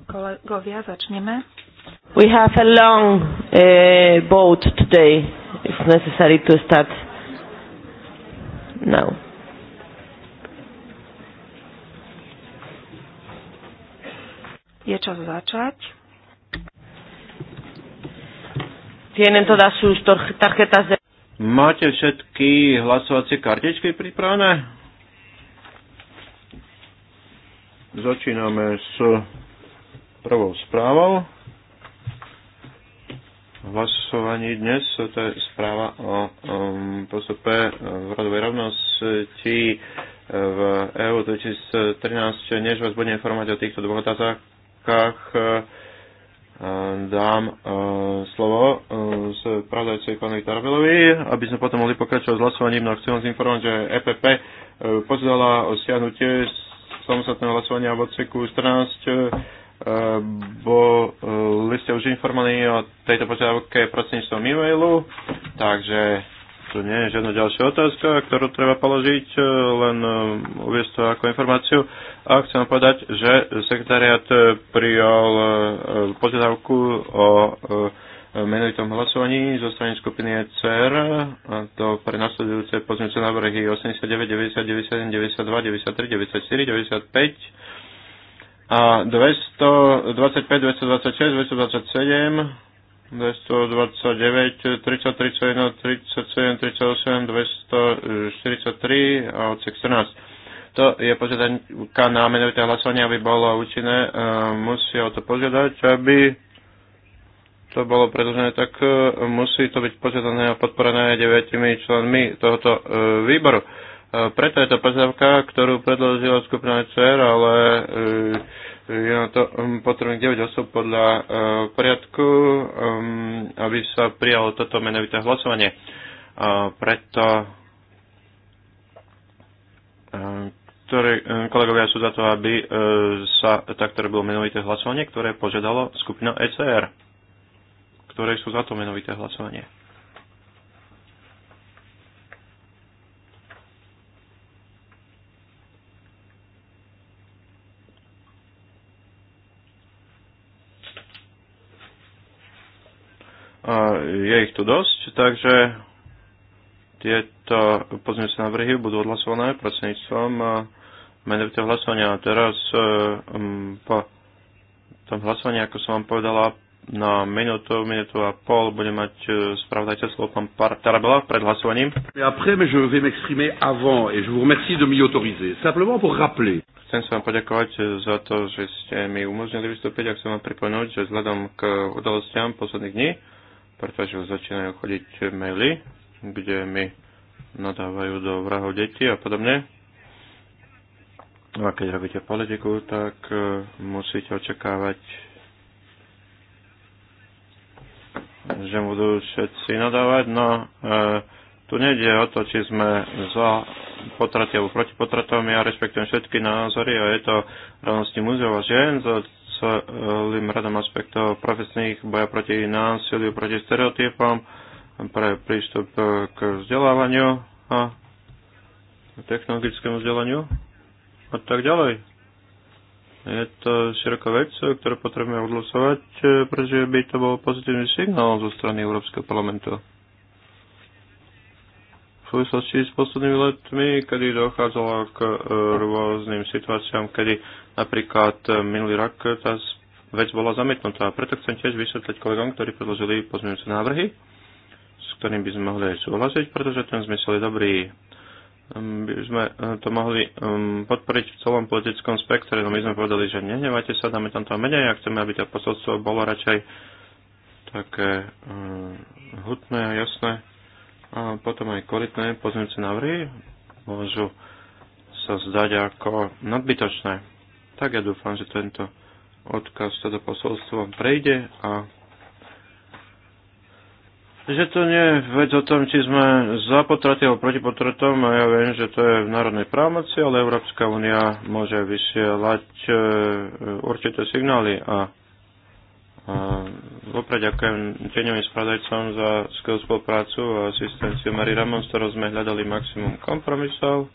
Kolegovia, začneme. We have a long uh, boat today. It's necessary to start now. Je čas začať. Tienen todas sus tarjetas de... Máte všetky hlasovacie kartičky pripravené? Začíname s prvou správou. Hlasovaní dnes to je správa o um, postupe v rodovej rovnosti v EU 2013. Než vás budem informovať o týchto dvoch otázkach, eh, dám eh, slovo eh, z pravdajcej pánovi Tarabelovi, aby sme potom mohli pokračovať s hlasovaním, no chcem vás informovať, že EPP pozvala o stiahnutie samostatného hlasovania v odseku 14 e, boli ste už informovaní o tejto požiadavke prostredníctvom e-mailu, takže tu nie je žiadna ďalšia otázka, ktorú treba položiť, e, len e, uviesť to ako informáciu. A chcem povedať, že sekretariat prijal požiadavku o menovitom hlasovaní zo strany skupiny ECR. To pre nasledujúce pozmeňujúce návrhy 89, 90, 92, 93, 94, 95 a 225, 226, 227, 229, 31, 37, 38, 243 a odsek 14 to je požiadanie na menovité hlasovanie, aby bolo účinné. Ehm, musia o to požiadať, aby to bolo predložené, tak e, musí to byť požiadané a podporené deviatimi členmi tohoto e, výboru. E, preto je to požiadavka, ktorú predložila skupina ECR, ale je na to potrebných 9 osob podľa poriadku, aby sa prijalo toto menovité hlasovanie. preto ktorí kolegovia sú za to, aby sa takto robilo menovité hlasovanie, ktoré požiadalo skupina ECR ktoré sú za to menovité hlasovanie. je ich tu dosť, takže tieto pozmeňujúce návrhy budú odhlasované prostredníctvom e, menovitého hlasovania. A teraz e, po tom hlasovaní, ako som vám povedala, na minútu, minútu a pol bude mať e, spravodajte slovo pán Tarabela pred hlasovaním. Après, mais je vais m'exprimer avant et je vous remercie de m'y autoriser. Simplement pour rappeler. Chcem sa vám poďakovať e, za to, že ste mi umožnili vystúpiť a chcem vám pripomenúť, že vzhľadom k udalostiam posledných dní, pretože už začínajú chodiť maily, kde mi nadávajú do vrahov deti a podobne, a keď robíte politiku, tak e, musíte očakávať že budú všetci nadávať, no e, tu nejde o to, či sme za potraty alebo proti potratom. Ja rešpektujem všetky názory a je to rovnosti muzeov a žien za celým radom aspektov profesných boja proti násiliu, proti stereotypom, pre prístup k vzdelávaniu a technologickému vzdelaniu a tak ďalej. Je to široká vec, ktorú potrebujeme odhlasovať, e, pretože by to bol pozitívny signál zo strany Európskeho parlamentu. V súvislosti s poslednými letmi, kedy dochádzalo k e, rôznym situáciám, kedy napríklad e, minulý rok tá vec bola zamietnutá. Preto chcem tiež vysvetliť kolegom, ktorí predložili pozmeňujúce návrhy, s ktorým by sme mohli aj súhlasiť, pretože ten zmysel je dobrý. Ehm, by sme eh, to mohli ehm, podporiť v celom politickom spektre. No my sme povedali, že nehnevajte sa, dáme tam to menej a chceme, aby to posolstvo bolo radšej také eh, hutné a jasné a potom aj kvalitné pozmeňujúce návrhy môžu sa zdať ako nadbytočné. Tak ja dúfam, že tento odkaz, toto posolstvo prejde a že to nie je vec o tom, či sme za potraty alebo proti potratom. Ja viem, že to je v národnej právomoci, ale Európska únia môže vysielať e, určité signály a Vopred ďakujem tieňovým spravodajcom za skvelú spoluprácu a asistenciu Marie Ramon, s ktorou sme hľadali maximum kompromisov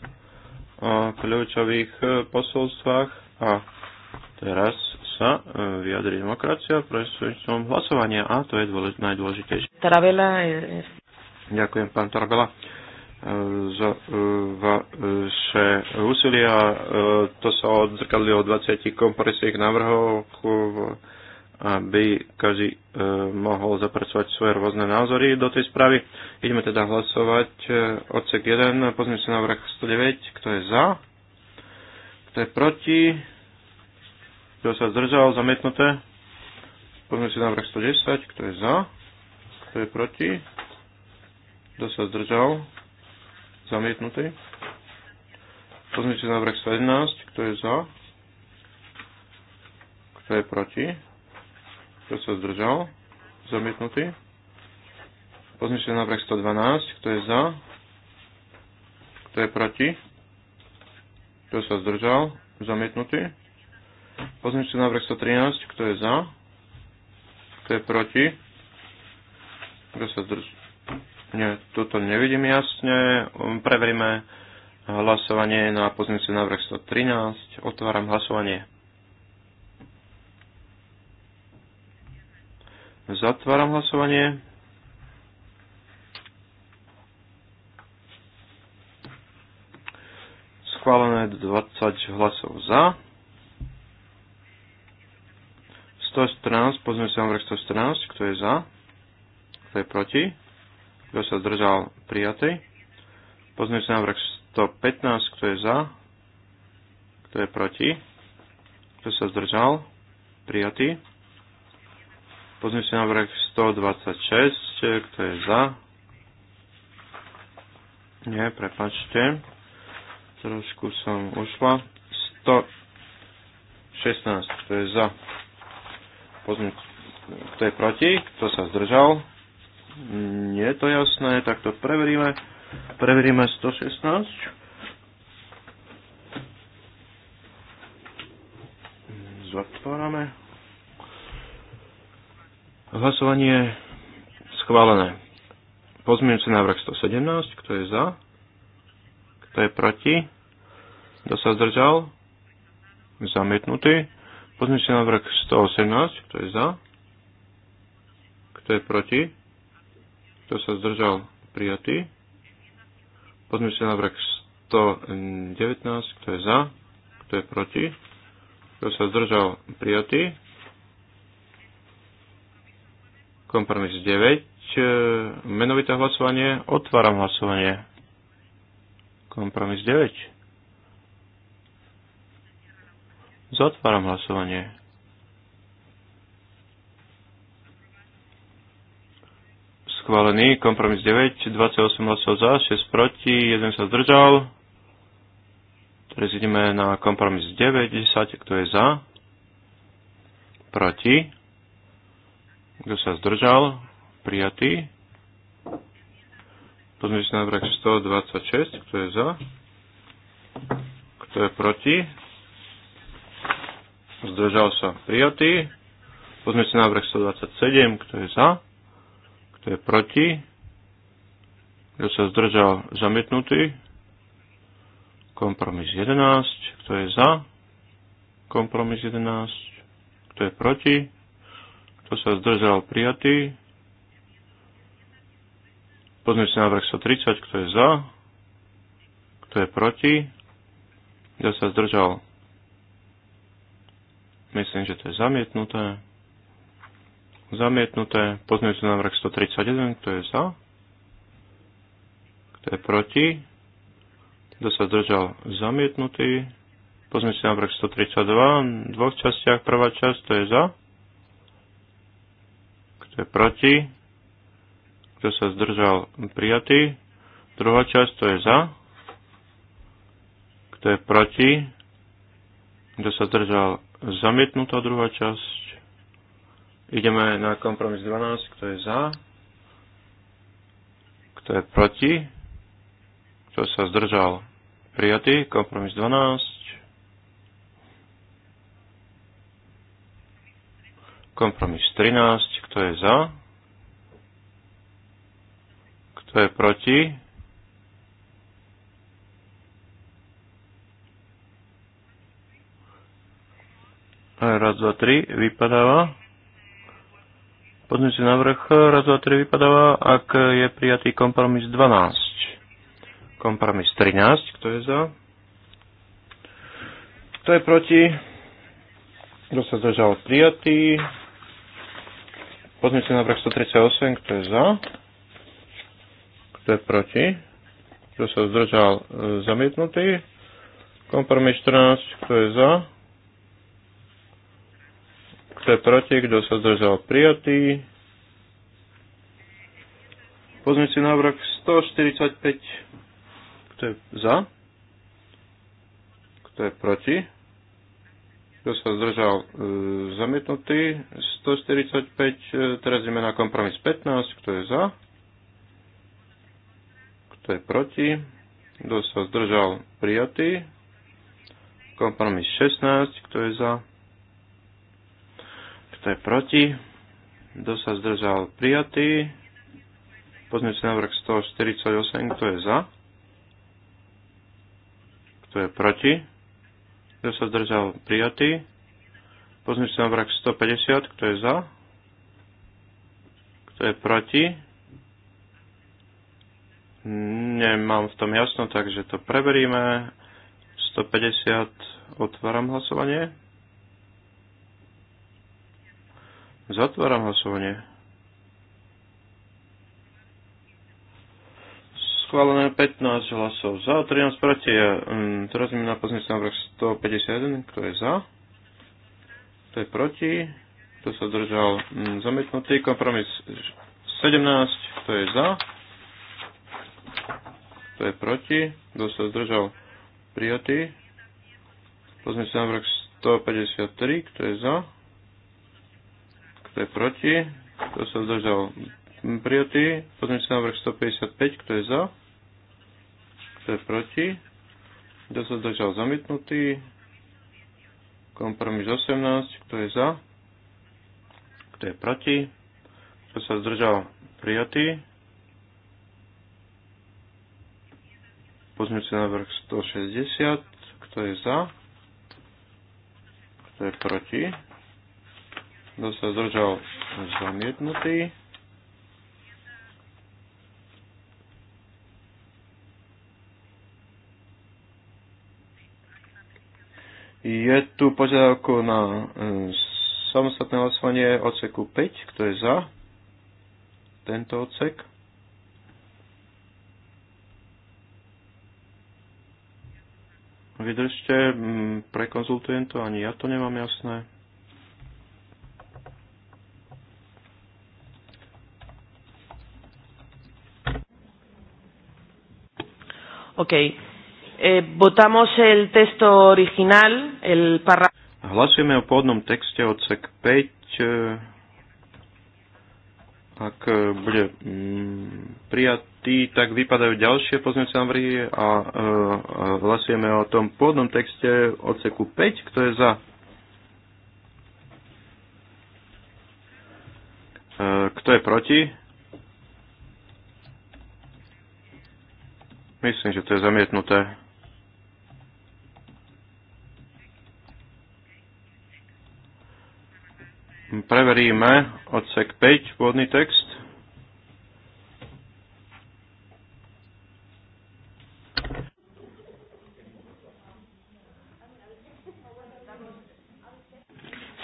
o kľúčových e, posolstvách a teraz sa e, vyjadri demokracia prostredstvom hlasovania a to je dôlež- najdôležitejšie. Tarabela je... E. Ďakujem, pán Tarabela e, za vaše úsilia. To sa odzrkadli odzrkadlilo 20 kompresných návrhov, aby každý mohol zapracovať svoje rôzne názory do tej správy. Ideme teda hlasovať odsek 1, pozrieme sa návrh 109, kto je za, kto je proti, kto sa zdržal? Zamietnuté. Poďme si návrh 110. Kto je za? Kto je proti? Kto sa zdržal? Zamietnutý. Poďme si návrh 111. Kto je za? Kto je proti? Kto sa zdržal? Zamietnutý. Pozmite návrh 112. Kto je za? Kto je proti? Kto sa zdržal? Zamietnutý. Pozmeňujúci návrh 113, kto je za? Kto je proti? Kto sa drží? Nie, toto nevidím jasne. Um, preveríme hlasovanie na pozmeňujúci návrh 113. Otváram hlasovanie. Zatváram hlasovanie. Schválené 20 hlasov za. 114, pozrieme sa vrch 114, kto je za, kto je proti, kto sa zdržal prijatej. Pozrieme sa vrch 115, kto je za, kto je proti, kto sa zdržal prijatý. Pozrieme sa vrch 126, kto je za, nie, prepačte, trošku som ušla. 116, kto je za Pozme, kto je proti, kto sa zdržal. Nie je to jasné, tak to preveríme. Preveríme 116. Zatvárame. Hlasovanie schválené. Pozmienujúci návrh 117, kto je za? Kto je proti? Kto sa zdržal? Zamietnutý na návrh 118, kto je za? Kto je proti? Kto sa zdržal? Prijatý. na návrh 119, kto je za? Kto je proti? Kto sa zdržal? Prijatý. Kompromis 9. Menovité hlasovanie. Otváram hlasovanie. Kompromis 9. Zatváram hlasovanie. Schválený kompromis 9, 28 hlasov za, 6 proti, 1 sa zdržal. Teraz ideme na kompromis 9, 10, kto je za, proti, kto sa zdržal, prijatý. Pozmeňujúci návrh 126, kto je za, kto je proti, zdržal sa prijatý. Pozme si návrh 127, kto je za, kto je proti, kto sa zdržal zamietnutý. Kompromis 11, kto je za, kompromis 11, kto je proti, kto sa zdržal prijatý. Pozme si návrh 130, kto je za, kto je proti, kto sa zdržal Myslím, že to je zamietnuté. Zamietnuté. Pozmeňujúci návrh 131. Kto je za? Kto je proti? Kto sa zdržal? Zamietnutý. Pozmeňujúci návrh 132. V dvoch častiach. Prvá časť. Kto je za? Kto je proti? Kto sa zdržal? Prijatý. Druhá časť. Kto je za? Kto je proti? Kto sa zdržal? zamietnutá druhá časť. Ideme na kompromis 12, kto je za, kto je proti, kto sa zdržal. Prijatý, kompromis 12. Kompromis 13, kto je za, kto je proti, raz, dva, tri, vypadáva. na vrch. raz, dva, tri vypadáva, ak je prijatý kompromis 12. Kompromis 13, kto je za? Kto je proti? Kto sa zdržal prijatý? na vrch 138, kto je za? Kto je proti? Kto sa zdržal e, zamietnutý? Kompromis 14, kto je za? kto je proti, kto sa zdržal prijatý. si návrh 145. Kto je za? Kto je proti? Kto sa zdržal e, zamietnutý? 145. E, teraz ideme na kompromis 15. Kto je za? Kto je proti? Kto sa zdržal prijatý? Kompromis 16. Kto je za? kto je proti, kto sa zdržal prijatý, pozmeňujúci návrh 148, kto je za, kto je proti, kto sa zdržal prijatý, pozmeňujúci návrh 150, kto je za, kto je proti, nemám v tom jasno, takže to preveríme. 150, otváram hlasovanie. Zatváram hlasovanie. Schválené 15 hlasov za, 13 proti. Um, teraz mi na pozornosť návrh 151. Kto je za? Kto je proti? Kto sa držal um, mm, zamietnutý? Kompromis 17. Kto je za? Kto je proti? Kto sa zdržal? Prijatý. Pozmeňte návrh 153. Kto je za? Kto je proti? Kto sa zdržal? Prijatý. sa návrh 155. Kto je za? Kto je proti? Kto sa zdržal? Zamietnutý. Kompromis 18. Kto je za? Kto je proti? Kto sa zdržal? Prijatý. Pozmeňujúci návrh 160. Kto je za? Kto je proti? kto sa zdržal zamietnutý. Je tu požiadavku na e, samostatné hlasovanie odseku 5, kto je za tento odsek. Vydržte, prekonzultujem to, ani ja to nemám jasné. Ok. Eh, votamos el texto original, el parra... Hlasujeme o pôvodnom texte odsek 5. Eh, ak eh, bude mm, prijatý, tak vypadajú ďalšie pozmeňujúce návrhy a eh, hlasujeme o tom pôvodnom texte odseku 5, kto je za. Kto je proti? Myslím, že to je zamietnuté. Preveríme odsek 5, vodný text.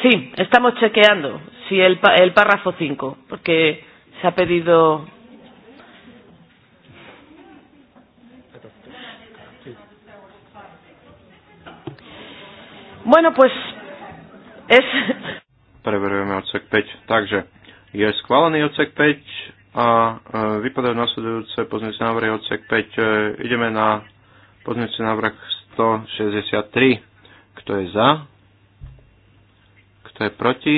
Sí, estamos chequeando si el, el párrafo 5, porque se ha pedido Bueno, pues es... Preverujeme odsek 5. Takže je schválený odsek 5 a e, vypadajú nasledujúce pozmeňujúce návrhy odsek 5. E, ideme na pozmeňujúce návrh 163. Kto je za? Kto je proti?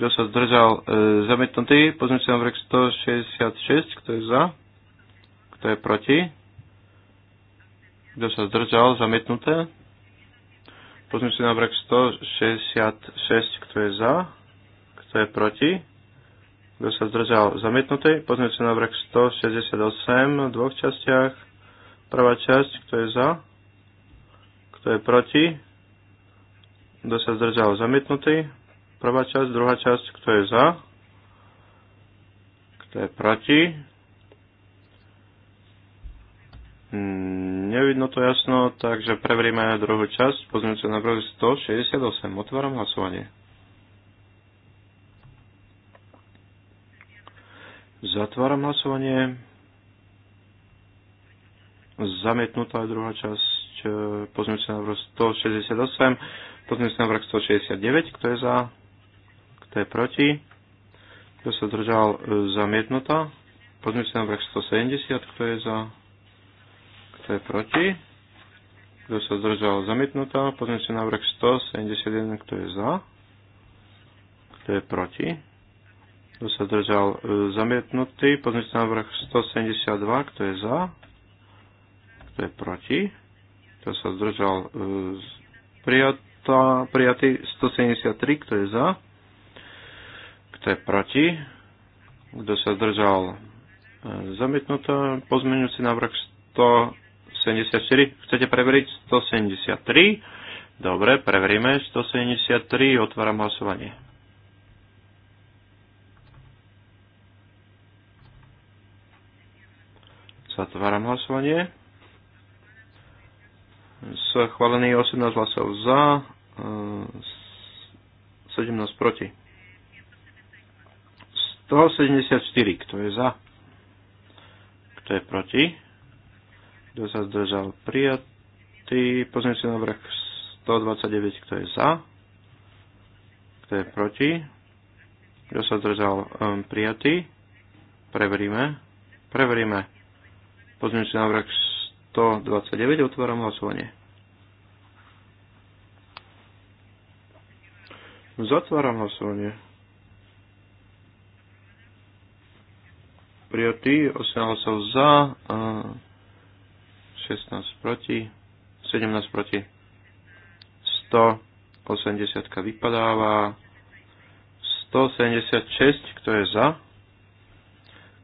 Kto sa zdržal? E, zamietnutý. Pozmeňujúce návrh 166. Kto je za? Kto je proti? Kto sa zdržal? Zamietnuté si návrh 166, kto je za, kto je proti, kto sa zdržal zamietnutý. si návrh 168 v dvoch častiach. Prvá časť, kto je za, kto je proti, kto sa zdržal zamietnutý. Prvá časť, druhá časť, kto je za, kto je proti, Mm, nevidno to jasno, takže preveríme druhú časť. na prvý 168. Otváram hlasovanie. Zatváram hlasovanie. Zamietnutá je druhá časť. na prvý 168. na prvý 169. Kto je za? Kto je proti? Kto sa držal? E, zamietnutá. na prvý 170. Kto je za? Kto je proti? Kto sa zdržal? Zamietnutá. si návrh 171. Kto je za? Kto je proti? Kto sa zdržal? E, zamietnutý. si návrh 172. Kto je za? Kto je proti? Kto sa zdržal? E, prijatá, prijatý 173. Kto je za? Kto je proti? Kto sa zdržal? E, zamietnutá. Pozmeňujúci návrh 100 174. Chcete preveriť 173? Dobre, preveríme 173. Otváram hlasovanie. Zatváram hlasovanie. Schválený 18 hlasov za, 17 eh, proti. 174. Kto je za? Kto je proti? Kto sa zdržal? Prijatý. Pozmeňujúci návrh 129. Kto je za? Kto je proti? Kto sa zdržal? Um, prijatý. Preveríme. Preveríme. Pozmeňujúci návrh 129. Otváram hlasovanie. Zatváram hlasovanie. Prijatý, 8 za, ehm, 16 proti, 17 proti, 180 vypadáva, 176, kto je za,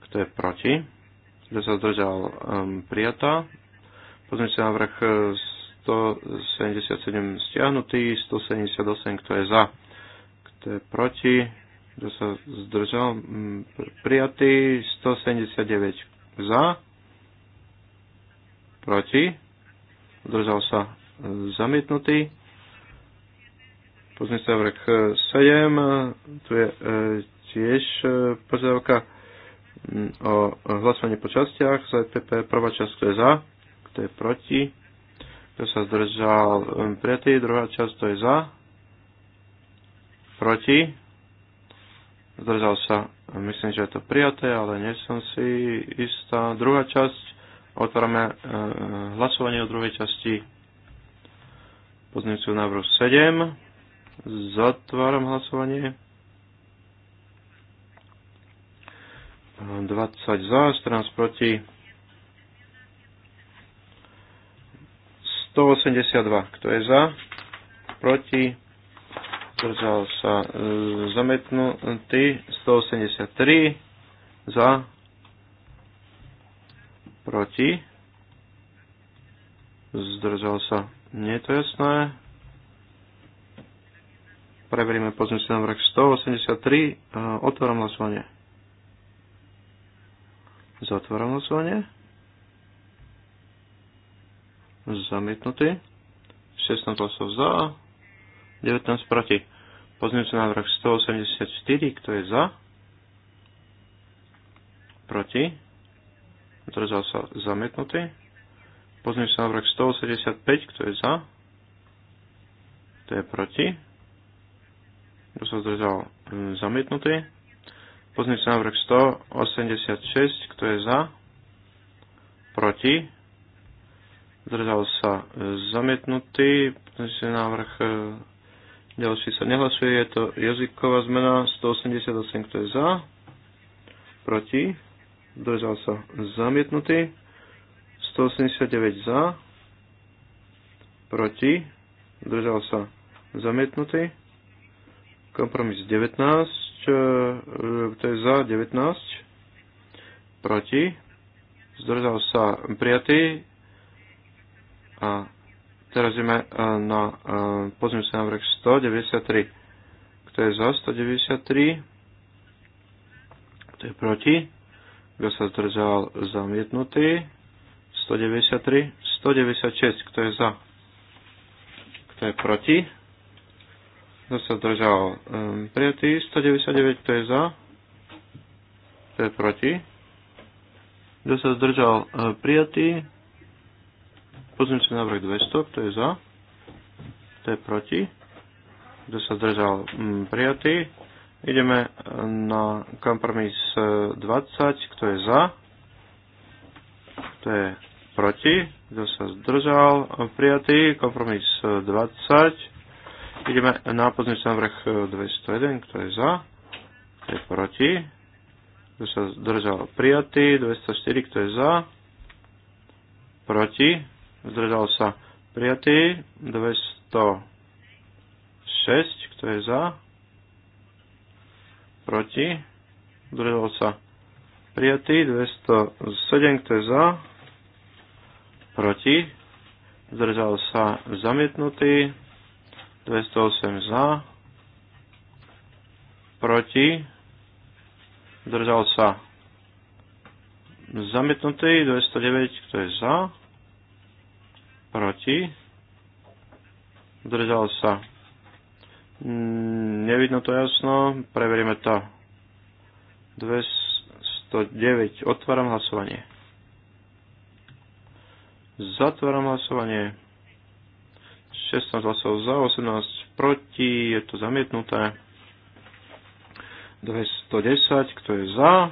kto je proti, kto sa zdržal um, prijatá, pozme sa vrch 177 stiahnutý, 178, kto je za, kto je proti, kto sa zdržal, um, prijatý, 179 za, proti, zdržal sa e, zamietnutý. Pozmeňujúci návrh 7, e, tu je e, tiež e, požiadavka o hlasovanie po častiach za ETP. Prvá časť, kto je za, kto je proti, kto sa zdržal e, prijatý, druhá časť, kto je za, proti, zdržal sa, myslím, že je to prijaté, ale nie som si istá. Druhá časť, Otvárame e, hlasovanie o druhej časti pozmeňujúceho návrhu 7. Zatváram hlasovanie. 20 za, 14 proti. 182. Kto je za? Proti? Zdržal sa e, zametnutý. 183. Za? proti, zdržal sa, nie je to jasné. Preveríme na návrh 183, otváram hlasovanie. Zatváram hlasovanie. Zamietnutý. 16 hlasov za, 19 proti. na návrh 184, kto je za? Proti ktoré sa zamietnutý. Pozmeňujúci návrh 185, kto je za, kto je proti, kto sa zdržal mm, zamietnutý. Pozmeňujúci návrh 186, kto je za, proti, zdržal sa e, zamietnutý. Pozmeňujúci návrh e, ďalší sa nehlasuje, je to jazyková zmena 188, kto je za, proti, Držal sa zamietnutý. 189 za. Proti. Zdržal sa zamietnutý. Kompromis 19. E, e, to je za 19. Proti. Zdržal sa prijatý. A teraz ideme e, na pozrieme sa návrh 193. Kto je za 193? Kto je proti? kto sa zdržal zamietnutý, 193, 196, kto je za, kto je proti, kto sa zdržal um, prijatý, 199, kto je za, kto je proti, kto sa zdržal uh, prijatý, pozriem si návrh 200, kto je za, kto je proti, kto sa zdržal um, prijatý, Ideme eh, na kompromis 20, eh, kto je za, kto je proti, kto sa zdržal, prijatý, kompromis 20. Eh, Ideme na pozornosť návrh 201, kto je za, kto je proti, kto sa zdržal, prijatý, 204, kto je za, proti, zdržal sa, prijatý, 206, kto je za, proti, druhého sa prijatý, 207, kto je za, proti, zdržal sa zamietnutý, 208 za, proti, zdržal sa zamietnutý, 209, kto je za, proti, zdržal sa Mm, nevidno to jasno, preveríme to. 209, otváram hlasovanie. Zatváram hlasovanie. 16 hlasov za, 18 proti, je to zamietnuté. 210, kto je za,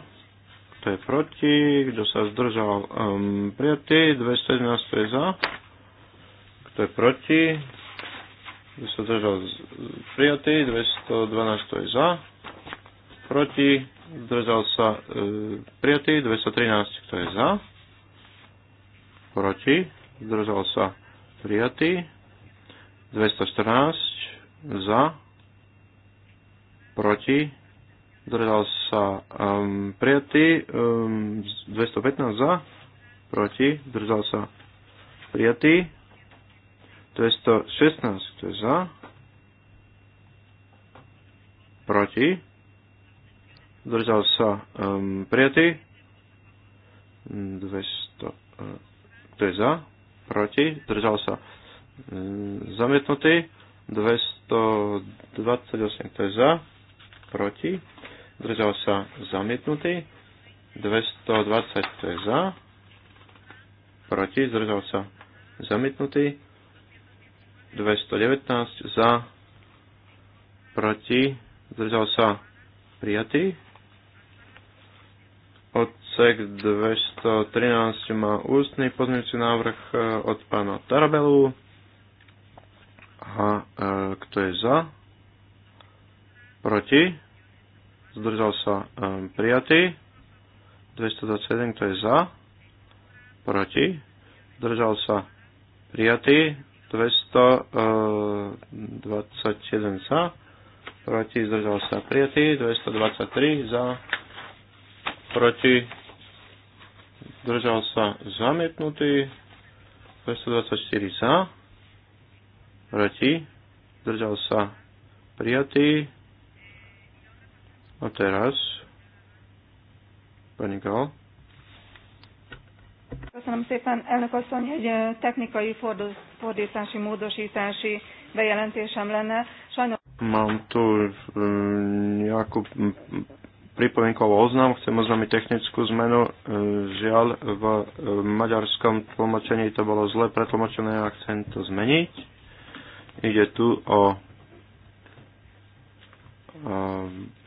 kto je proti, kto sa zdržal um, prijatý, 211, kto je za, kto je proti, sa zdržal prijatý, 212 to je za, proti, zdržal sa e, prijatý, 213 kto je za, proti, zdržal sa prijatý, 214 za, proti, zdržal sa um, prijatý, um, 215 za, proti, zdržal sa prijatý, 216, kto je za? Proti? Zdržal sa um, prijatý? 200, uh, kto je za? Proti? Zdržal sa um, zamietnutý? 228, kto je za? Proti? Zdržal sa zamietnutý? 220, kto je za? Proti? Zdržal sa zamietnutý? 219 za, proti, zdržal sa prijatý. Odsek 213 má ústny pozmeňujúci návrh e, od pána Tarabelu. A e, kto je za? Proti? Zdržal sa e, prijatý. 227, kto je za? Proti? Zdržal sa prijatý. 221 eh, za, proti zdržal sa prijatý, 223 za, proti zdržal sa zamietnutý, 224 za, proti zdržal sa prijatý. A teraz, pani Köszönöm szépen, elnök asszony, egy technikai fordítási, módosítási bejelentésem lenne. Sajnos... Mám tu nejakú pripomienkovú oznám, chcem oznámiť technickú zmenu. Žiaľ, v maďarskom tlmočení to bolo zle pretlmočené a chcem to zmeniť. Ide tu o,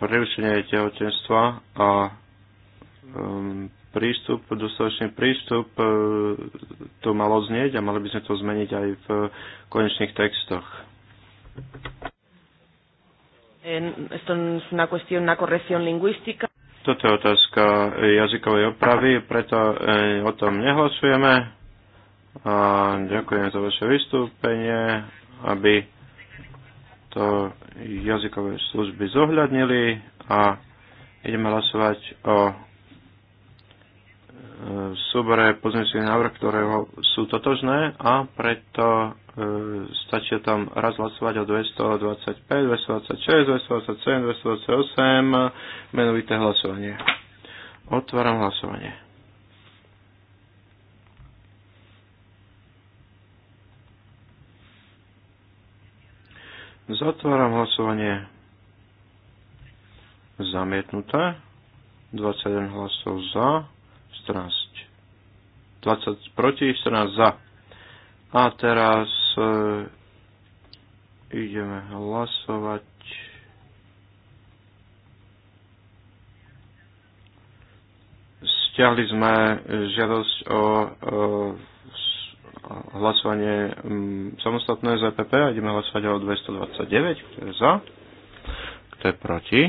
prerušenie tehotenstva a hm, prístup, dostatočný prístup e, to malo znieť a mali by sme to zmeniť aj v konečných textoch. Toto je otázka jazykovej opravy, preto e, o tom nehlasujeme. A ďakujem za vaše vystúpenie, aby to jazykové služby zohľadnili a ideme hlasovať o súbore pozmeňujúcich návrh, ktoré sú totožné a preto e, stačí tam raz hlasovať o 225, 226, 227, 228 menovité hlasovanie. Otváram hlasovanie. Zatváram hlasovanie. Zamietnuté. 21 hlasov za. 14. 20 proti, 14 za. A teraz e, ideme hlasovať. Stiahli sme žiadosť o, o e, hlasovanie samostatné ZPP. E a ideme hlasovať o 229, kto je za, kto je proti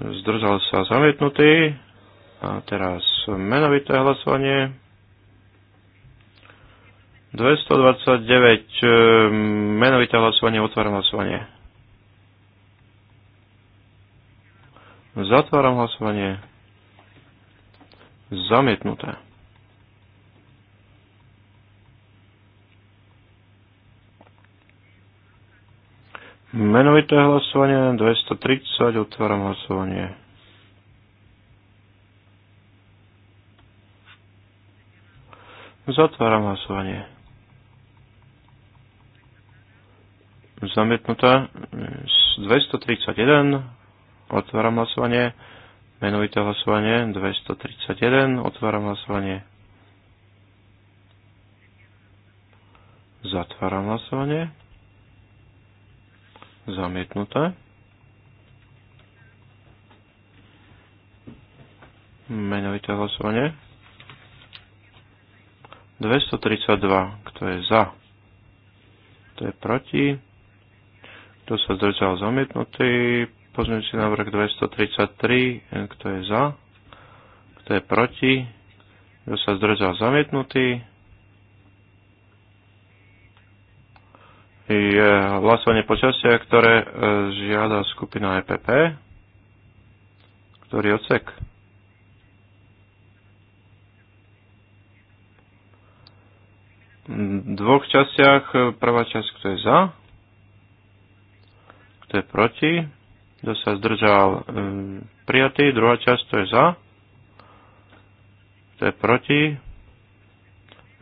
zdržal sa zamietnutý. A teraz menovité hlasovanie. 229 e, menovité hlasovanie, otváram hlasovanie. Zatváram hlasovanie. Zamietnuté. Menovité hlasovanie 230, otváram hlasovanie. Zatváram hlasovanie. Zamietnuté 231, otváram hlasovanie. Menovité hlasovanie 231, otváram hlasovanie. Zatváram hlasovanie. Zamietnuté. Menovité hlasovanie. 232. Kto je za? Kto je proti? Kto sa zdržal zamietnutý? Pozmeňujúci návrh 233. Kto je za? Kto je proti? Kto sa zdržal zamietnutý? je hlasovanie počasia, ktoré e, žiada skupina EPP. Ktorý odsek? V dvoch častiach. E, prvá časť, kto je za, kto je proti, kto sa zdržal e, prijatý, druhá časť, kto je za, kto je proti,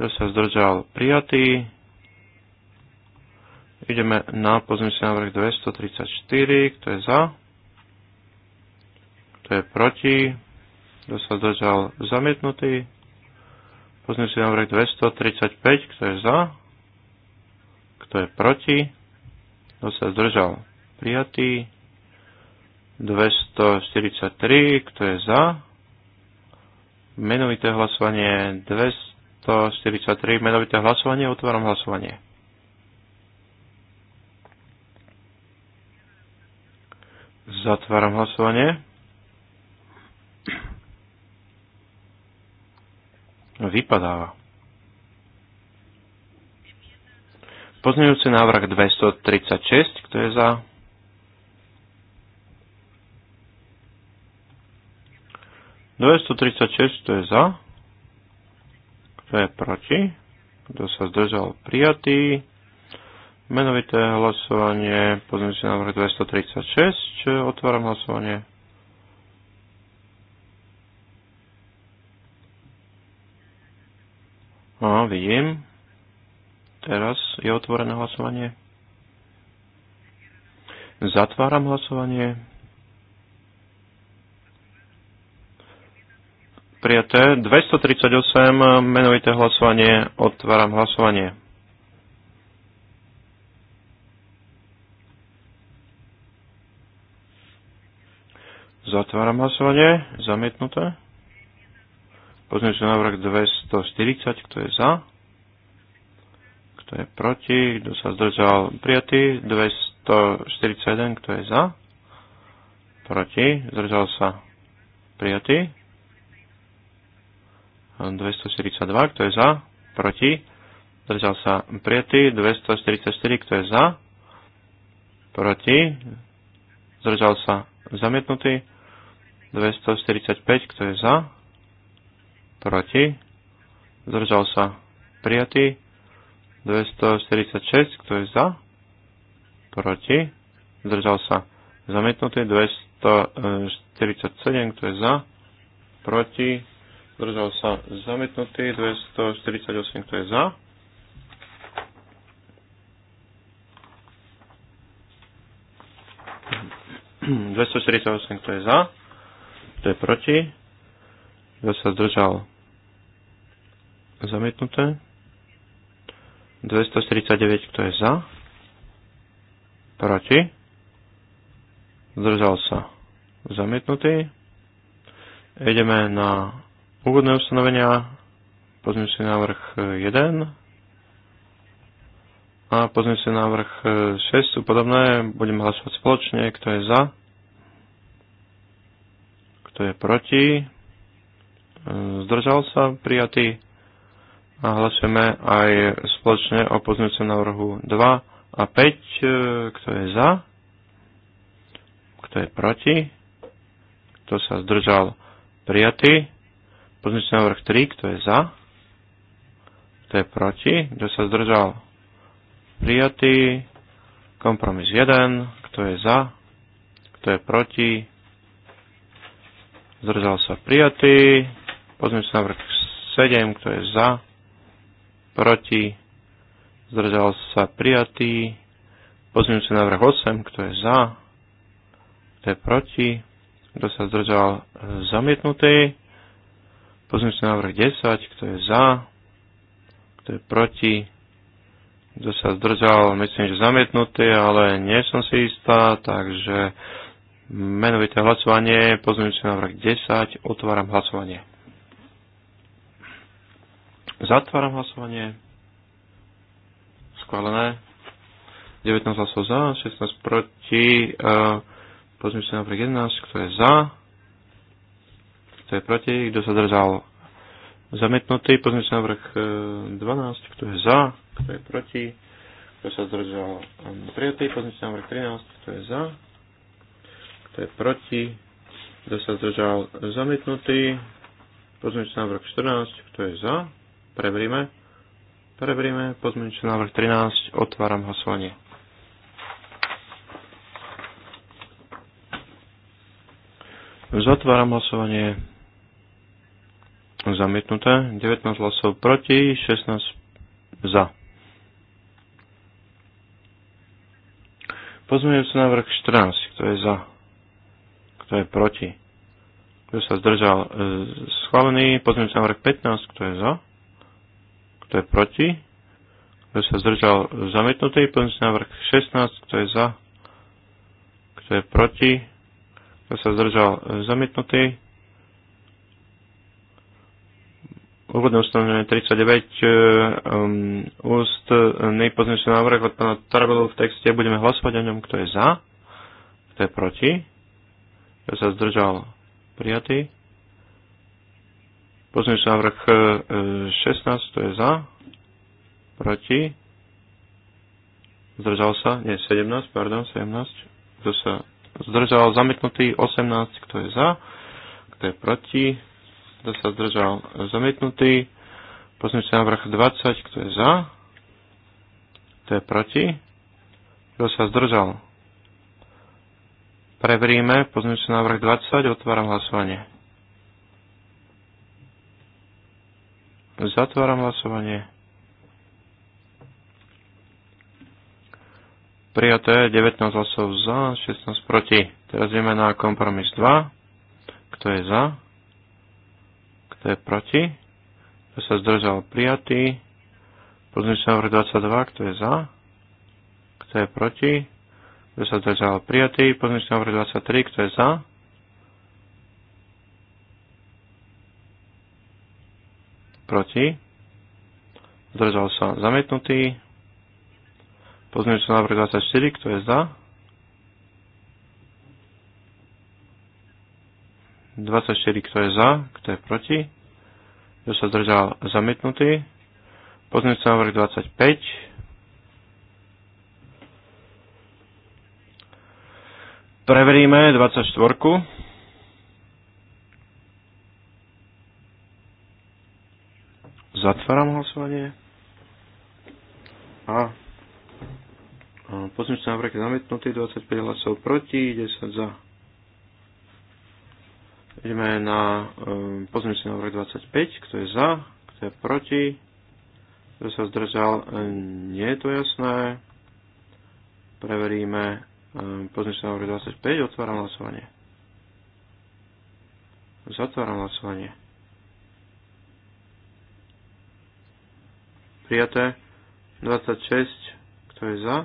kto sa zdržal prijatý, Ideme na pozmysel návrh 234, kto je za, kto je proti, kto sa zdržal zamietnutý. pozmysel návrh 235, kto je za, kto je proti, kto sa zdržal prijatý. 243, kto je za, menovité hlasovanie 243, menovité hlasovanie, otváram hlasovanie. Zatváram hlasovanie. Vypadáva. Pozmeňujúci návrh 236, kto je za? Dvesto kto je za? Kto je proti? Kto sa zdržal? Prijatý. Menovité hlasovanie, pozmeňujúci návrh 236, otváram hlasovanie. No, vidím. Teraz je otvorené hlasovanie. Zatváram hlasovanie. Prijaté 238, menovité hlasovanie, otváram hlasovanie. Zatváram hlasovanie. Zamietnuté. Pozmeňujúci návrh 240. Kto je za? Kto je proti? Kto sa zdržal? Prijatý. 241. Kto je za? Proti. Zdržal sa. Prijatý. 242. Kto je za? Proti. Zdržal sa. Prijatý. 244. Kto je za? Proti. Zdržal sa. Zamietnutý. 245, kto je za, proti, zdržal sa, prijatý. 246, kto je za, proti, zdržal sa, zamietnutý. 247, kto je za, proti, zdržal sa, zamietnutý. 248, kto je za, Dvestoštyridsaťosem, kto je za? Kto je proti? Kto sa zdržal? Zamietnuté. 249, kto je za? Proti? Zdržal sa. Zamietnutý. Ideme na úvodné ustanovenia. Pozmím si návrh 1. A pozmím si návrh 6 sú podobné. Budeme hlasovať spoločne. Kto je za? Kto je proti? E, zdržal sa prijatý. A hlasujeme aj spoločne o pozmeňujúcom návrhu 2 a 5. E, kto je za? Kto je proti? Kto sa zdržal? Prijatý. Pozmeňujúci návrh 3. Kto je za? Kto je proti? Kto sa zdržal? Prijatý. Kompromis 1. Kto je za? Kto je proti? zdržal sa prijatý, sa návrh 7, kto je za, proti, zdržal sa prijatý, sa návrh 8, kto je za, kto je proti, kto sa zdržal e, zamietnutý, sa návrh 10, kto je za, kto je proti, kto sa zdržal, myslím, že zamietnutý, ale nie som si istá, takže Menovité hlasovanie, pozmeňujúci návrh 10, otváram hlasovanie. Zatváram hlasovanie. Schválené. 19 hlasov za, 16 proti. E, pozmeňujúci návrh 11, kto je za, kto je proti, kto sa držal. Zamietnutý pozmeňujúci návrh 12, e, kto je za, kto je proti, kto sa zdržal. Prijatý pozmeňujúci návrh 13, kto je za, to je proti, kto sa zdržal zamietnutý, pozmeňujúci návrh 14, kto je za, preveríme, preveríme, pozmeňujúci návrh 13, otváram hlasovanie. Zatváram hlasovanie zamietnuté, 19 hlasov proti, 16 za. Pozmeňujúci návrh 14, kto je za? Kto je proti? Kto sa zdržal? E, schválený sa návrh 15. Kto je za? Kto je proti? Kto sa zdržal? Zamietnutý sa návrh 16. Kto je za? Kto je proti? Kto sa zdržal? E, zamietnutý. úvodné ustanovenie 39 e, um, ústný pozmeňujúci návrh od pána Tarabelu v texte. Budeme hlasovať o ňom, kto je za, kto je proti, ja sa zdržal, prijatý. Pozmeňujúci návrh 16, e, to je za, proti, zdržal sa, nie, 17, pardon, 17, kto sa zdržal, zamietnutý, 18, kto je za, kto je proti, kto sa zdržal, zamietnutý, pozmeňujúci návrh 20, kto je za, kto je proti, kto sa zdržal, Preveríme pozmeňujúci návrh 20, otváram hlasovanie. Zatváram hlasovanie. Prijaté 19 hlasov za, 16 proti. Teraz ideme na kompromis 2. Kto je za? Kto je proti? Kto sa zdržal? Prijatý. Pozmeňujúci návrh 22. Kto je za? Kto je proti? kto sa zdržal prijatý, pozmeňujúci návrh 23, kto je za, proti, zdržal sa zamietnutý, pozmeňujúci návrh 24, kto je za, 24, kto je za, kto je proti, kto sa zdržal zamietnutý, pozmeňujúci návrh 25, Preveríme 24. Zatváram hlasovanie. A sa návrh je zamietnutý, 25 hlasov proti, 10 za. Ideme na um, ehm, pozmeňujúci návrh 25, kto je za, kto je proti, kto sa zdržal, ehm, nie je to jasné. Preveríme Pozmeňte sa na 25, otváram hlasovanie. Zatváram hlasovanie. Prijaté 26, kto je za?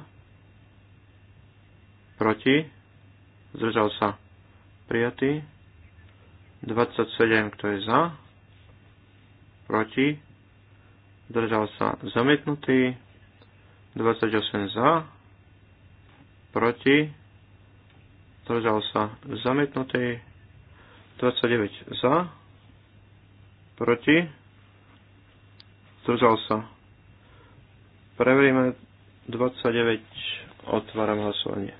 Proti? Zdržal sa. Prijatý 27, kto je za? Proti? Zdržal sa. Zamietnutý 28 za proti, zdržal sa zamietnutý, 29 za, proti, zdržal sa. Preveríme 29, otváram hlasovanie.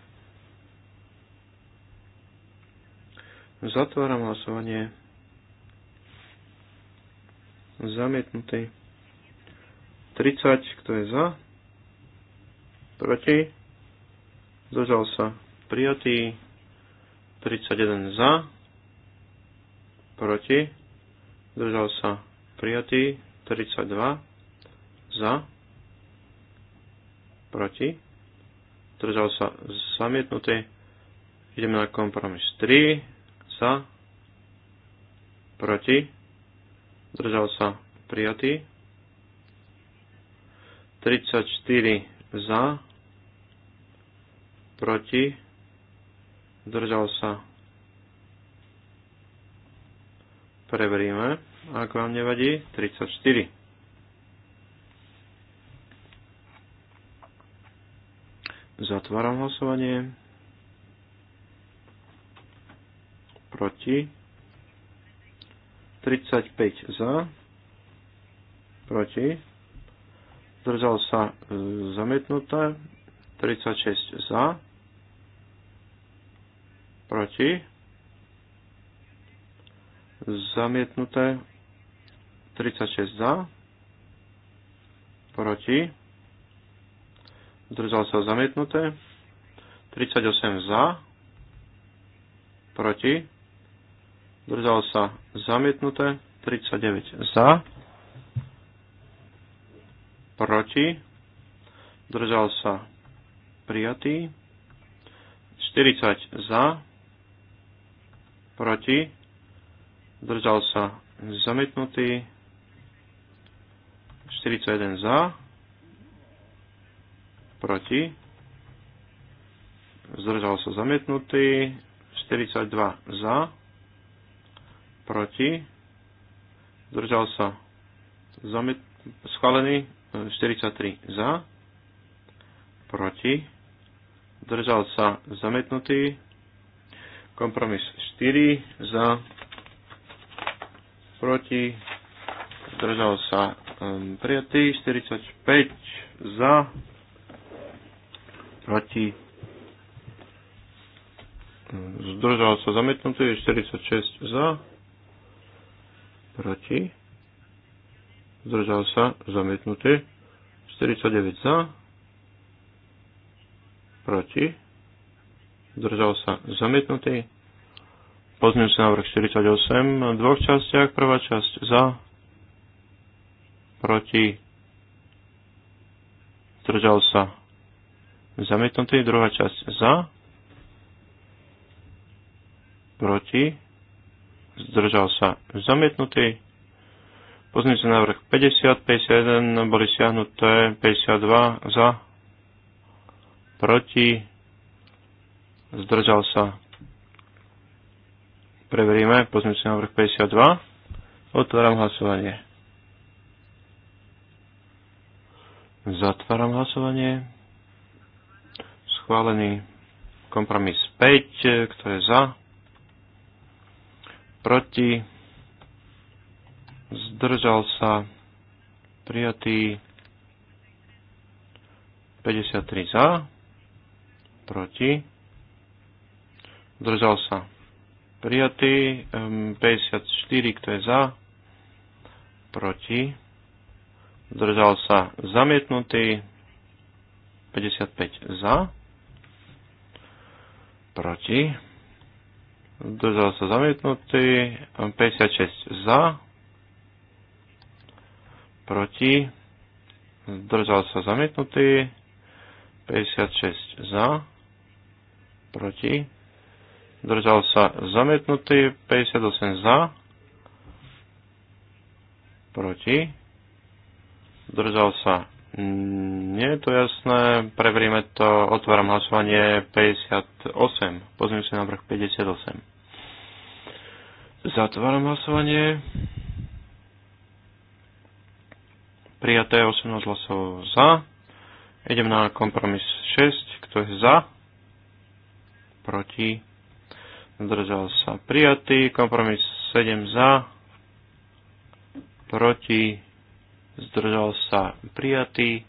Zatváram hlasovanie. Zamietnutý. 30, kto je za? Proti? zdržal sa prijatý, 31 za, proti, zdržal sa prijatý, 32 za, proti, zdržal sa zamietnutý, ideme na kompromis 3 za, proti, zdržal sa prijatý, 34 za, proti, držal sa. Preveríme, ak vám nevadí, 34. Zatváram hlasovanie. Proti. 35 za. Proti. Zdržal sa e, zamietnuté. 36 za proti, zamietnuté 36 za, proti, zdržal sa zamietnuté, 38 za, proti, zdržal sa zamietnuté, 39 za, proti, zdržal sa prijatý, 40 za, proti, držal sa zamietnutý, 41 za, proti, zdržal sa zamietnutý, 42 za, proti, zdržal sa zamiet, schválený, 43 za, proti, zdržal sa zamietnutý, Kompromis 4 za, proti, zdržal sa um, prijatý, 45 za, proti, zdržal sa zamietnutý, 46 za, proti, zdržal sa zamietnutý, 49 za, proti, Držal sa zamietnutý. Pozmeňujúci návrh 48 v dvoch častiach. Prvá časť za, proti, zdržal sa zamietnutý. Druhá časť za, proti, zdržal sa zamietnutý. Pozmeňujúci návrh 50, 51 boli siahnuté, 52 za, proti, zdržal sa. Preveríme pozmeňujúci návrh 52. Otváram hlasovanie. Zatváram hlasovanie. Schválený kompromis 5, kto je za, proti, zdržal sa, prijatý 53 za, proti, Držal sa. Prijatý 54, kto je za, proti, držal sa. Zamietnutý 55 za, proti, držal sa. Zamietnutý 56 za, proti, zdržal sa. Zamietnutý 56 za, proti, Držal sa zamietnutý, 58 za, proti, zdržal sa, mm, nie je to jasné, preveríme to, otváram hlasovanie 58, pozrieme si návrh 58. Zatváram hlasovanie. Prijaté 18 hlasov za. Idem na kompromis 6, kto je za, proti, zdržal sa prijatý, kompromis 7 za, proti, zdržal sa prijatý,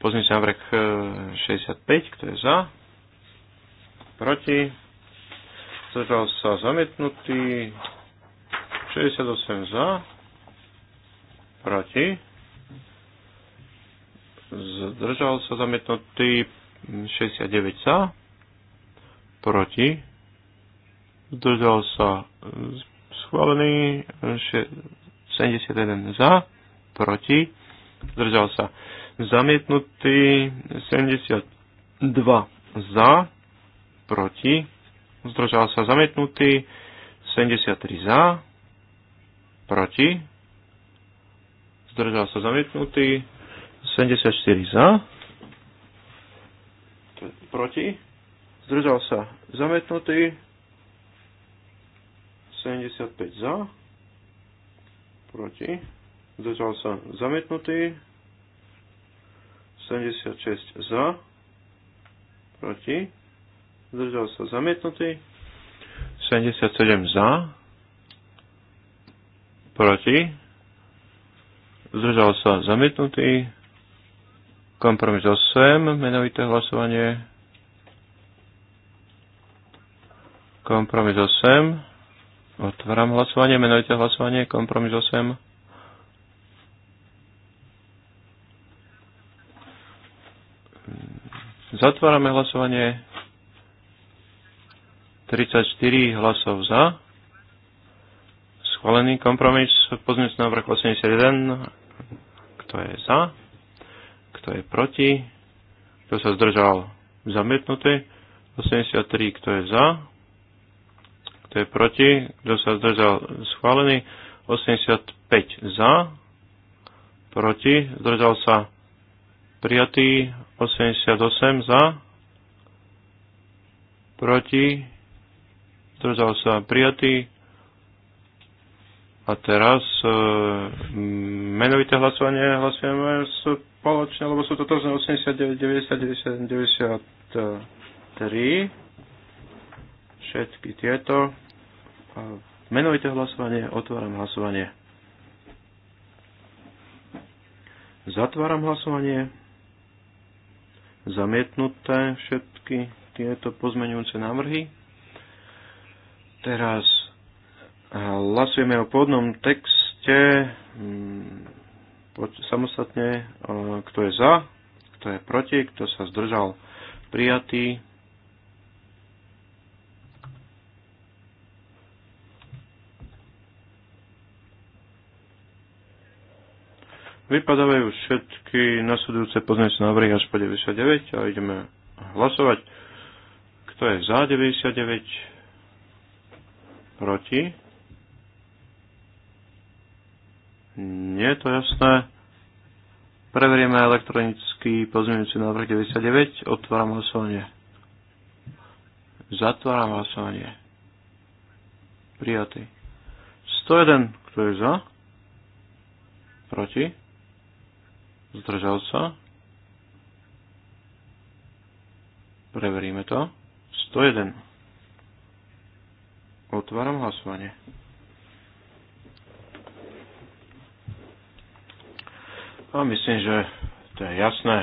pozmite návrh 65, e, kto je za, proti, zdržal sa zamietnutý, 68 za, proti, zdržal sa zamietnutý, 69 za, proti, zdržal sa e, schválený, 71 za, proti, zdržal sa zamietnutý, 72 za, proti, zdržal sa zamietnutý, 73 za, proti, zdržal sa zamietnutý, 74 za, proti, zdržal sa zametnutý, 75 za, proti, zdržal sa zametnutý, 76 za, proti, zdržal sa zametnutý, 77 za, proti, zdržal sa zametnutý, kompromis 8, menovité hlasovanie, Kompromis 8. Otváram hlasovanie, menujte hlasovanie. Kompromis 8. Zatvárame hlasovanie. 34 hlasov za. Schválený kompromis. Pozmeňujúci návrh 81. Kto je za? Kto je proti? Kto sa zdržal? Zamietnutý. 83. Kto je za? kto je proti, kto sa zdržal schválený, 85 za, proti, zdržal sa prijatý, 88 za, proti, zdržal sa prijatý. A teraz e, menovité hlasovanie hlasujeme spoločne, lebo sú to totožné 89, 90, 90, 93 všetky tieto. menovite hlasovanie, otváram hlasovanie. Zatváram hlasovanie. Zamietnuté všetky tieto pozmeňujúce návrhy. Teraz hlasujeme o pôvodnom texte mm, samostatne, e, kto je za, kto je proti, kto sa zdržal prijatý. Vypadávajú všetky nasledujúce pozmeňujúce návrhy až po 99 a ideme hlasovať. Kto je za 99? Proti? Nie je to jasné. Preveríme elektronický pozmeňujúci návrh 99. Otváram hlasovanie. Zatváram hlasovanie. Prijatý. 101. Kto je za? Proti? Zdržal sa? Preveríme to. 101. Otváram hlasovanie. A myslím, že to je jasné.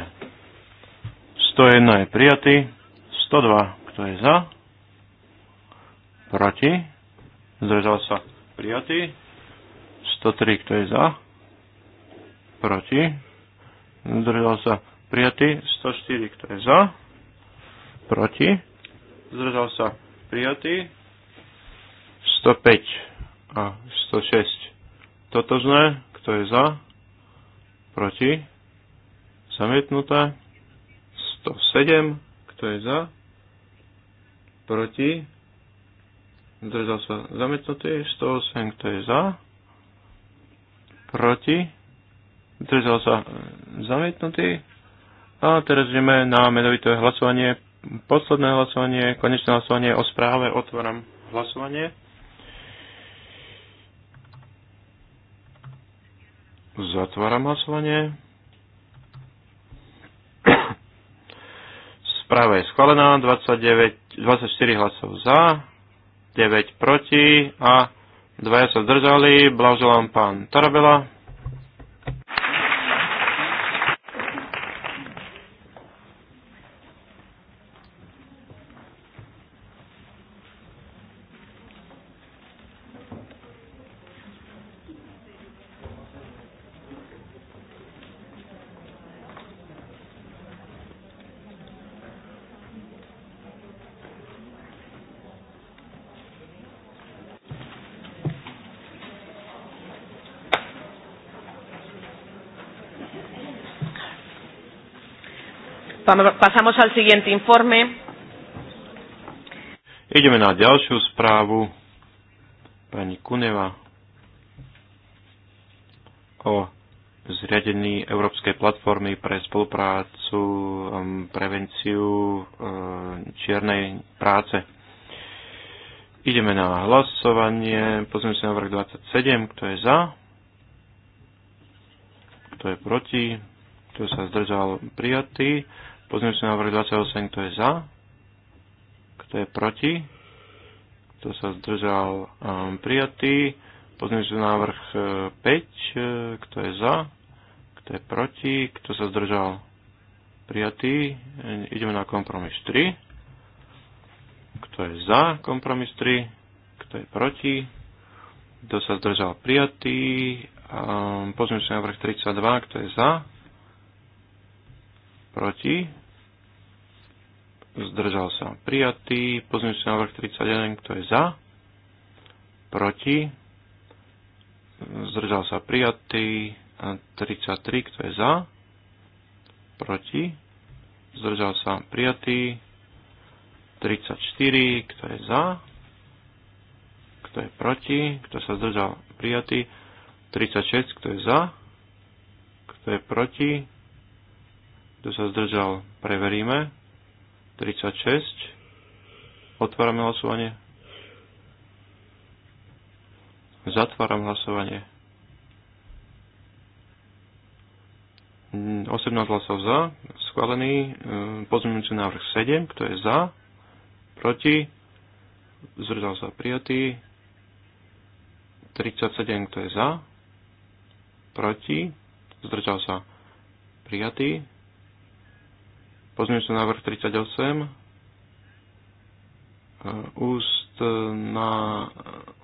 101 je prijatý. 102, kto je za? Proti? Zdržal sa. Prijatý. 103, kto je za? Proti? zdržal sa prijatý, 104, kto je za, proti, zdržal sa prijatý, 105 a 106 totožné, kto je za, proti, zamietnuté, 107, kto je za, proti, zdržal sa zamietnutý, 108, kto je za, proti, zdržal sa zamietnutý. A teraz ideme na menovité hlasovanie, posledné hlasovanie, konečné hlasovanie o správe. Otváram hlasovanie. Zatváram hlasovanie. Správa je schválená, 29, 24 hlasov za, 9 proti a dvaja sa zdržali. Blahoželám pán Tarabela. Pasamos al siguiente informe. Ideme na ďalšiu správu pani Kuneva o zriadení Európskej platformy pre spoluprácu, um, prevenciu um, čiernej práce. Ideme na hlasovanie. Pozrieme sa na vrch 27. Kto je za? Kto je proti? Kto sa zdržal? Prijatý na návrh 28, kto je za? Kto je proti? Kto sa zdržal? Um, prijatý. na návrh 5, uh, uh, kto je za? Kto je proti? Kto sa zdržal? Prijatý. Uh, ideme na kompromis 3. Kto je za kompromis 3? Kto je proti? Kto sa zdržal? Prijatý. Um, na návrh 32, kto je za? Proti? zdržal sa prijatý, pozmeňujúci návrh 31, kto je za, proti, zdržal sa prijatý, 33, kto je za, proti, zdržal sa prijatý, 34, kto je za, kto je proti, kto sa zdržal prijatý, 36, kto je za, kto je proti, kto sa zdržal, preveríme. 36. Otváram hlasovanie. Zatváram hlasovanie. 18 hlasov za, schválený pozmeňujúci návrh 7, kto je za, proti, zdržal sa prijatý, 37, kto je za, proti, zdržal sa prijatý, Pozmeňujúci návrh 38. E, úst na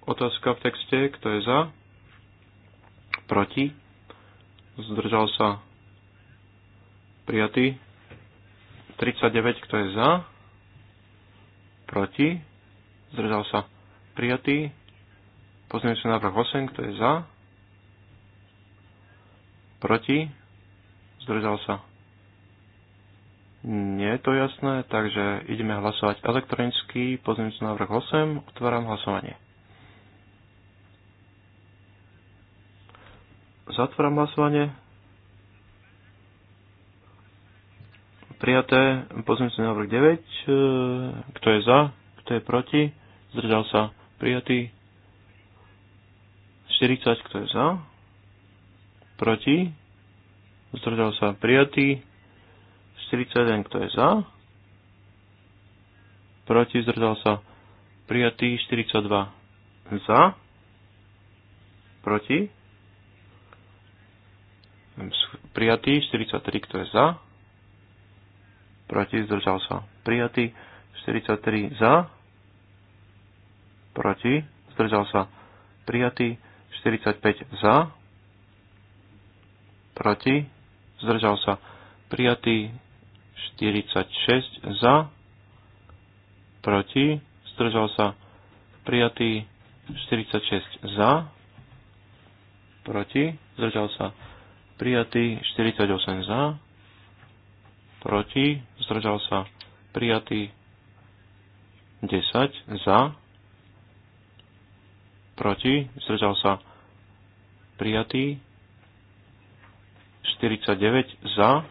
otázka v texte, kto je za? Proti? Zdržal sa? Prijatý? 39, kto je za? Proti? Zdržal sa? Prijatý? Pozmeňujúci návrh 8, kto je za? Proti? Zdržal sa? Nie je to jasné, takže ideme hlasovať elektronicky. sa návrh 8. Otváram hlasovanie. Zatváram hlasovanie. Prijaté sa návrh 9. E, kto je za? Kto je proti? Zdržal sa. Prijatý. 40. Kto je za? Proti? Zdržal sa. Prijatý. 41, kto je za? Proti, zdržal sa. Prijatý 42. Za? Proti? Prijatý 43, kto je za? Proti, zdržal sa. Prijatý 43 za? Proti, zdržal sa. Prijatý 45 za? Proti, zdržal sa. Prijatý 46 za, proti, zdržal sa prijatý 46 za, proti, zdržal sa prijatý 48 za, proti, zdržal sa prijatý 10 za, proti, zdržal sa prijatý 49 za,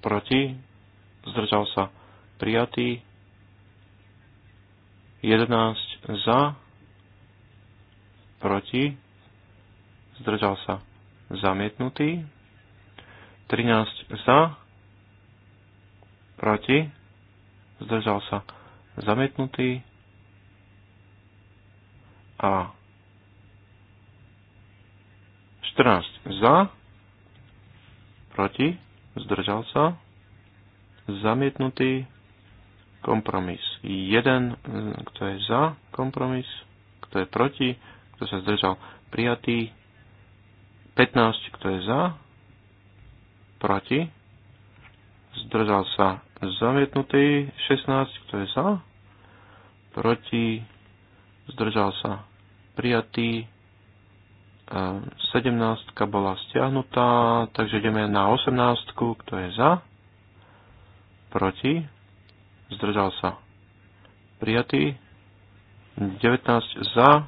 proti, zdržal sa prijatý, 11 za, proti, zdržal sa zamietnutý, 13 za, proti, zdržal sa zamietnutý a 14 za, proti, zdržal sa, zamietnutý kompromis 1, kto je za kompromis, kto je proti, kto sa zdržal, prijatý 15, kto je za, proti, zdržal sa, zamietnutý 16, kto je za, proti, zdržal sa, prijatý 17 bola stiahnutá, takže ideme na 18, kto je za, proti, zdržal sa, prijatý, 19 za,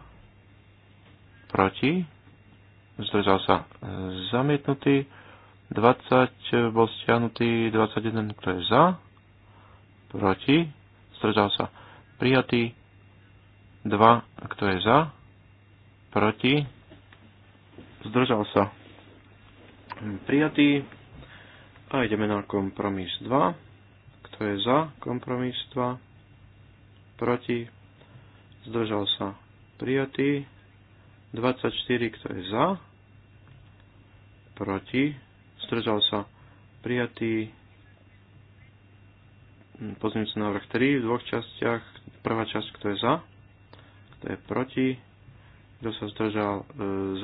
proti, zdržal sa, zamietnutý, 20 bol stiahnutý, 21, kto je za, proti, zdržal sa, prijatý, 2, kto je za, proti, zdržal sa prijatý. A ideme na kompromis 2. Kto je za kompromis 2? Proti? Zdržal sa prijatý. 24. Kto je za? Proti? Zdržal sa prijatý. Hm, pozrieme sa návrh 3 v dvoch častiach. Prvá časť, kto je za, kto je proti, kto sa zdržal? E,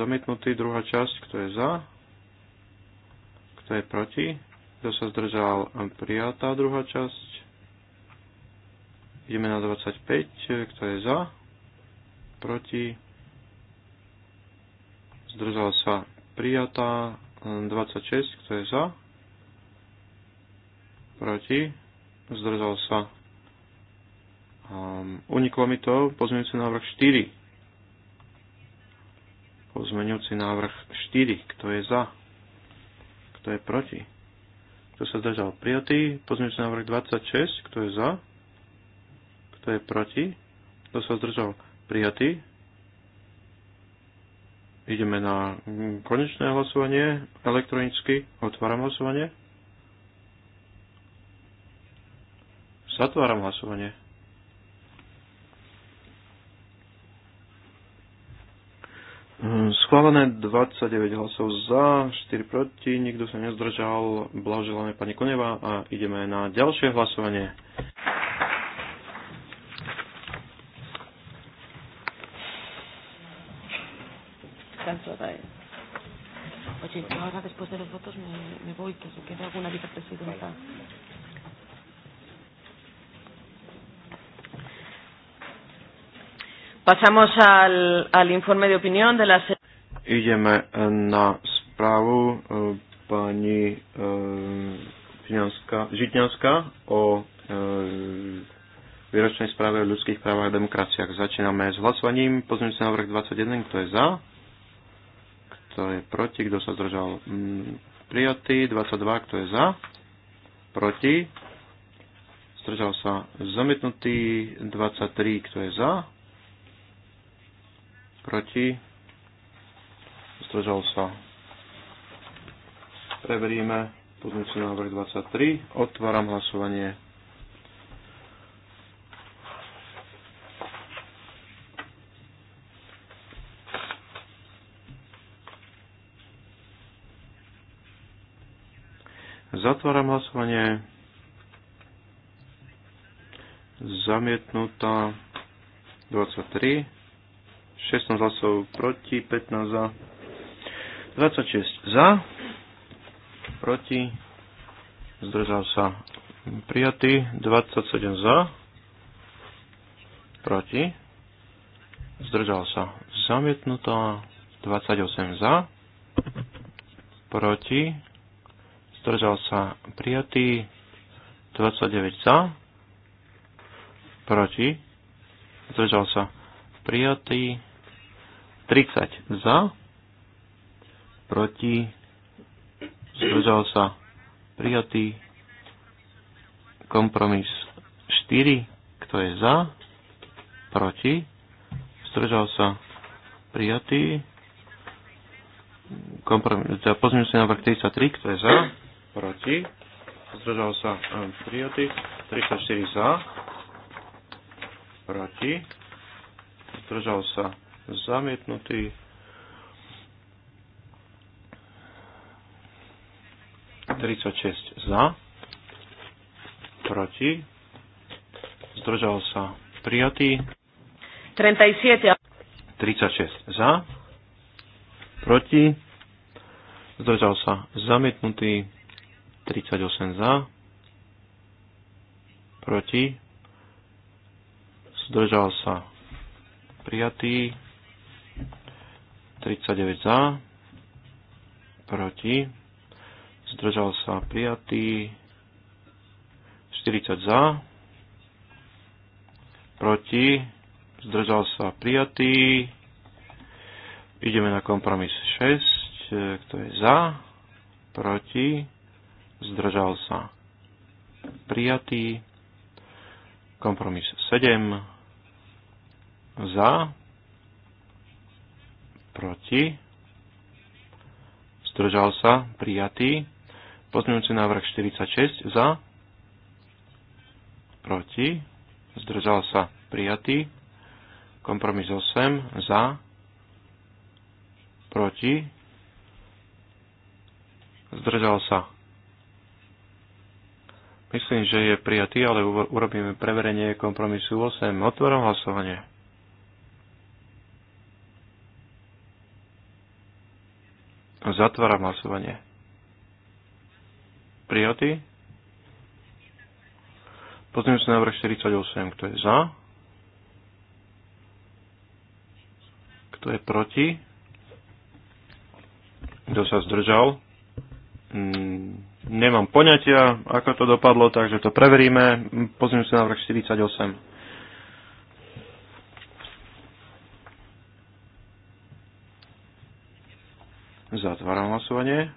zamietnutý. Druhá časť. Kto je za? Kto je proti? Kto sa zdržal? E, prijatá druhá časť. Ideme na 25. E, kto je za? Proti? Zdržal sa? Prijatá. 26. E, kto je za? Proti? Zdržal sa? Um, uniklo mi to. Pozmeňujúci návrh 4. Pozmeňujúci návrh 4. Kto je za? Kto je proti? Kto sa zdržal? Prijatý. Pozmeňujúci návrh 26. Kto je za? Kto je proti? Kto sa zdržal? Prijatý. Ideme na konečné hlasovanie. Elektronicky otváram hlasovanie. Zatváram hlasovanie. Hm, schválené 29 hlasov za, 4 proti, nikto sa nezdržal. Blahoželáme pani Koneva a ideme na ďalšie hlasovanie. Pasamos al, al informe de opinión de la... Ideme eh, na správu eh, pani e, Žitňanská, o e, výročnej správe o ľudských právach a demokraciách. Začíname s hlasovaním. Pozrieme sa na vrch 21, kto je za, kto je proti, kto sa zdržal mm, prijatý, 22, kto je za, proti, zdržal sa zamietnutý, 23, kto je za, proti, zdržal sa. Preveríme pozmeňujúci návrh 23. Otváram hlasovanie. Zatváram hlasovanie. Zamietnutá 23. 16 hlasov proti, 15 za, 26 za, proti, zdržal sa prijatý, 27 za, proti, zdržal sa zamietnutá, 28 za, proti, zdržal sa prijatý, 29 za, proti, zdržal sa prijatý, 30 za, proti, zdržal sa, prijatý, kompromis 4, kto je za, proti, zdržal sa, prijatý, kompromis, teda na návrh 33, kto je za, proti, zdržal sa, hm, prijatý, 34 za, proti, zdržal sa, zamietnutý. Tridsaťšesť za, proti, zdržal sa prijatý. 37. 36 za, proti, zdržal sa zamietnutý, 38 za, proti, zdržal sa prijatý, 39 za, proti, zdržal sa prijatý, 40 za, proti, zdržal sa prijatý, ideme na kompromis 6, kto je za, proti, zdržal sa prijatý, kompromis 7, za, proti, zdržal sa, prijatý. Pozmeňujúci návrh 46 za, proti, zdržal sa, prijatý. Kompromis 8 za, proti, zdržal sa. Myslím, že je prijatý, ale urobíme preverenie kompromisu 8. otvorom hlasovanie. Zatváram hlasovanie. Prijatý. Pozrieme sa návrh 48. Kto je za? Kto je proti? Kto sa zdržal? Mm, nemám poňatia, ako to dopadlo, takže to preveríme. Pozrieme sa návrh 48. Zatváram hlasovanie.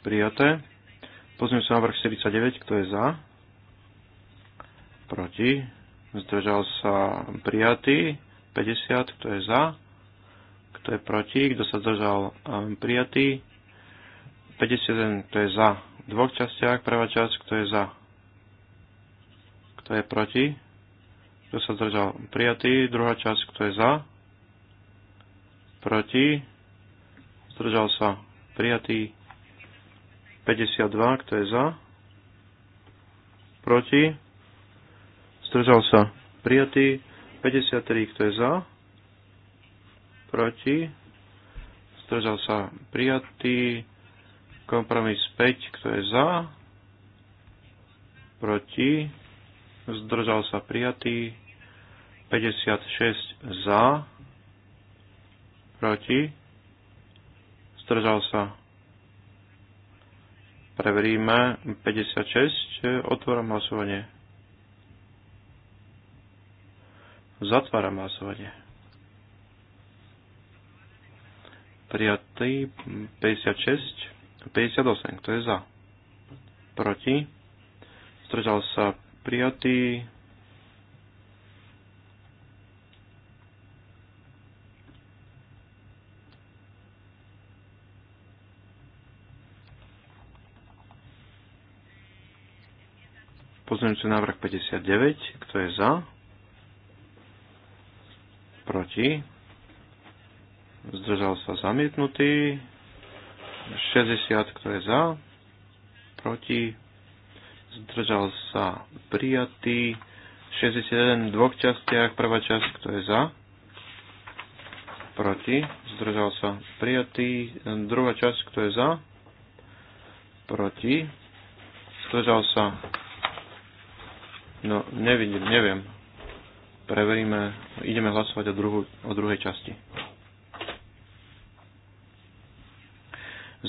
Prijaté. Pozrieme sa návrh 49, kto je za. Proti. Zdržal sa prijatý. 50, kto je za. Kto je proti. Kto sa zdržal um, prijatý. 51, kto je za. V dvoch častiach. Prvá časť, kto je za. Kto je proti kto sa zdržal prijatý, druhá časť, kto je za, proti, zdržal sa prijatý, 52, kto je za, proti, zdržal sa prijatý, 53, kto je za, proti, zdržal sa prijatý, kompromis 5, kto je za, proti, zdržal sa prijatý, 56 za, proti, zdržal sa. Preveríme 56, otváram hlasovanie. Zatváram hlasovanie. Prijatý 56, 58, kto je za? Proti, zdržal sa prijatý. Pozmeňujúci návrh 59, kto je za? Proti? Zdržal sa zamietnutý. 60, kto je za? Proti? zdržal sa prijatý. 61 v dvoch častiach, prvá časť, kto je za, proti, zdržal sa prijatý. Druhá časť, kto je za, proti, zdržal sa, no nevidím, neviem. Preveríme, ideme hlasovať o, druhu, o druhej časti.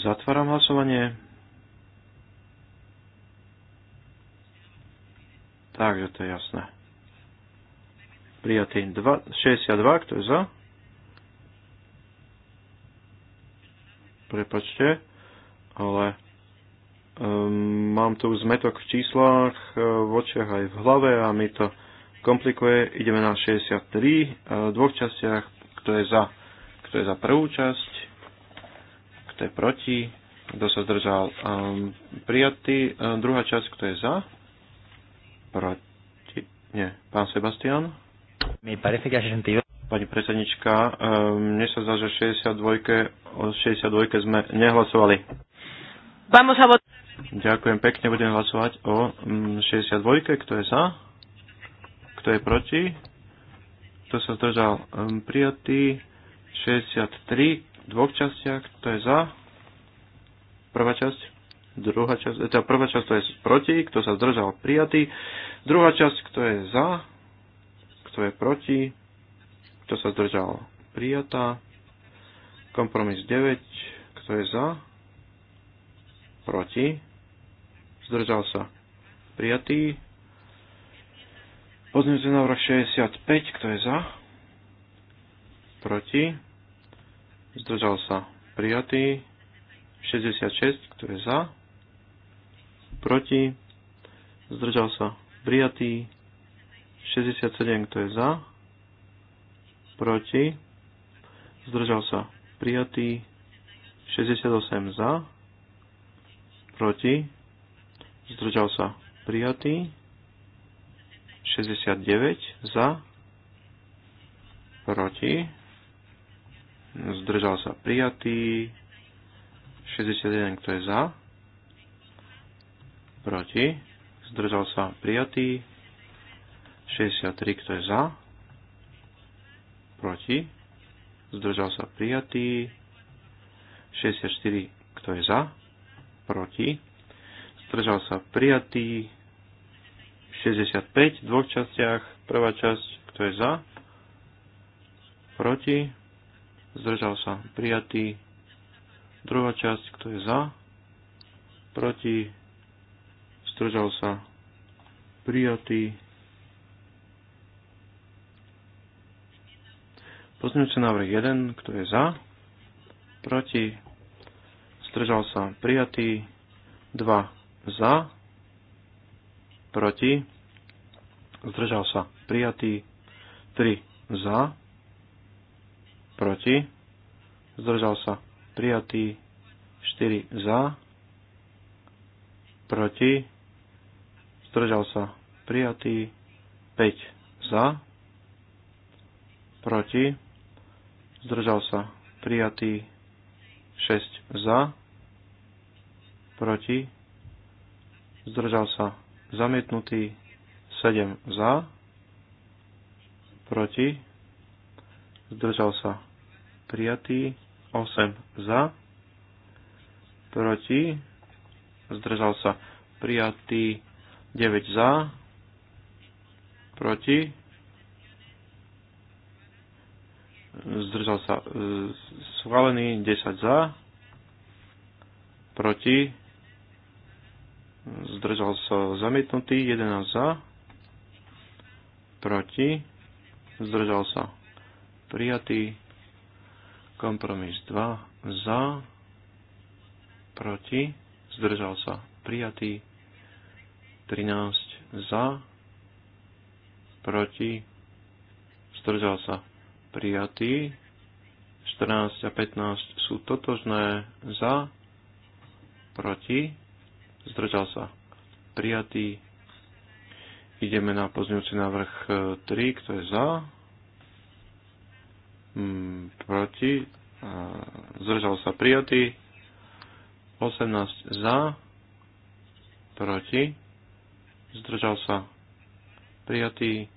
Zatváram hlasovanie. Takže to je jasné. Prijatý 62, kto je za? Prepačte, ale um, mám tu zmetok v číslach, e, v očiach aj v hlave a mi to komplikuje. Ideme na 63 e, v dvoch častiach, kto je za? Kto je za prvú časť? Kto je proti? Kto sa zdržal? Um, prijatý. Um, druhá časť, kto je za? proti... Nie, pán Sebastian? Mi parece que 62. Pani predsednička, ehm, mne sa zdá, že 62, o 62 sme nehlasovali. Vamos a vot- Ďakujem pekne, budem hlasovať o 62, mm, kto je za, kto je proti, kto sa zdržal ehm, prijatý, 63 v dvoch častiach, kto je za, prvá časť, Druhá časť, teda prvá časť, to je proti, kto sa zdržal, prijatý. Druhá časť, kto je za, kto je proti, kto sa zdržal, prijatá. Kompromis 9, kto je za, proti, zdržal sa, prijatý. sa návrh 65, kto je za? Proti? Zdržal sa. Prijatý. 66, kto je za? proti, zdržal sa prijatý, 67 kto je za, proti, zdržal sa prijatý, 68 za, proti, zdržal sa prijatý, 69 za, proti, zdržal sa prijatý, 61 kto je za, proti, zdržal sa prijatý, 63, kto je za, proti, zdržal sa prijatý, 64, kto je za, proti, zdržal sa prijatý, 65 v dvoch častiach, prvá časť, kto je za, proti, zdržal sa prijatý, druhá časť, kto je za, proti, zdržal sa, prijatý. Pozmeňujúci návrh 1, kto je za, proti, zdržal sa, prijatý. 2 za, proti, zdržal sa, prijatý. 3 za, proti, zdržal sa, prijatý. 4 za, proti, zdržal sa prijatý, 5 za, proti, zdržal sa prijatý, 6 za, proti, zdržal sa zamietnutý, 7 za, proti, zdržal sa prijatý, 8 za, proti, zdržal sa prijatý 9 za, proti, zdržal sa e, schválený 10 za, proti, zdržal sa zamietnutý 11 za, proti, zdržal sa prijatý kompromis 2 za, proti, zdržal sa prijatý 13 za, proti, zdržal sa prijatý. 14 a 15 sú totožné za, proti, zdržal sa prijatý. Ideme na pozňujúci návrh 3, e, kto je za, mm, proti, zdržal sa prijatý. 18 za, proti, zdržal sa, prijatý.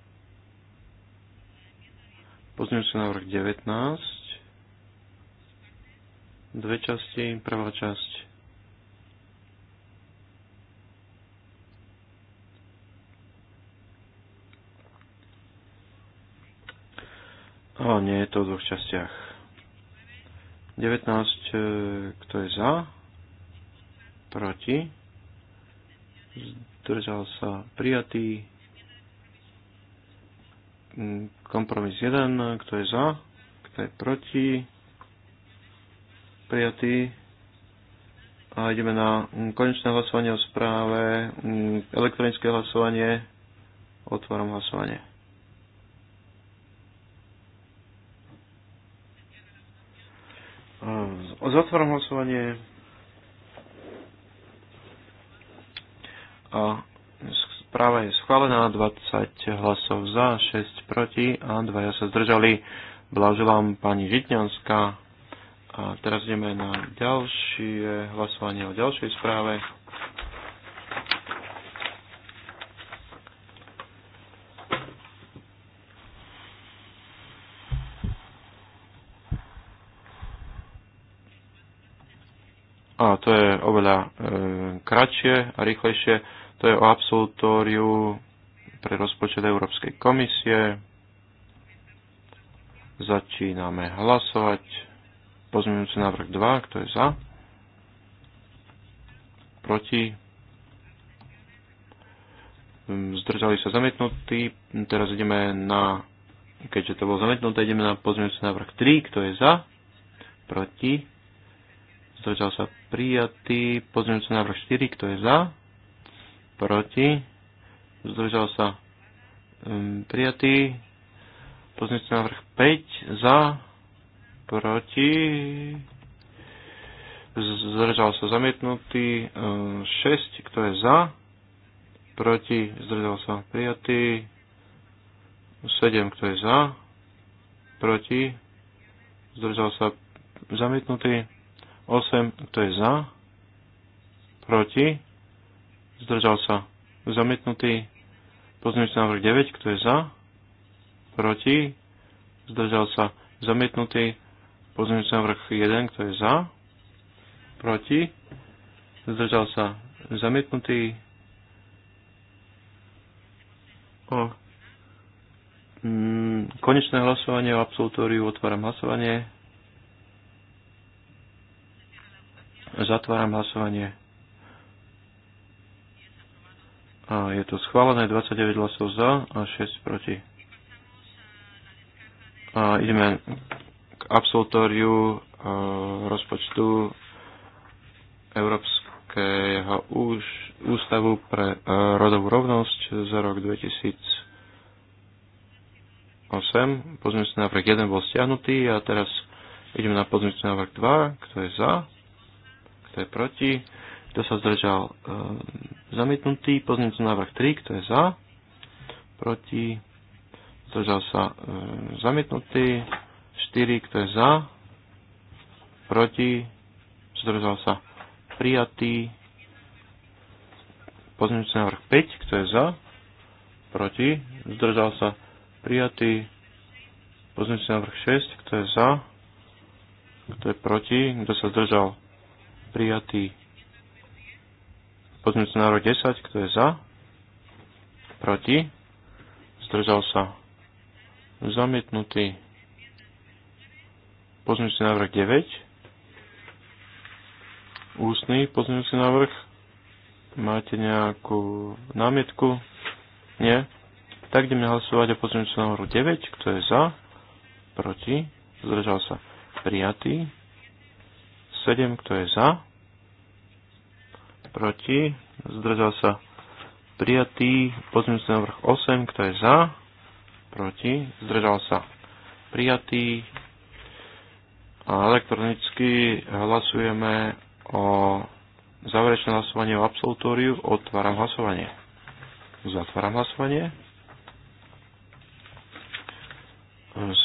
sa na vrch 19, dve časti, prvá časť. Ale nie je to v dvoch častiach. 19, e, kto je za? Proti? držal sa prijatý. Mm, kompromis 1, kto je za, kto je proti, prijatý. A ideme na mm, konečné hlasovanie o správe, mm, elektronické hlasovanie, otváram hlasovanie. Zatváram hlasovanie. a správa je schválená, 20 hlasov za, 6 proti a dvaja sa zdržali. Blaželám pani Žitňanská. A teraz ideme na ďalšie hlasovanie o ďalšej správe. A to je oveľa e, kratšie a rýchlejšie to je o absolutóriu pre rozpočet Európskej komisie. Začíname hlasovať. Pozmeňujúci návrh 2, kto je za? Proti? Zdržali sa zamietnutí. Teraz ideme na, keďže to bolo zamietnuté, ideme na pozmeňujúci návrh 3, kto je za? Proti? Zdržal sa prijatý. Pozmeňujúci návrh 4, kto je za? proti, zdržal sa um, prijatý, pozmeňujúci návrh 5 za, proti, zdržal sa zamietnutý, 6, um, kto je za, proti, zdržal sa prijatý, 7, kto je za, proti, zdržal sa zamietnutý, 8, kto je za, proti, zdržal sa, zamietnutý. Pozmeňujúci návrh 9, kto je za, proti, zdržal sa, zamietnutý. Pozmeňujúci návrh 1, kto je za, proti, zdržal sa, zamietnutý. O mm, konečné hlasovanie o absolutóriu otváram hlasovanie. Zatváram hlasovanie. A je to schválené 29 hlasov za a 6 proti. A ideme k absolutóriu e, rozpočtu Európskeho ústavu pre e, rodovú rovnosť za rok 2008. Pozmeňujúci návrh 1 bol stiahnutý a teraz ideme na pozmeňujúci návrh 2. Kto je za? Kto je proti? Kto sa zdržal? Ehm, zamietnutý. Pozmeňujúci návrh 3. Kto je za? Proti. Zdržal sa. Ehm, zamietnutý. 4. Kto je za? Proti. Zdržal sa. Prijatý. Pozmeňujúci návrh 5. Kto je za? Proti. Zdržal sa. Prijatý. Pozmeňujúci návrh 6. Kto je za? Kto je proti? Kto sa zdržal? Prijatý na rok 10, kto je za? Proti? Zdržal sa. Zamietnutý. na rok 9. Ústny na návrh. Máte nejakú námietku? Nie? Tak ideme hlasovať o na návrhu 9. Kto je za? Proti? Zdržal sa. Prijatý. 7. Kto je za? proti, zdržal sa prijatý, pozmeňujúci návrh 8, kto je za, proti, zdržal sa prijatý. A elektronicky hlasujeme o záverečné hlasovanie o absolutóriu. Otváram hlasovanie. Zatváram hlasovanie.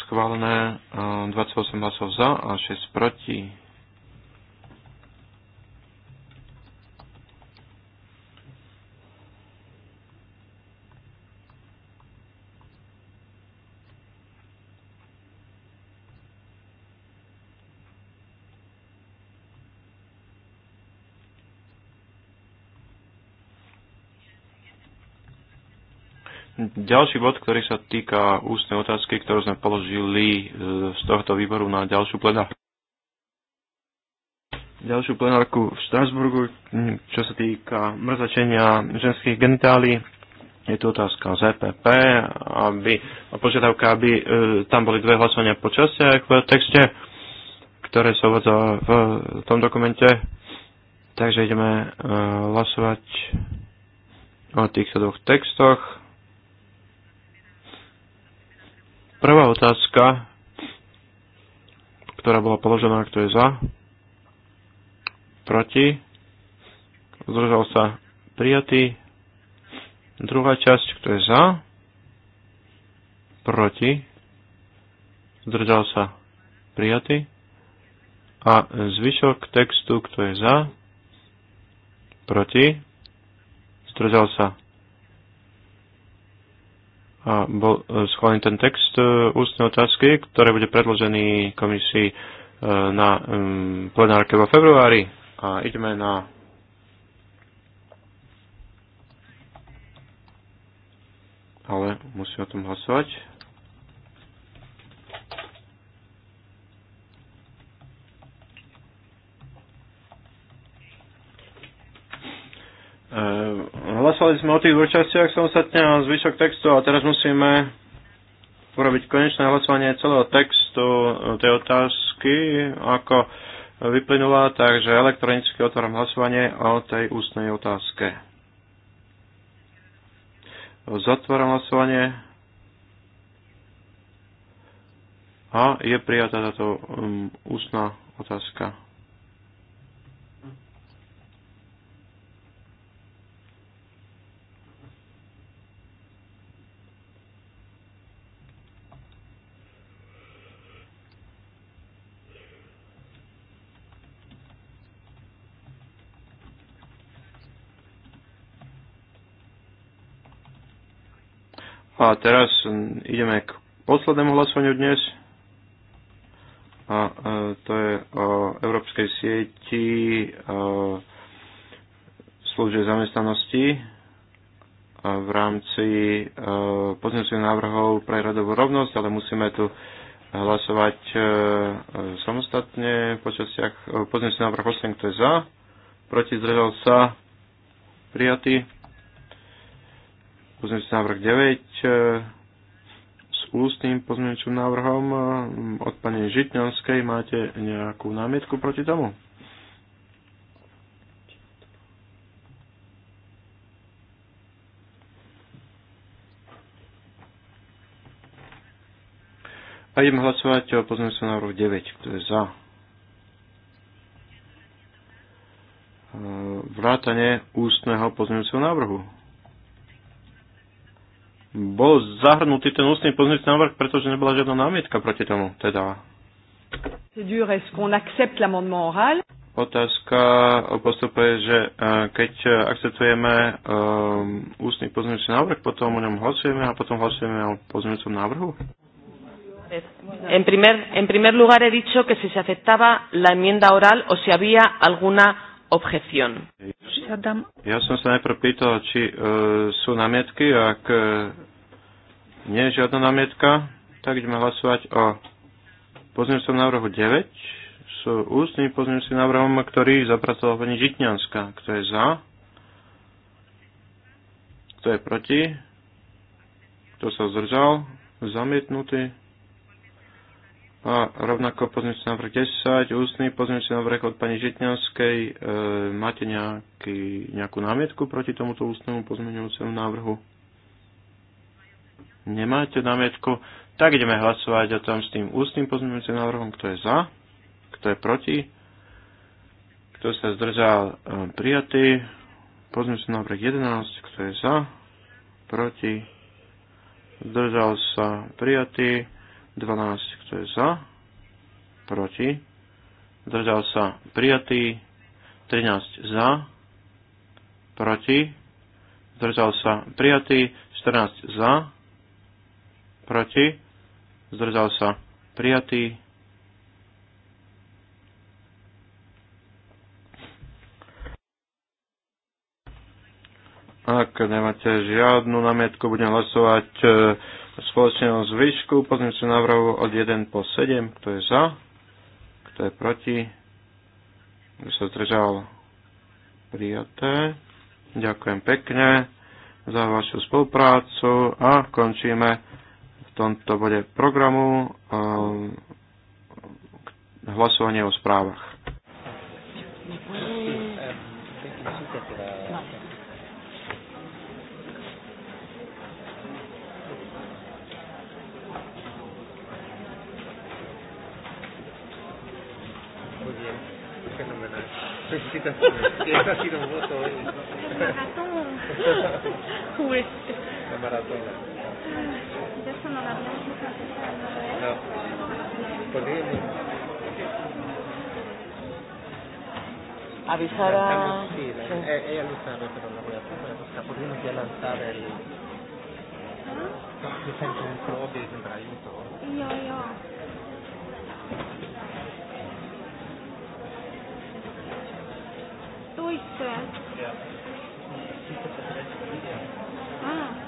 Schválené 28 eh, hlasov za a 6 proti. Ďalší bod, ktorý sa týka ústnej otázky, ktorú sme položili e, z tohto výboru na ďalšiu plenárku. Ďalšiu plenárku v Štrasburgu, čo sa týka mrzačenia ženských genitálií, je tu otázka z EPP, aby, a požiadavka, aby e, tam boli dve hlasovania po častiach v texte, ktoré sa uvádza v tom dokumente. Takže ideme e, hlasovať o týchto dvoch textoch. Prvá otázka, ktorá bola položená, kto je za, proti, zdržal sa prijatý. Druhá časť, kto je za, proti, zdržal sa prijatý. A zvyšok textu, kto je za, proti, zdržal sa prijatý a bol e, schválený ten text e, ústnej otázky, ktoré bude predložený komisii e, na mm, plenárke vo februári. A ideme na ale musíme o tom hlasovať. Eh, hlasovali sme o tých dvoch častiach samostatne a zvyšok textu a teraz musíme urobiť konečné hlasovanie celého textu eh, tej otázky, ako vyplynula, takže elektronicky otváram hlasovanie o tej ústnej otázke. Zatváram hlasovanie. A je prijatá táto um, ústna otázka. A teraz ideme k poslednému hlasovaniu dnes. A e, to je o Európskej sieti e, služieb zamestnanosti v rámci e, pozmeňujúcich návrhov pre radovú rovnosť, ale musíme tu hlasovať samostatne v počasiach pozmeňujúci návrh 8, kto je za, proti zdržal sa, prijatý. Pozmeňujúci návrh 9 e, s ústnym pozmeňujúcim návrhom e, od pani Žitňanskej. Máte nejakú námietku proti tomu? A idem hlasovať o pozmeňujúcom návrhu 9, kto je za. E, Vrátanie ústneho pozmeňujúceho návrhu bol zahrnutý ten ústny pozmeňujúci návrh, pretože nebola žiadna námietka proti tomu. Teda. Otázka o postupe je, že e, keď akceptujeme e, ústny pozmeňujúci návrh, potom o ňom hlasujeme a potom hlasujeme o pozmeňujúcom návrhu? En primer, en primer lugar he dicho que si se aceptaba la enmienda oral o si había alguna objeción. Ja som sa najprv pýtal, či e, sú námietky. Ak e, nie je žiadna námietka, tak ideme hlasovať o pozmeňujúcom návrhu 9 s ústnym pozmeňujúcim návrhom, ktorý zapracoval pani Žitňanská. Kto je za? Kto je proti? Kto sa zdržal? Zamietnutý. A rovnako pozmeňujúci návrh 10, ústny pozmeňujúci návrh od pani Žitňanskej. E, máte nejaký, nejakú námietku proti tomuto ústnemu pozmeňujúcemu návrhu? Nemáte námietku? Tak ideme hlasovať o tom s tým ústnym pozmeňujúcim návrhom, kto je za, kto je proti, kto sa zdržal e, prijatý. Pozmeňujúci návrh 11, kto je za, proti, zdržal sa prijatý. 12, kto je za, proti, zdržal sa prijatý, 13 za, proti, zdržal sa prijatý, 14 za, proti, zdržal sa prijatý. Ak nemáte žiadnu námietku, budem hlasovať e, spoločne zvyšku zvyšku sa návrhu od 1 po 7. Kto je za? Kto je proti? Kto sa zdržal? Prijaté. Ďakujem pekne za vašu spoluprácu a končíme v tomto bode programu ehm, hlasovanie o správach. felicitaciones. Eso <laughs> ha sido un gusto hoy. Maratón. <laughs> La maratón. De eso no, no, no. la hablamos No. Podríamos. Avisar a... Sí, la, sí. Eh, ella lo sabe, pero no voy a hacer. O sea, podríamos ya lanzar el... ¿Ah? Mi <laughs> sento un po' di sembra aiuto. Io, io. Who is Yeah. Ah.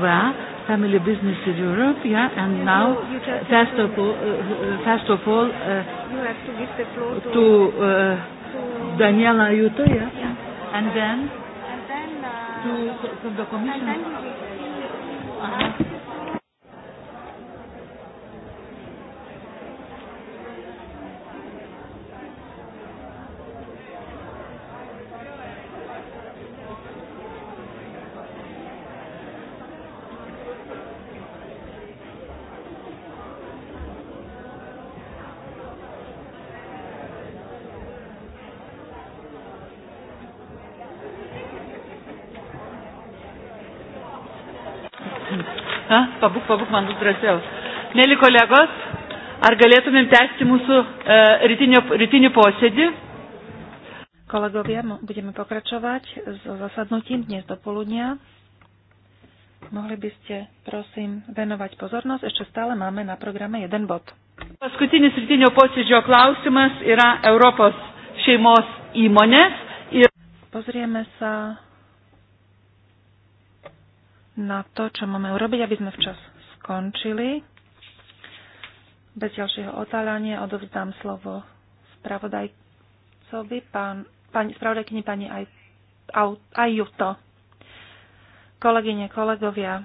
Ferreira, Family Business in Europe, yeah, and you now, first of all, uh, first of all, uh, you have to give the floor to, to, uh, to Daniela Ayuto, yeah? yeah, and then, and then uh, to, to the Commission. And then we will see, uh -huh. pabūk, pabūk, man bus drąsiau. Mėly kolegos, ar galėtumėm tęsti mūsų e, rytinio, rytinį posėdį? Kolegovia, budeme pokračovať s zasadnutím dnes do poludnia. Mohli by ste, prosím, venovať pozornosť. Ešte stále máme na programe jeden bod. Paskutinis rytinio posėdžio klausimas yra Europos šeimos įmonės. Ir... Pozrieme sa na to, čo máme urobiť, aby sme včas skončili. Bez ďalšieho otáľania odovzdám slovo spravodajcovi, pán, pani, spravodajkyni pani aj, aj, Ajuto. Kolegyne, kolegovia,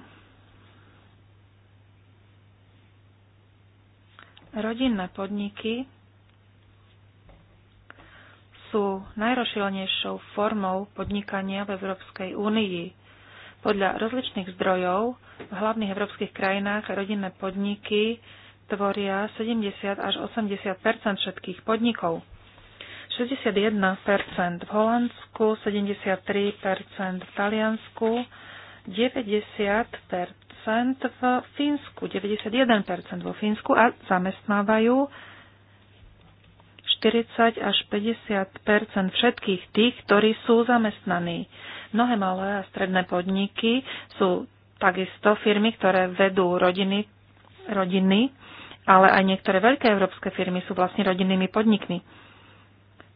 rodinné podniky sú najrošilnejšou formou podnikania v Európskej únii podľa rozličných zdrojov v hlavných európskych krajinách rodinné podniky tvoria 70 až 80 všetkých podnikov. 61 v Holandsku, 73 v Taliansku, 90 v Fínsku, 91 vo Fínsku a zamestnávajú 40 až 50 všetkých tých, ktorí sú zamestnaní. Mnohé malé a stredné podniky sú takisto firmy, ktoré vedú rodiny, rodiny ale aj niektoré veľké európske firmy sú vlastne rodinnými podnikmi.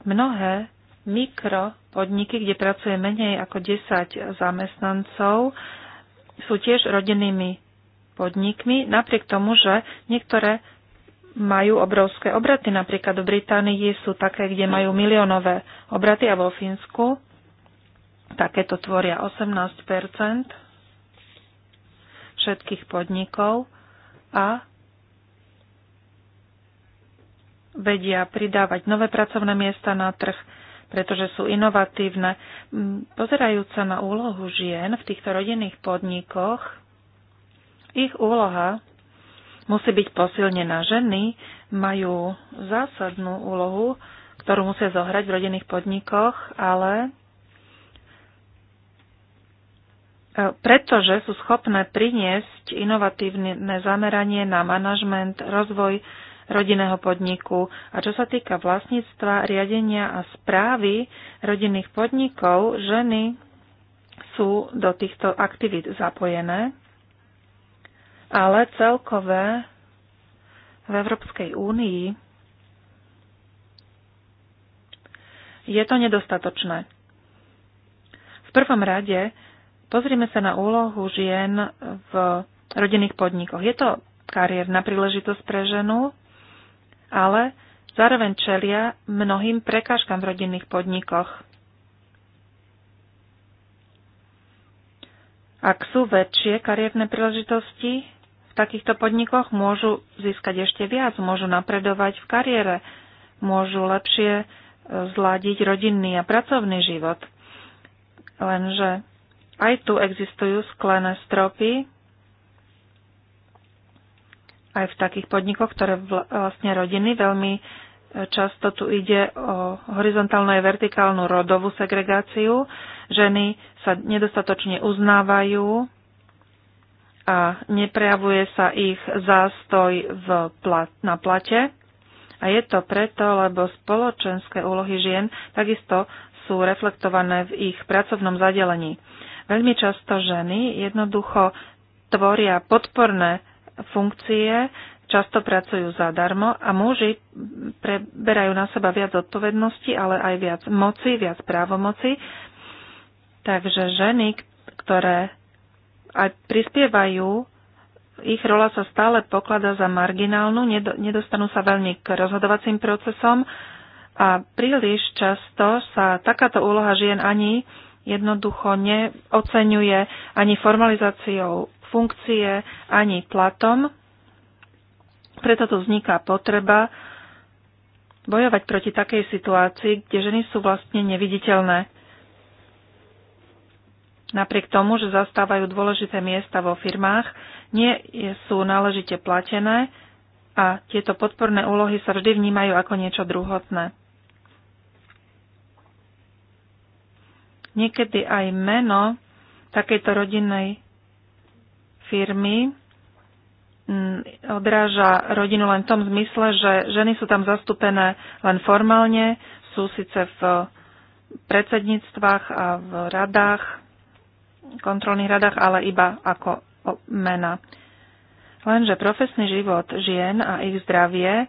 Mnohé mikropodniky, kde pracuje menej ako 10 zamestnancov, sú tiež rodinnými podnikmi, napriek tomu, že niektoré majú obrovské obraty. Napríklad v Británii sú také, kde majú miliónové obraty a vo Fínsku takéto tvoria 18 všetkých podnikov a vedia pridávať nové pracovné miesta na trh, pretože sú inovatívne. Mm, pozerajúc sa na úlohu žien v týchto rodinných podnikoch, ich úloha musí byť posilnená. Ženy majú zásadnú úlohu, ktorú musia zohrať v rodinných podnikoch, ale e, pretože sú schopné priniesť inovatívne zameranie na manažment, rozvoj rodinného podniku. A čo sa týka vlastníctva, riadenia a správy rodinných podnikov, ženy sú do týchto aktivít zapojené ale celkové v Európskej únii je to nedostatočné. V prvom rade pozrime sa na úlohu žien v rodinných podnikoch. Je to kariérna príležitosť pre ženu, ale zároveň čelia mnohým prekážkam v rodinných podnikoch. Ak sú väčšie kariérne príležitosti, takýchto podnikoch môžu získať ešte viac, môžu napredovať v kariére, môžu lepšie e, zladiť rodinný a pracovný život. Lenže aj tu existujú sklené stropy, aj v takých podnikoch, ktoré vlastne rodiny veľmi e, často tu ide o horizontálnu a vertikálnu rodovú segregáciu. Ženy sa nedostatočne uznávajú, a neprejavuje sa ich zástoj v plat, na plate. A je to preto, lebo spoločenské úlohy žien takisto sú reflektované v ich pracovnom zadelení. Veľmi často ženy jednoducho tvoria podporné funkcie, často pracujú zadarmo a muži preberajú na seba viac odpovednosti, ale aj viac moci, viac právomoci. Takže ženy, ktoré aj prispievajú, ich rola sa stále pokladá za marginálnu, nedostanú sa veľmi k rozhodovacím procesom a príliš často sa takáto úloha žien ani jednoducho neocenuje ani formalizáciou funkcie, ani platom. Preto tu vzniká potreba bojovať proti takej situácii, kde ženy sú vlastne neviditeľné. Napriek tomu, že zastávajú dôležité miesta vo firmách, nie sú náležite platené a tieto podporné úlohy sa vždy vnímajú ako niečo druhotné. Niekedy aj meno takejto rodinnej firmy mm, odráža rodinu len v tom zmysle, že ženy sú tam zastúpené len formálne, sú síce v predsedníctvách a v radách, kontrolných radách, ale iba ako mena. Lenže profesný život žien a ich zdravie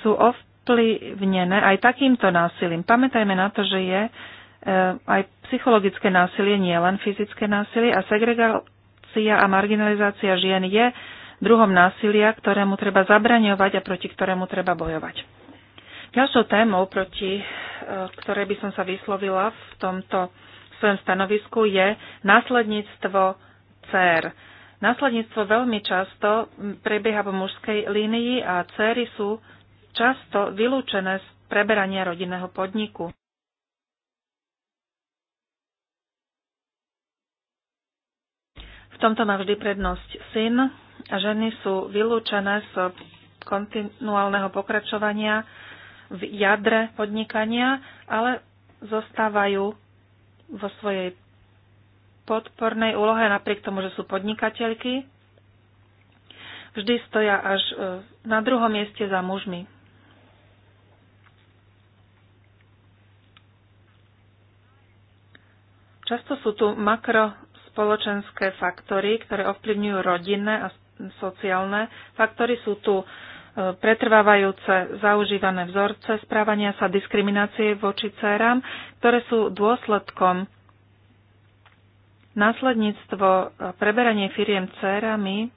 sú ovplyvnené aj takýmto násilím. Pamätajme na to, že je e, aj psychologické násilie, nie len fyzické násilie a segregácia a marginalizácia žien je druhom násilia, ktorému treba zabraňovať a proti ktorému treba bojovať. Ďalšou témou, proti e, ktorej by som sa vyslovila v tomto svojom stanovisku, je následníctvo dcer. Následníctvo veľmi často prebieha po mužskej línii a céry sú často vylúčené z preberania rodinného podniku. V tomto má vždy prednosť syn a ženy sú vylúčené z kontinuálneho pokračovania v jadre podnikania, ale zostávajú vo svojej podpornej úlohe, napriek tomu, že sú podnikateľky, vždy stoja až e, na druhom mieste za mužmi. Často sú tu makrospoločenské faktory, ktoré ovplyvňujú rodinné a sociálne faktory. Sú tu pretrvávajúce zaužívané vzorce správania sa diskriminácie voči céram, ktoré sú dôsledkom následníctvo preberanie firiem cérami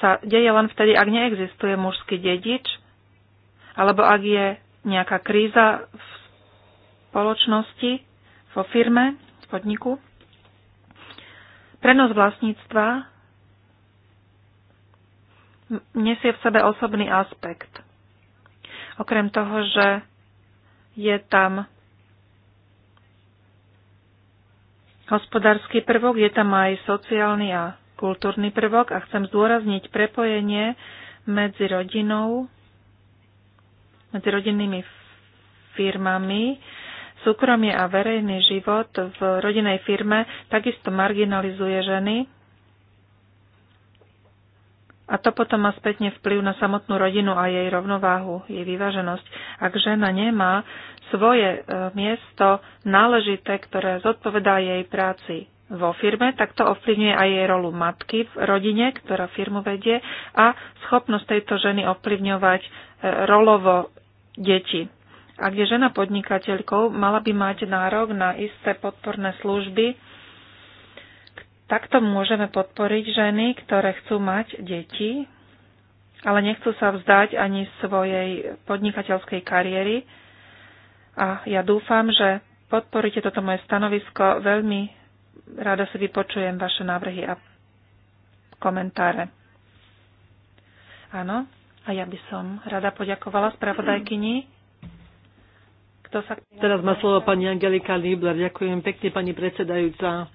sa deje len vtedy, ak neexistuje mužský dedič, alebo ak je nejaká kríza v spoločnosti, vo firme, v podniku. Prenos vlastníctva nesie v sebe osobný aspekt. Okrem toho, že je tam hospodársky prvok, je tam aj sociálny a kultúrny prvok a chcem zdôrazniť prepojenie medzi rodinou, medzi rodinnými firmami, súkromie a verejný život v rodinej firme takisto marginalizuje ženy, a to potom má spätne vplyv na samotnú rodinu a jej rovnováhu, jej vyváženosť. Ak žena nemá svoje e, miesto náležité, ktoré zodpovedá jej práci vo firme, tak to ovplyvňuje aj jej rolu matky v rodine, ktorá firmu vedie a schopnosť tejto ženy ovplyvňovať e, rolovo deti. Ak je žena podnikateľkou, mala by mať nárok na isté podporné služby, Takto môžeme podporiť ženy, ktoré chcú mať deti, ale nechcú sa vzdať ani svojej podnikateľskej kariéry. A ja dúfam, že podporíte toto moje stanovisko. Veľmi rada si vypočujem vaše návrhy a komentáre. Áno, a ja by som rada poďakovala spravodajkyni. Kto sa... Teraz má slovo pani Angelika Liebler. Ďakujem pekne, pani predsedajúca.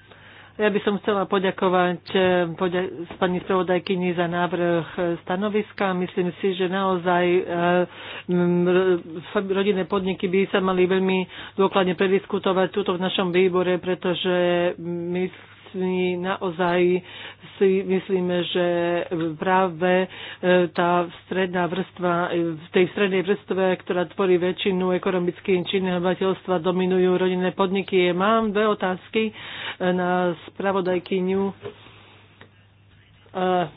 Ja by som chcela poďakovať eh, poďa- pani spravodajkyni za návrh eh, stanoviska. Myslím si, že naozaj eh, rodinné podniky by sa mali veľmi dôkladne prediskutovať túto v našom výbore, pretože my my naozaj si myslíme, že práve e, tá stredná vrstva, e, v tej strednej vrstve, ktorá tvorí väčšinu ekonomicky činného obyvateľstva, dominujú rodinné podniky. Mám dve otázky e, na spravodajkyňu.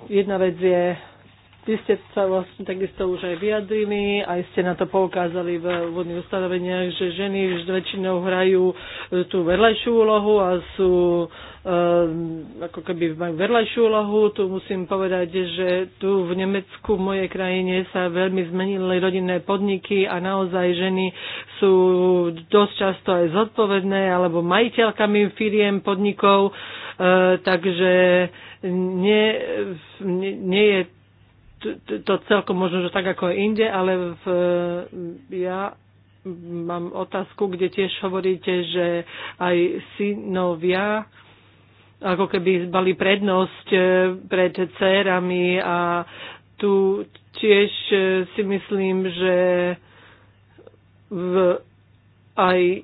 Jedna vec je, vy ste sa vlastne takisto už aj vyjadrili, aj ste na to poukázali v úvodných ustanoveniach, že ženy už väčšinou hrajú tú vedľajšiu úlohu a sú Ehm, ako keby majú vedľajšiu úlohu. Tu musím povedať, že tu v Nemecku, v mojej krajine, sa veľmi zmenili rodinné podniky a naozaj ženy sú dosť často aj zodpovedné alebo majiteľkami firiem, podnikov, ehm, takže nie, nie je to celkom možno, že tak ako inde, ale v, ja mám otázku, kde tiež hovoríte, že aj synovia ako keby mali prednosť e, pred cérami a tu tiež e, si myslím, že v, aj e,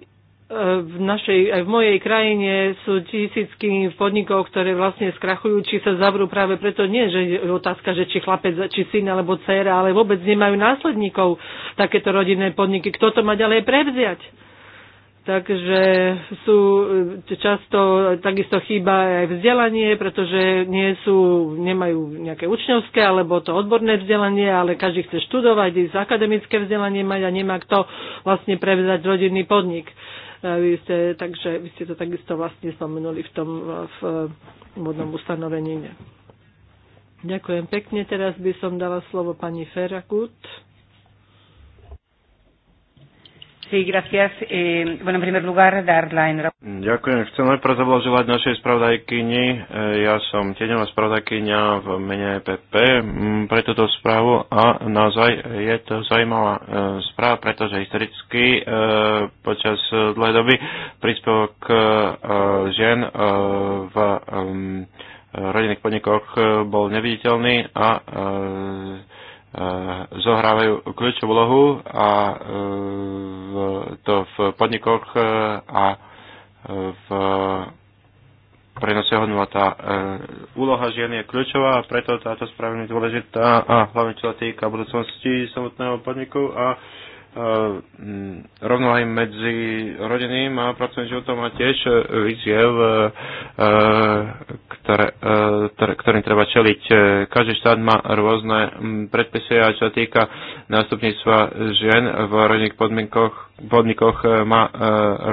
v našej, aj v mojej krajine sú tisícky podnikov, ktoré vlastne skrachujú, či sa zavrú práve preto nie, že je otázka, že či chlapec, či syn alebo dcera, ale vôbec nemajú následníkov takéto rodinné podniky. Kto to má ďalej prevziať? Takže sú e, často takisto chýba aj vzdelanie, pretože nie sú, nemajú nejaké učňovské alebo to odborné vzdelanie, ale každý chce študovať, ísť akademické vzdelanie mať a nemá kto vlastne prevzať rodinný podnik. E, vy ste, takže vy ste to takisto vlastne spomenuli v tom v modnom ustanovení. Ďakujem pekne. Teraz by som dala slovo pani Ferakut. Sí, gracias. Eh, bueno, en primer lugar, dar la enhorabuena. Ďakujem. Chcem najprv zablažovať našej spravodajkyni. Eh, ja som tieňová spravodajkynia v mene EPP mm, pre túto správu a naozaj je to zaujímavá eh, správa, pretože historicky eh, počas dlhej doby príspevok žien v rodinných podnikoch bol neviditeľný a Eh, zohrávajú kľúčovú lohu a eh, v, to v podnikoch eh, a v prenose hodnot. Tá úloha žien je kľúčová a preto táto správa je dôležitá a hlavne čo sa týka budúcnosti samotného podniku a Ehm, rovnováhy medzi rodinným a pracovným životom a tiež e, výziev, e, e, ktoré, ktorým treba čeliť. Každý štát má rôzne predpisy a čo sa týka nástupníctva žien v rodinných podmienkoch podnikoch má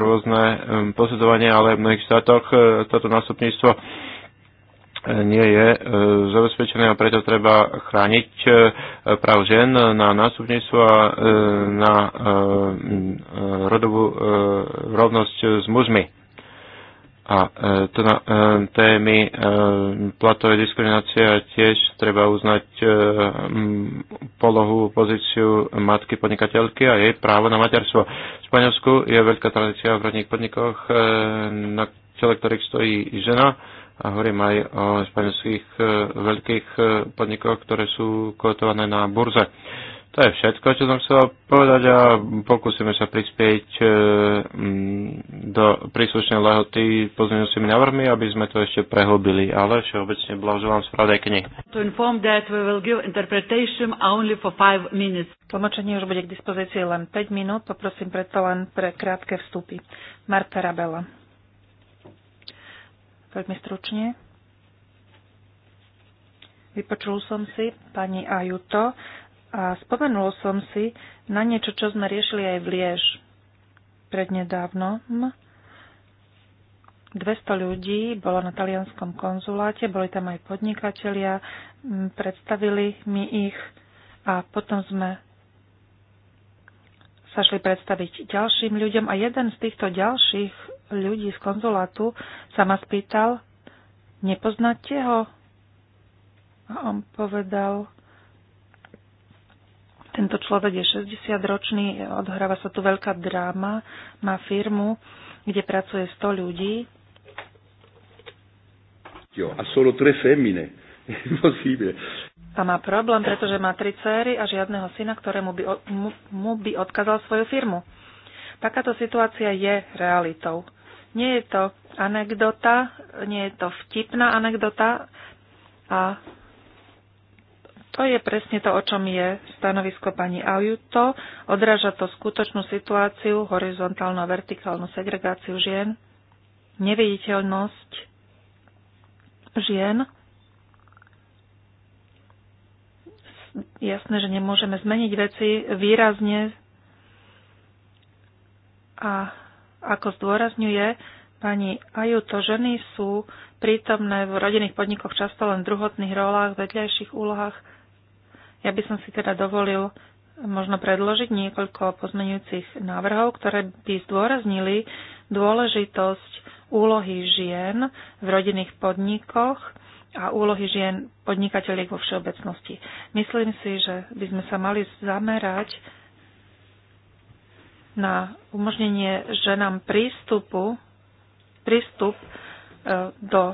rôzne posudzovanie, ale v mnohých štátoch toto nástupníctvo nie je e, zabezpečené a preto treba chrániť e, práv žen na násobnictvo a e, na rodovú rovnosť s mužmi a to na, témy platovej diskriminácia tiež treba uznať polohu, pozíciu matky podnikateľky a jej právo na materstvo. V Španielsku je veľká tradícia v rodných podnikoch, na čele ktorých stojí žena a hovorím aj o španielských e, veľkých e, podnikoch, ktoré sú kotované na burze. To je všetko, čo som chcel povedať a pokúsime sa prispieť e, do príslušnej lehoty pozmeňujúcimi návrhmi, aby sme to ešte prehlbili. Ale všeobecne blahoželám spravodajkni. Tlmočenie už bude k dispozícii len 5 minút, poprosím preto len pre krátke vstupy. Marta Rabela veľmi stručne. Vypočul som si pani Ajuto a spomenul som si na niečo, čo sme riešili aj v Liež prednedávno 200 ľudí bolo na talianskom konzuláte, boli tam aj podnikatelia, predstavili mi ich a potom sme sa šli predstaviť ďalším ľuďom a jeden z týchto ďalších ľudí z konzulátu sa ma spýtal, nepoznáte ho? A on povedal, tento človek je 60-ročný, odhráva sa tu veľká dráma, má firmu, kde pracuje 100 ľudí. Jo, a solo tre femmine. <laughs> A má problém, pretože má tri céry a žiadneho syna, ktorému by, mu, mu by odkázal svoju firmu. Takáto situácia je realitou. Nie je to anekdota, nie je to vtipná anekdota a to je presne to, o čom je stanovisko pani Ajuto. Odráža to skutočnú situáciu, horizontálnu a vertikálnu segregáciu žien, neviditeľnosť žien. Jasné, že nemôžeme zmeniť veci výrazne a ako zdôrazňuje pani Ajuto, ženy sú prítomné v rodinných podnikoch často len v druhotných rolách, vedľajších úlohách. Ja by som si teda dovolil možno predložiť niekoľko pozmenujúcich návrhov, ktoré by zdôraznili dôležitosť úlohy žien v rodinných podnikoch a úlohy žien podnikateľiek vo všeobecnosti. Myslím si, že by sme sa mali zamerať na umožnenie ženám prístupu, prístup e, do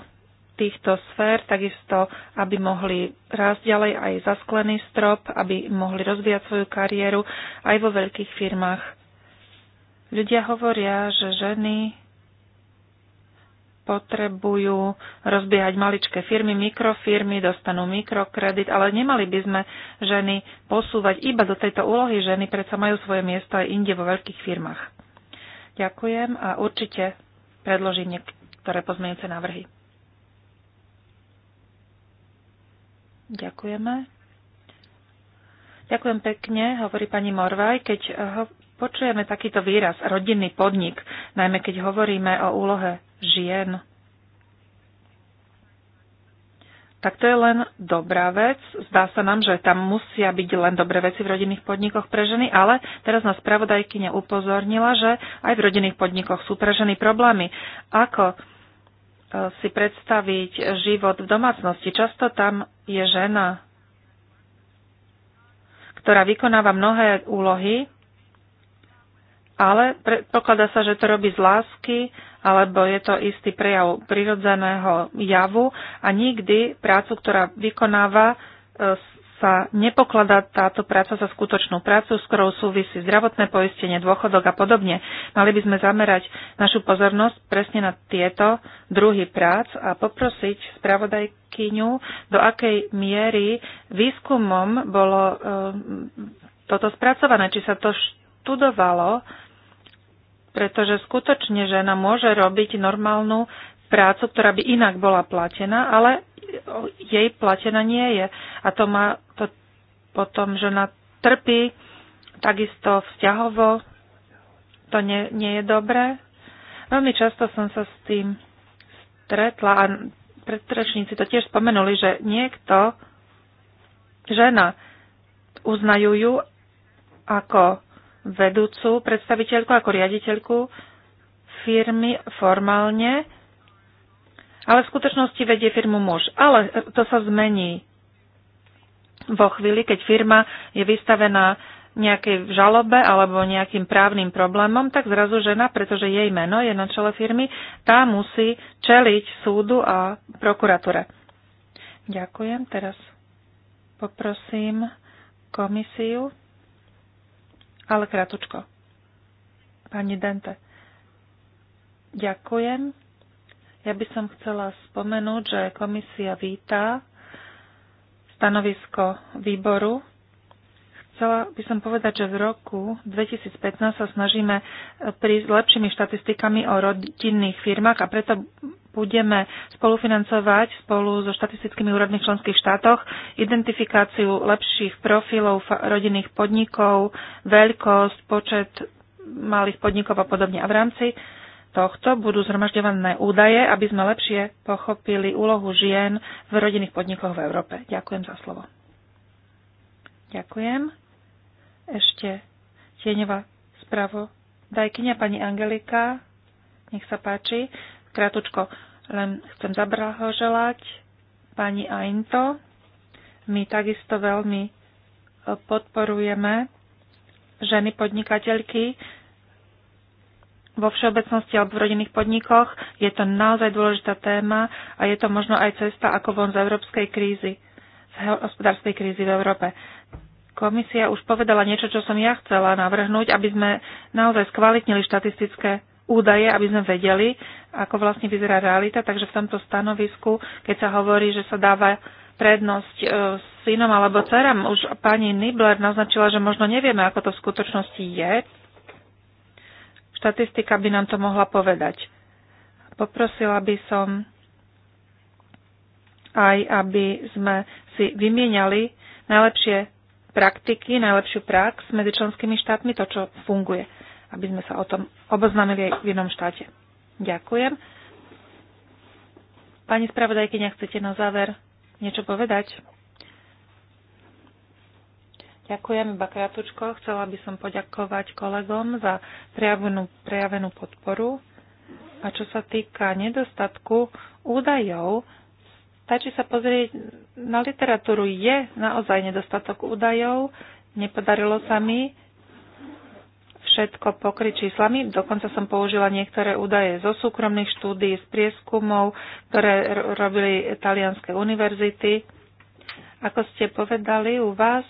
týchto sfér, takisto, aby mohli rásť ďalej aj za sklený strop, aby mohli rozvíjať svoju kariéru aj vo veľkých firmách. Ľudia hovoria, že ženy potrebujú rozbiehať maličké firmy, mikrofirmy, dostanú mikrokredit, ale nemali by sme ženy posúvať iba do tejto úlohy. Ženy predsa majú svoje miesto aj inde vo veľkých firmách. Ďakujem a určite predložím niektoré pozmeňujúce návrhy. Ďakujeme. Ďakujem pekne, hovorí pani Morvaj. Keď ho, počujeme takýto výraz, rodinný podnik, najmä keď hovoríme o úlohe žien. Tak to je len dobrá vec. Zdá sa nám, že tam musia byť len dobré veci v rodinných podnikoch pre ženy, ale teraz nás spravodajkyňa upozornila, že aj v rodinných podnikoch sú pre ženy problémy. Ako e, si predstaviť život v domácnosti? Často tam je žena, ktorá vykonáva mnohé úlohy, ale predpokladá sa, že to robí z lásky, alebo je to istý prejav prirodzeného javu a nikdy prácu, ktorá vykonáva, e, sa nepokladá táto práca za skutočnú prácu, s ktorou súvisí zdravotné poistenie, dôchodok a podobne. Mali by sme zamerať našu pozornosť presne na tieto druhy prác a poprosiť spravodajkyňu, do akej miery výskumom bolo e, toto spracované, či sa to študovalo, pretože skutočne žena môže robiť normálnu prácu, ktorá by inak bola platená, ale jej platená nie je. A to má to potom žena trpí, takisto vzťahovo, to nie, nie je dobré. Veľmi často som sa s tým stretla a predtrečníci to tiež spomenuli, že niekto, žena, uznajú ju ako vedúcu predstaviteľku, ako riaditeľku firmy formálne, ale v skutočnosti vedie firmu muž. Ale to sa zmení vo chvíli, keď firma je vystavená nejakej žalobe alebo nejakým právnym problémom, tak zrazu žena, pretože jej meno je na čele firmy, tá musí čeliť súdu a prokuratúre. Ďakujem. Teraz poprosím komisiu ale kratučko. Pani Dente, ďakujem. Ja by som chcela spomenúť, že komisia víta stanovisko výboru Chcela by som povedať, že v roku 2015 sa snažíme e, prísť lepšími štatistikami o rodinných firmách a preto budeme spolufinancovať spolu so štatistickými úradmi v členských štátoch identifikáciu lepších profilov rodinných podnikov, veľkosť, počet malých podnikov a podobne. A v rámci tohto budú zhromažďované údaje, aby sme lepšie pochopili úlohu žien v rodinných podnikoch v Európe. Ďakujem za slovo. Ďakujem ešte tieňová spravo. Dajkyňa pani Angelika, nech sa páči. krátučko, len chcem zabrahoželať pani Ainto. My takisto veľmi e, podporujeme ženy podnikateľky vo všeobecnosti alebo v rodinných podnikoch. Je to naozaj dôležitá téma a je to možno aj cesta ako von z európskej krízy, z hospodárskej krízy v Európe. Komisia už povedala niečo, čo som ja chcela navrhnúť, aby sme naozaj skvalitnili štatistické údaje, aby sme vedeli, ako vlastne vyzerá realita. Takže v tomto stanovisku, keď sa hovorí, že sa dáva prednosť e, synom alebo dcerám, už pani Nibler naznačila, že možno nevieme, ako to v skutočnosti je. Štatistika by nám to mohla povedať. Poprosila by som aj, aby sme si vymieniali najlepšie praktiky, najlepšiu prax medzi členskými štátmi, to, čo funguje, aby sme sa o tom oboznámili aj v inom štáte. Ďakujem. Pani spravodajkyňa, chcete na záver niečo povedať? Ďakujem iba krátko. Chcela by som poďakovať kolegom za prejavenú, prejavenú podporu. A čo sa týka nedostatku údajov, Stačí sa pozrieť na literatúru. Je naozaj nedostatok údajov. Nepodarilo sa mi všetko pokryť číslami. Dokonca som použila niektoré údaje zo súkromných štúdií, z prieskumov, ktoré robili italianské univerzity. Ako ste povedali, u vás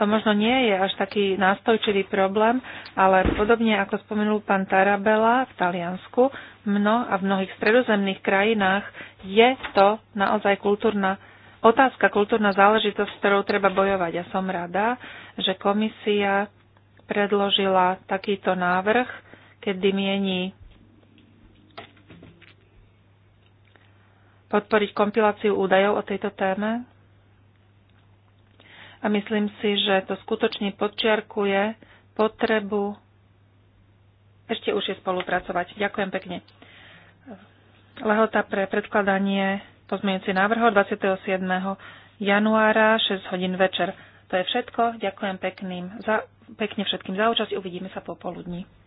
to možno nie je až taký nástojčivý problém, ale podobne ako spomenul pán Tarabela v Taliansku, mno a v mnohých stredozemných krajinách je to naozaj kultúrna otázka, kultúrna záležitosť, s ktorou treba bojovať. Ja som rada, že komisia predložila takýto návrh, kedy mieni podporiť kompiláciu údajov o tejto téme a myslím si, že to skutočne podčiarkuje potrebu ešte už je spolupracovať. Ďakujem pekne. Lehota pre predkladanie pozmeňujúci návrhov 27. januára 6 hodín večer. To je všetko. Ďakujem pekným za, pekne všetkým za účasť. Uvidíme sa popoludní.